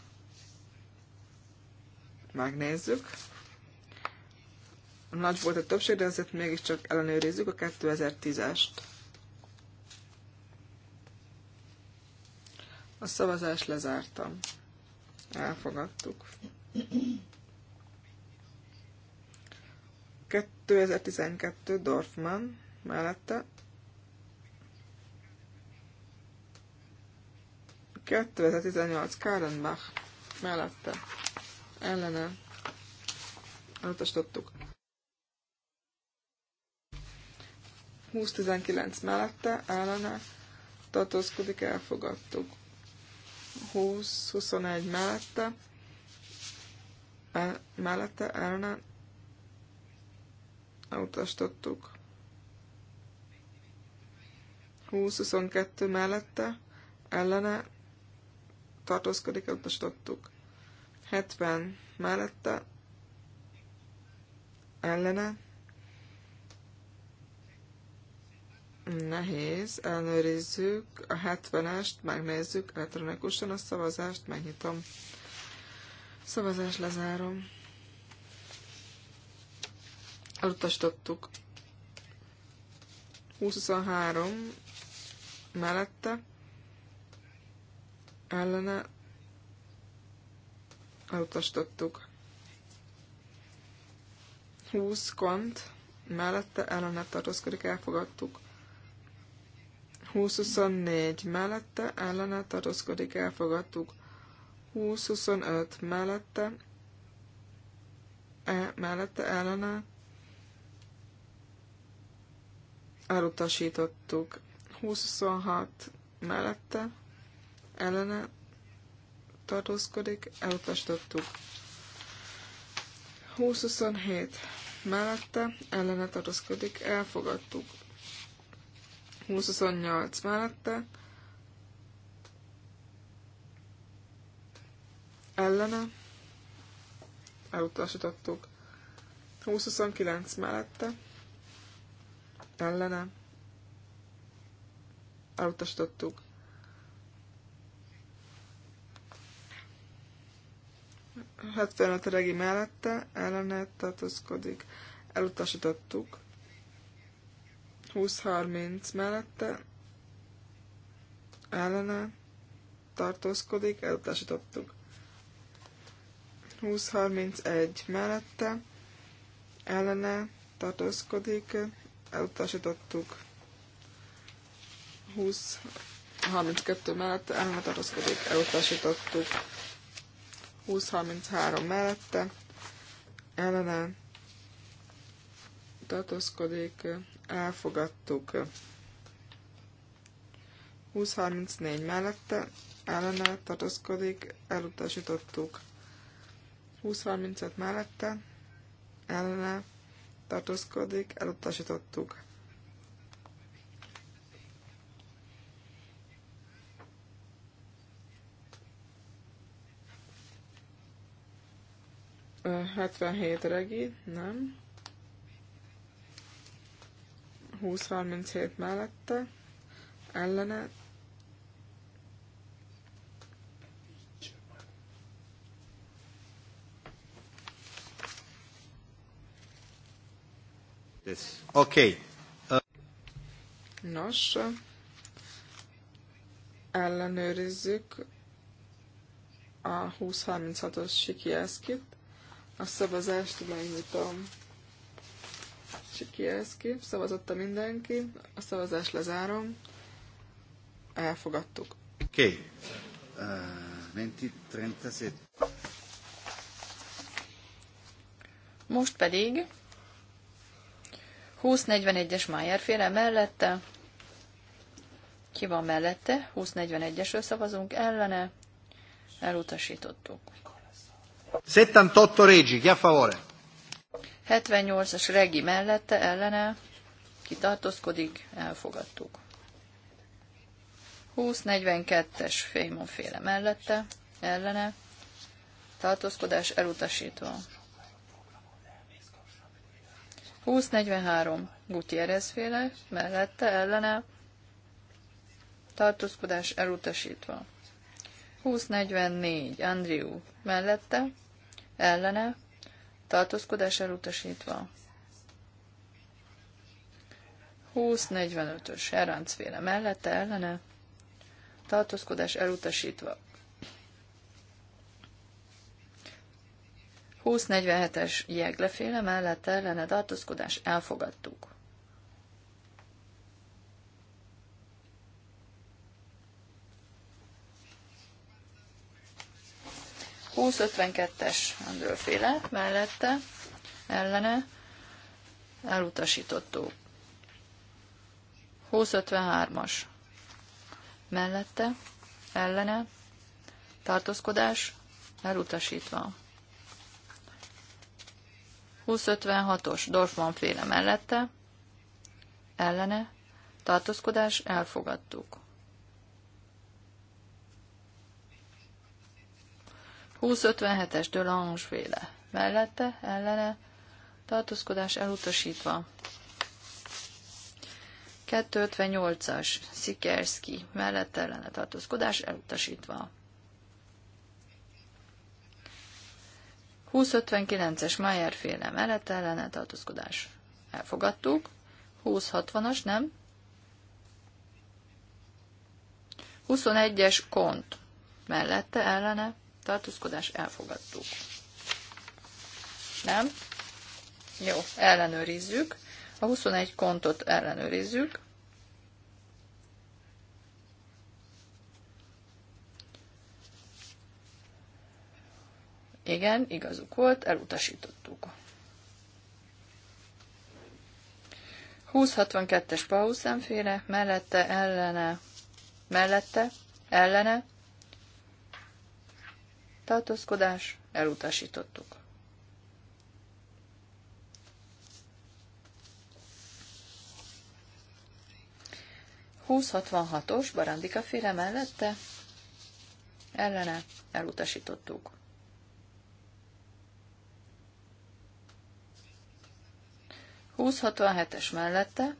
Megnézzük. Nagy volt a többség, de ezért mégiscsak ellenőrizzük a 2010-est. A szavazást lezártam. Elfogadtuk. 2012 Dorfman mellette 2018 Kárenbach mellette ellene elutasítottuk. 2019 mellette ellene tartózkodik, elfogadtuk. 2021 mellette el, mellette ellene elutasítottuk. 2022 mellette ellene tartózkodik, elutasítottuk. 70 mellette, ellene, nehéz, ellenőrizzük a 70-est, megnézzük elektronikusan a szavazást, megnyitom. Szavazást lezárom. Elutasítottuk. 23 mellette ellene elutasítottuk. 20 kont mellette ellene tartózkodik, elfogadtuk. 20-24 mellette ellene tartózkodik, elfogadtuk. 20-25 mellette, e, mellette ellene elutasítottuk. 20-26 mellette ellene tartózkodik, elutasítottuk. 2027 mellette ellene tartózkodik, elfogadtuk. 2028 mellette ellene elutasítottuk. 2029 mellette ellene elutasítottuk. 75 regi mellette ellene tartózkodik. Elutasítottuk. 20-30 mellette ellene tartózkodik, elutasítottuk. 20-31 mellette ellene tartózkodik, elutasítottuk. 20-32 mellette ellene tartózkodik, elutasítottuk. 20-33 mellette ellene tartózkodik, elfogadtuk. 20-34 mellette ellene tartózkodik, elutasítottuk. 20-35 mellette ellene tartózkodik, elutasítottuk. 77 regi, nem. 20-37 mellette, ellene. Oké. Okay. Nos, ellenőrizzük a 36 os Sikieszkit. A szavazást megnyitom. ki, szavazotta mindenki, a szavazást lezárom. Elfogadtuk. Oké. Okay. Uh, Most pedig 2041-es Mayer féle mellette, ki van mellette, 2041-esről szavazunk ellene, elutasítottuk. 78 Regi, chi a favore? 78-as Regi mellette, ellene, ki tartózkodik, elfogadtuk. 20-42-es fémonféle mellette, ellene, tartózkodás elutasítva. 20-43 Gutierrez féle, mellette, ellene, tartózkodás elutasítva. 20-44 Andrew mellette, ellene, tartózkodás elutasítva. 20-45-ös Heráncféle mellette ellene, tartózkodás elutasítva. 20-47-es jegleféle mellette ellene tartózkodás elfogadtuk. 2052 es Andrőféle mellette, ellene, elutasítottuk. 2053 as mellette, ellene, tartózkodás, elutasítva. 2056-os Dorfman féle mellette, ellene, tartózkodás, elfogadtuk. 2057-es Lange véle. Mellette, ellene, tartózkodás elutasítva. 258-as Szikerszki mellette ellene tartózkodás elutasítva. 2059-es Mayer féle mellette ellene tartózkodás elfogadtuk. 2060-as nem. 21-es kont mellette ellene tartózkodás elfogadtuk. Nem? Jó, ellenőrizzük. A 21 kontot ellenőrizzük. Igen, igazuk volt, elutasítottuk. 2062-es Paulsenféle, mellette, ellene, mellette, ellene, tartózkodás, elutasítottuk. os Barandika féle mellette ellene elutasítottuk. es mellette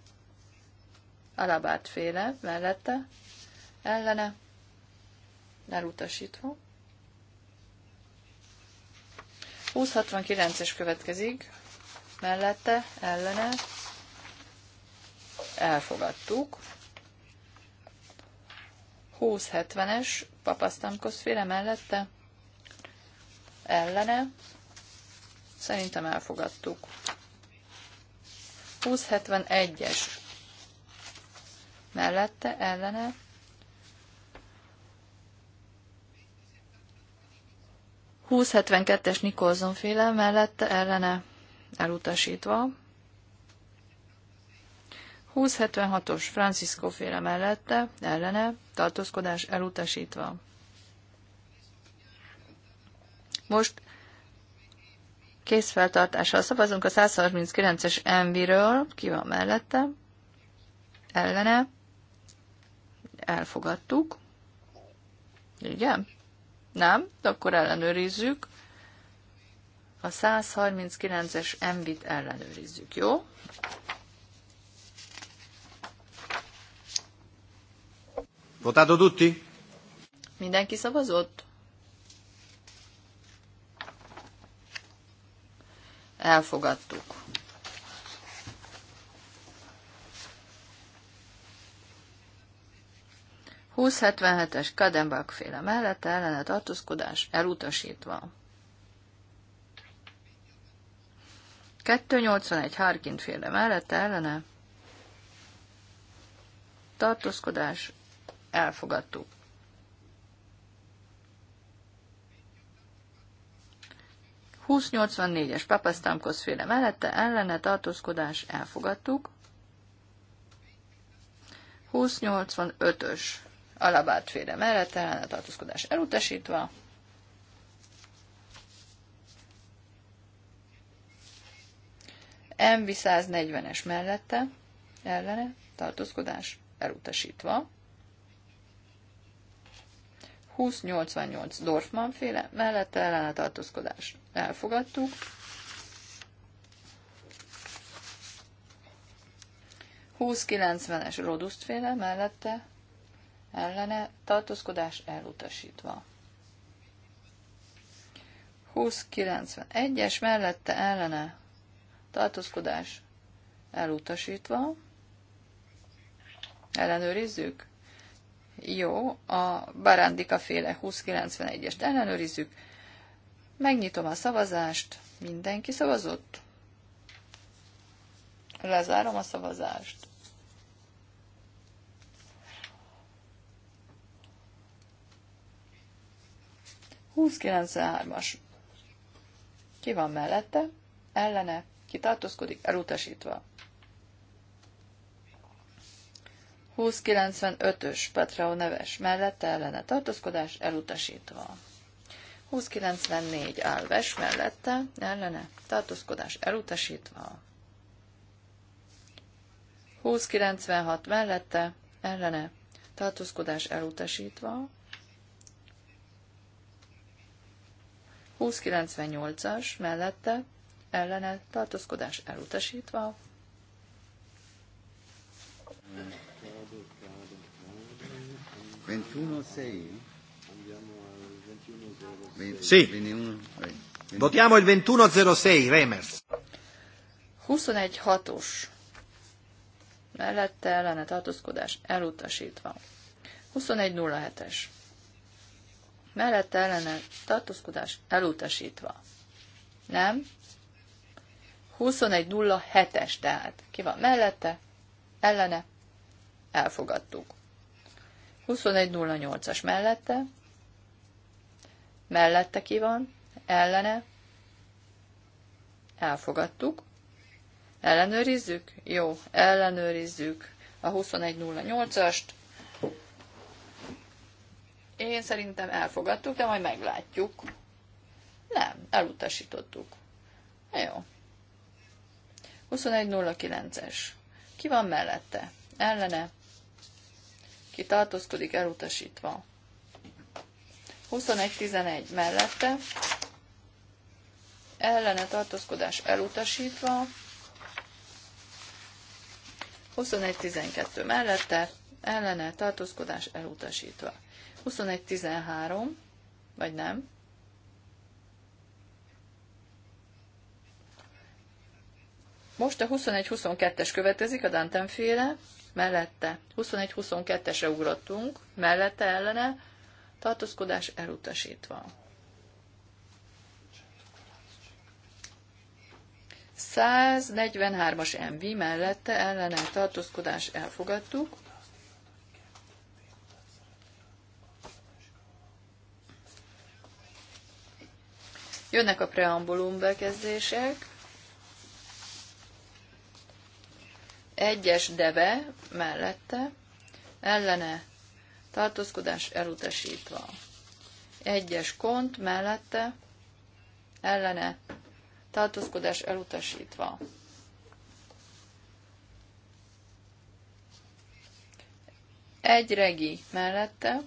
Alabát féle mellette ellene elutasítva. 2069-es következik, mellette, ellene, elfogadtuk. 2070-es papasztamkosz féle mellette, ellene, szerintem elfogadtuk. 2071-es mellette, ellene, 2072-es Nikolson féle mellette ellene elutasítva. 2076-os Francisco féle mellette ellene tartózkodás elutasítva. Most készfeltartással szavazunk a 139-es MV-ről. Ki van mellette? Ellene. Elfogadtuk. Igen? Nem? De akkor ellenőrizzük. A 139-es MV-t ellenőrizzük, jó? Votato tutti? Mindenki szavazott? Elfogadtuk. 2077-es Kadenbak féle mellette ellene tartózkodás elutasítva. 281 Harkin féle mellette ellene tartózkodás elfogadtuk. 2084-es Papasztámkosz féle mellette ellene tartózkodás elfogadtuk. 2085-ös Alabát féle mellett ellene tartózkodás elutasítva. MV 140-es mellette ellene tartózkodás elutasítva. 2088 Dorfman féle mellette ellene tartózkodás elfogadtuk. 2090-es Rodust féle mellette ellene tartózkodás elutasítva. 2091-es mellette ellene tartózkodás elutasítva. Ellenőrizzük? Jó, a Barándika féle 2091-est ellenőrizzük. Megnyitom a szavazást. Mindenki szavazott? Lezárom a szavazást. 2093-as. Ki van mellette? Ellene. Ki tartózkodik? Elutasítva. 2095-ös Petrao neves mellette ellene tartózkodás elutasítva. 2094 Álves mellette ellene tartózkodás elutasítva. 2096 mellette ellene tartózkodás elutasítva. 2098-as mellette ellene tartózkodás elutasítva. Sí. Votiamo il 2106, Remers. 21.6-os. Mellette ellene tartózkodás elutasítva. 21.07-es mellette ellene tartózkodás elutasítva. Nem? 21.07-es tehát. Ki van mellette? Ellene? Elfogadtuk. 21.08-as mellette? Mellette ki van? Ellene? Elfogadtuk. Ellenőrizzük? Jó, ellenőrizzük a 21.08-ast. Én szerintem elfogadtuk, de majd meglátjuk. Nem, elutasítottuk. Jó. 21.09-es. Ki van mellette? Ellene? Ki tartózkodik elutasítva? 21.11 mellette. Ellene tartózkodás elutasítva. 21.12 mellette, ellene tartózkodás elutasítva. 21-13, vagy nem? Most a 21-22-es következik, a Dantenféle, mellette 21-22-esre ugrottunk, mellette ellene, tartózkodás elutasítva. 143-as MV mellette ellene tartózkodás elfogadtuk, Jönnek a preambulum bekezdések. Egyes deve mellette, ellene tartózkodás elutasítva. Egyes kont mellette, ellene tartózkodás elutasítva. Egy regi mellette,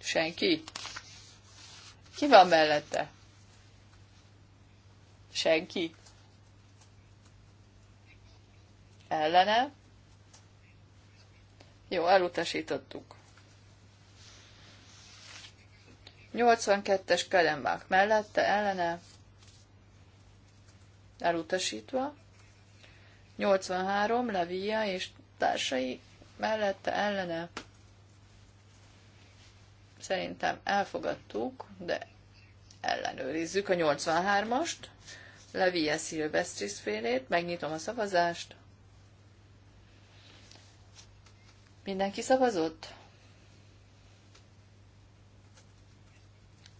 senki, ki van mellette? Senki. Ellene? Jó, elutasítottuk. 82-es Kelembák mellette, ellene, elutasítva. 83 Levia és társai mellette, ellene, szerintem elfogadtuk, de ellenőrizzük a 83-ast, Levie Silvestris félét, megnyitom a szavazást. Mindenki szavazott?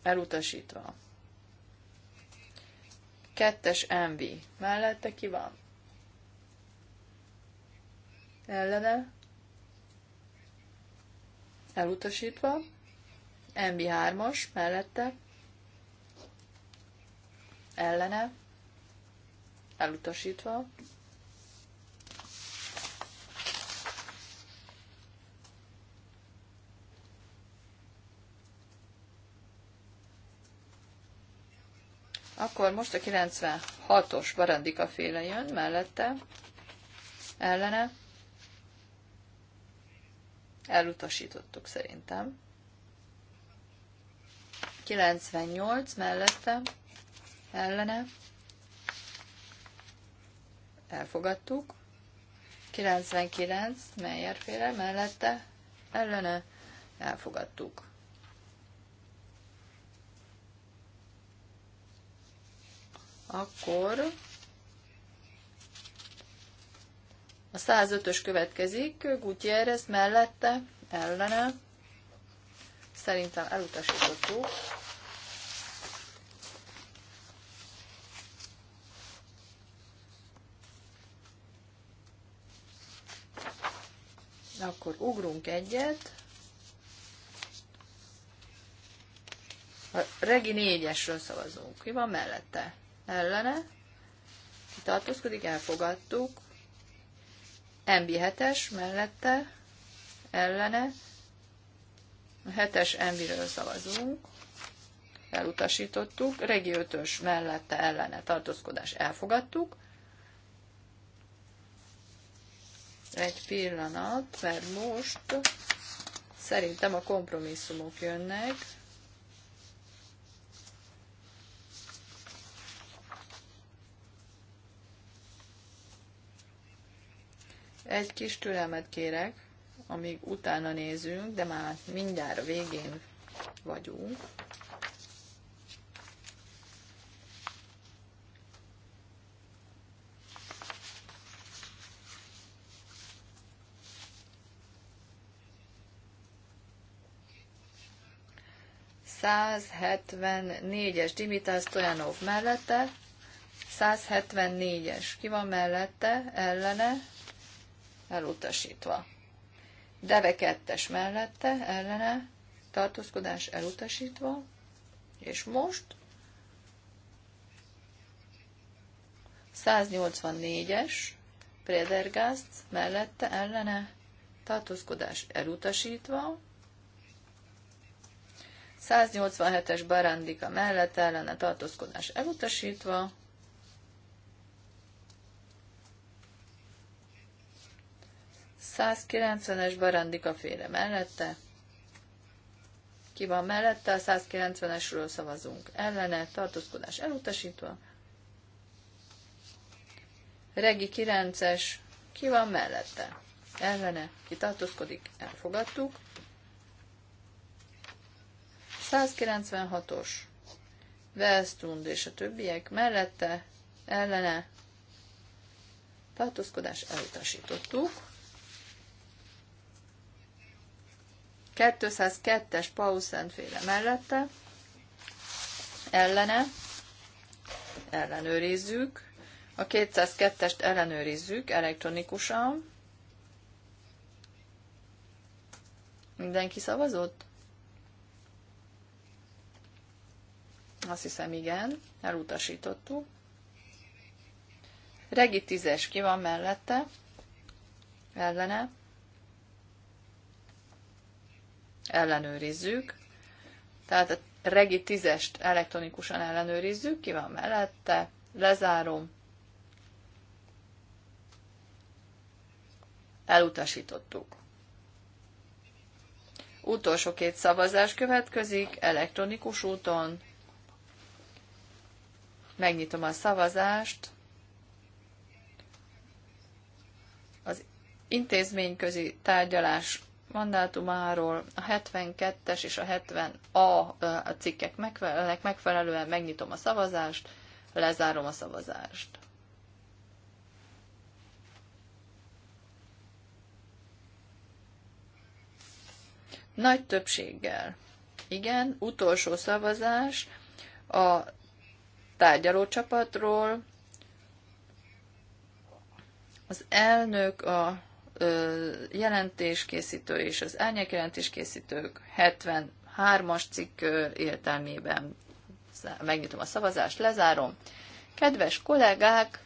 Elutasítva. Kettes MV. Mellette ki van? Ellene? Elutasítva. MV3-as. Mellette? ellene, elutasítva. Akkor most a 96-os barandika féle jön mellette, ellene. Elutasítottuk szerintem. 98 mellette ellene, elfogadtuk. 99 Meyerféle mellette, ellene, elfogadtuk. Akkor a 105-ös következik, Gutierrez mellette, ellene, szerintem elutasítottuk. Akkor ugrunk egyet. A regi négyesről szavazunk. Ki van mellette? Ellene. Ki tartózkodik? Elfogadtuk. MB7-es mellette. Ellene. A 7-es MB-ről szavazunk. Elutasítottuk. Regi 5-ös mellette ellene tartózkodás elfogadtuk. Egy pillanat, mert most szerintem a kompromisszumok jönnek. Egy kis türelmet kérek, amíg utána nézünk, de már mindjárt a végén vagyunk. 174-es Dimitász Tojanov mellette, 174-es ki van mellette, ellene, elutasítva. Deve 2-es mellette, ellene, tartózkodás elutasítva, és most 184-es Predergast mellette, ellene, tartózkodás elutasítva, 187-es Barándika mellett ellene tartózkodás elutasítva. ...190-es Barandika féle mellette. Ki van mellette? A 190-esről szavazunk. Ellene, tartózkodás elutasítva. Regi 9-es. Ki van mellette? Ellene, ki tartózkodik? Elfogadtuk. 196-os. Wellstrund és a többiek mellette ellene tartózkodás elutasítottuk. 202-es Pauszentféle mellette ellene ellenőrizzük. A 202-est ellenőrizzük elektronikusan. Mindenki szavazott? Azt hiszem, igen, elutasítottuk. Regi tízes ki van mellette, ellene. Ellenőrizzük. Tehát a Regi tízest elektronikusan ellenőrizzük, ki van mellette, lezárom. Elutasítottuk. Utolsó két szavazás következik elektronikus úton. Megnyitom a szavazást. Az intézményközi tárgyalás mandátumáról a 72-es és a 70A cikkek megfelelnek megfelelően megnyitom a szavazást, lezárom a szavazást. Nagy többséggel. Igen, utolsó szavazás a tárgyalócsapatról. Az elnök, a jelentéskészítő és az árnyék jelentéskészítők 73-as cikk értelmében megnyitom a szavazást, lezárom. Kedves kollégák,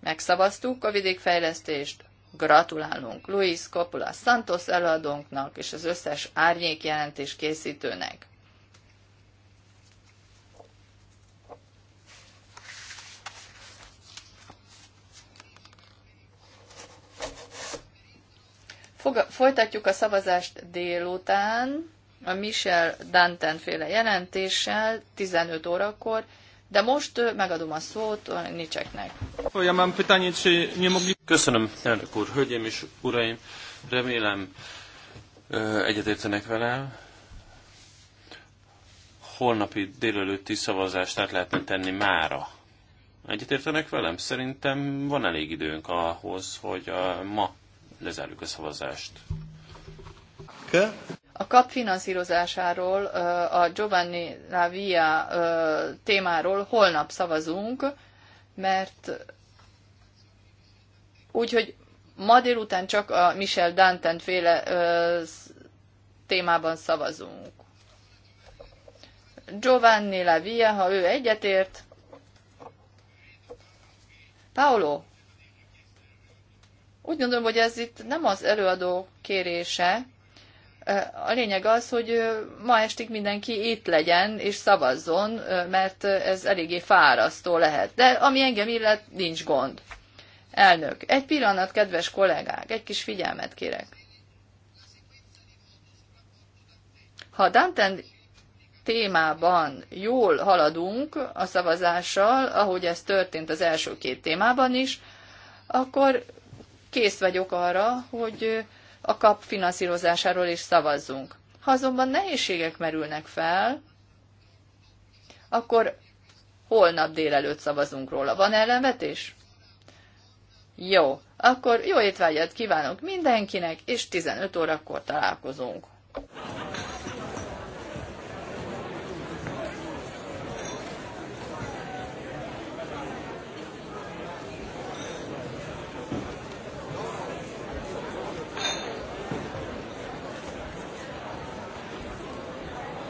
megszavaztuk a vidékfejlesztést, gratulálunk Luis Coppola Santos eladónknak és az összes árnyék jelentés készítőnek. Folytatjuk a szavazást délután a Michel Danten féle jelentéssel 15 órakor, de most megadom a szót a Nicseknek. Köszönöm, elnök úr, hölgyeim és uraim, remélem egyetértenek velem. Holnapi délelőtti szavazást át lehetne tenni mára. Egyetértenek velem? Szerintem van elég időnk ahhoz, hogy a ma Lezárjuk a szavazást. Kö? A kap finanszírozásáról, a Giovanni Lavia témáról holnap szavazunk, mert úgyhogy ma délután csak a Michel Danten féle témában szavazunk. Giovanni Lavia, ha ő egyetért. Paolo, úgy gondolom, hogy ez itt nem az előadó kérése. A lényeg az, hogy ma estig mindenki itt legyen és szavazzon, mert ez eléggé fárasztó lehet. De ami engem illet, nincs gond. Elnök, egy pillanat, kedves kollégák, egy kis figyelmet kérek. Ha Danten témában jól haladunk a szavazással, ahogy ez történt az első két témában is, akkor kész vagyok arra, hogy a kap finanszírozásáról is szavazzunk. Ha azonban nehézségek merülnek fel, akkor holnap délelőtt szavazunk róla. Van ellenvetés? Jó, akkor jó étvágyat kívánok mindenkinek, és 15 órakor találkozunk.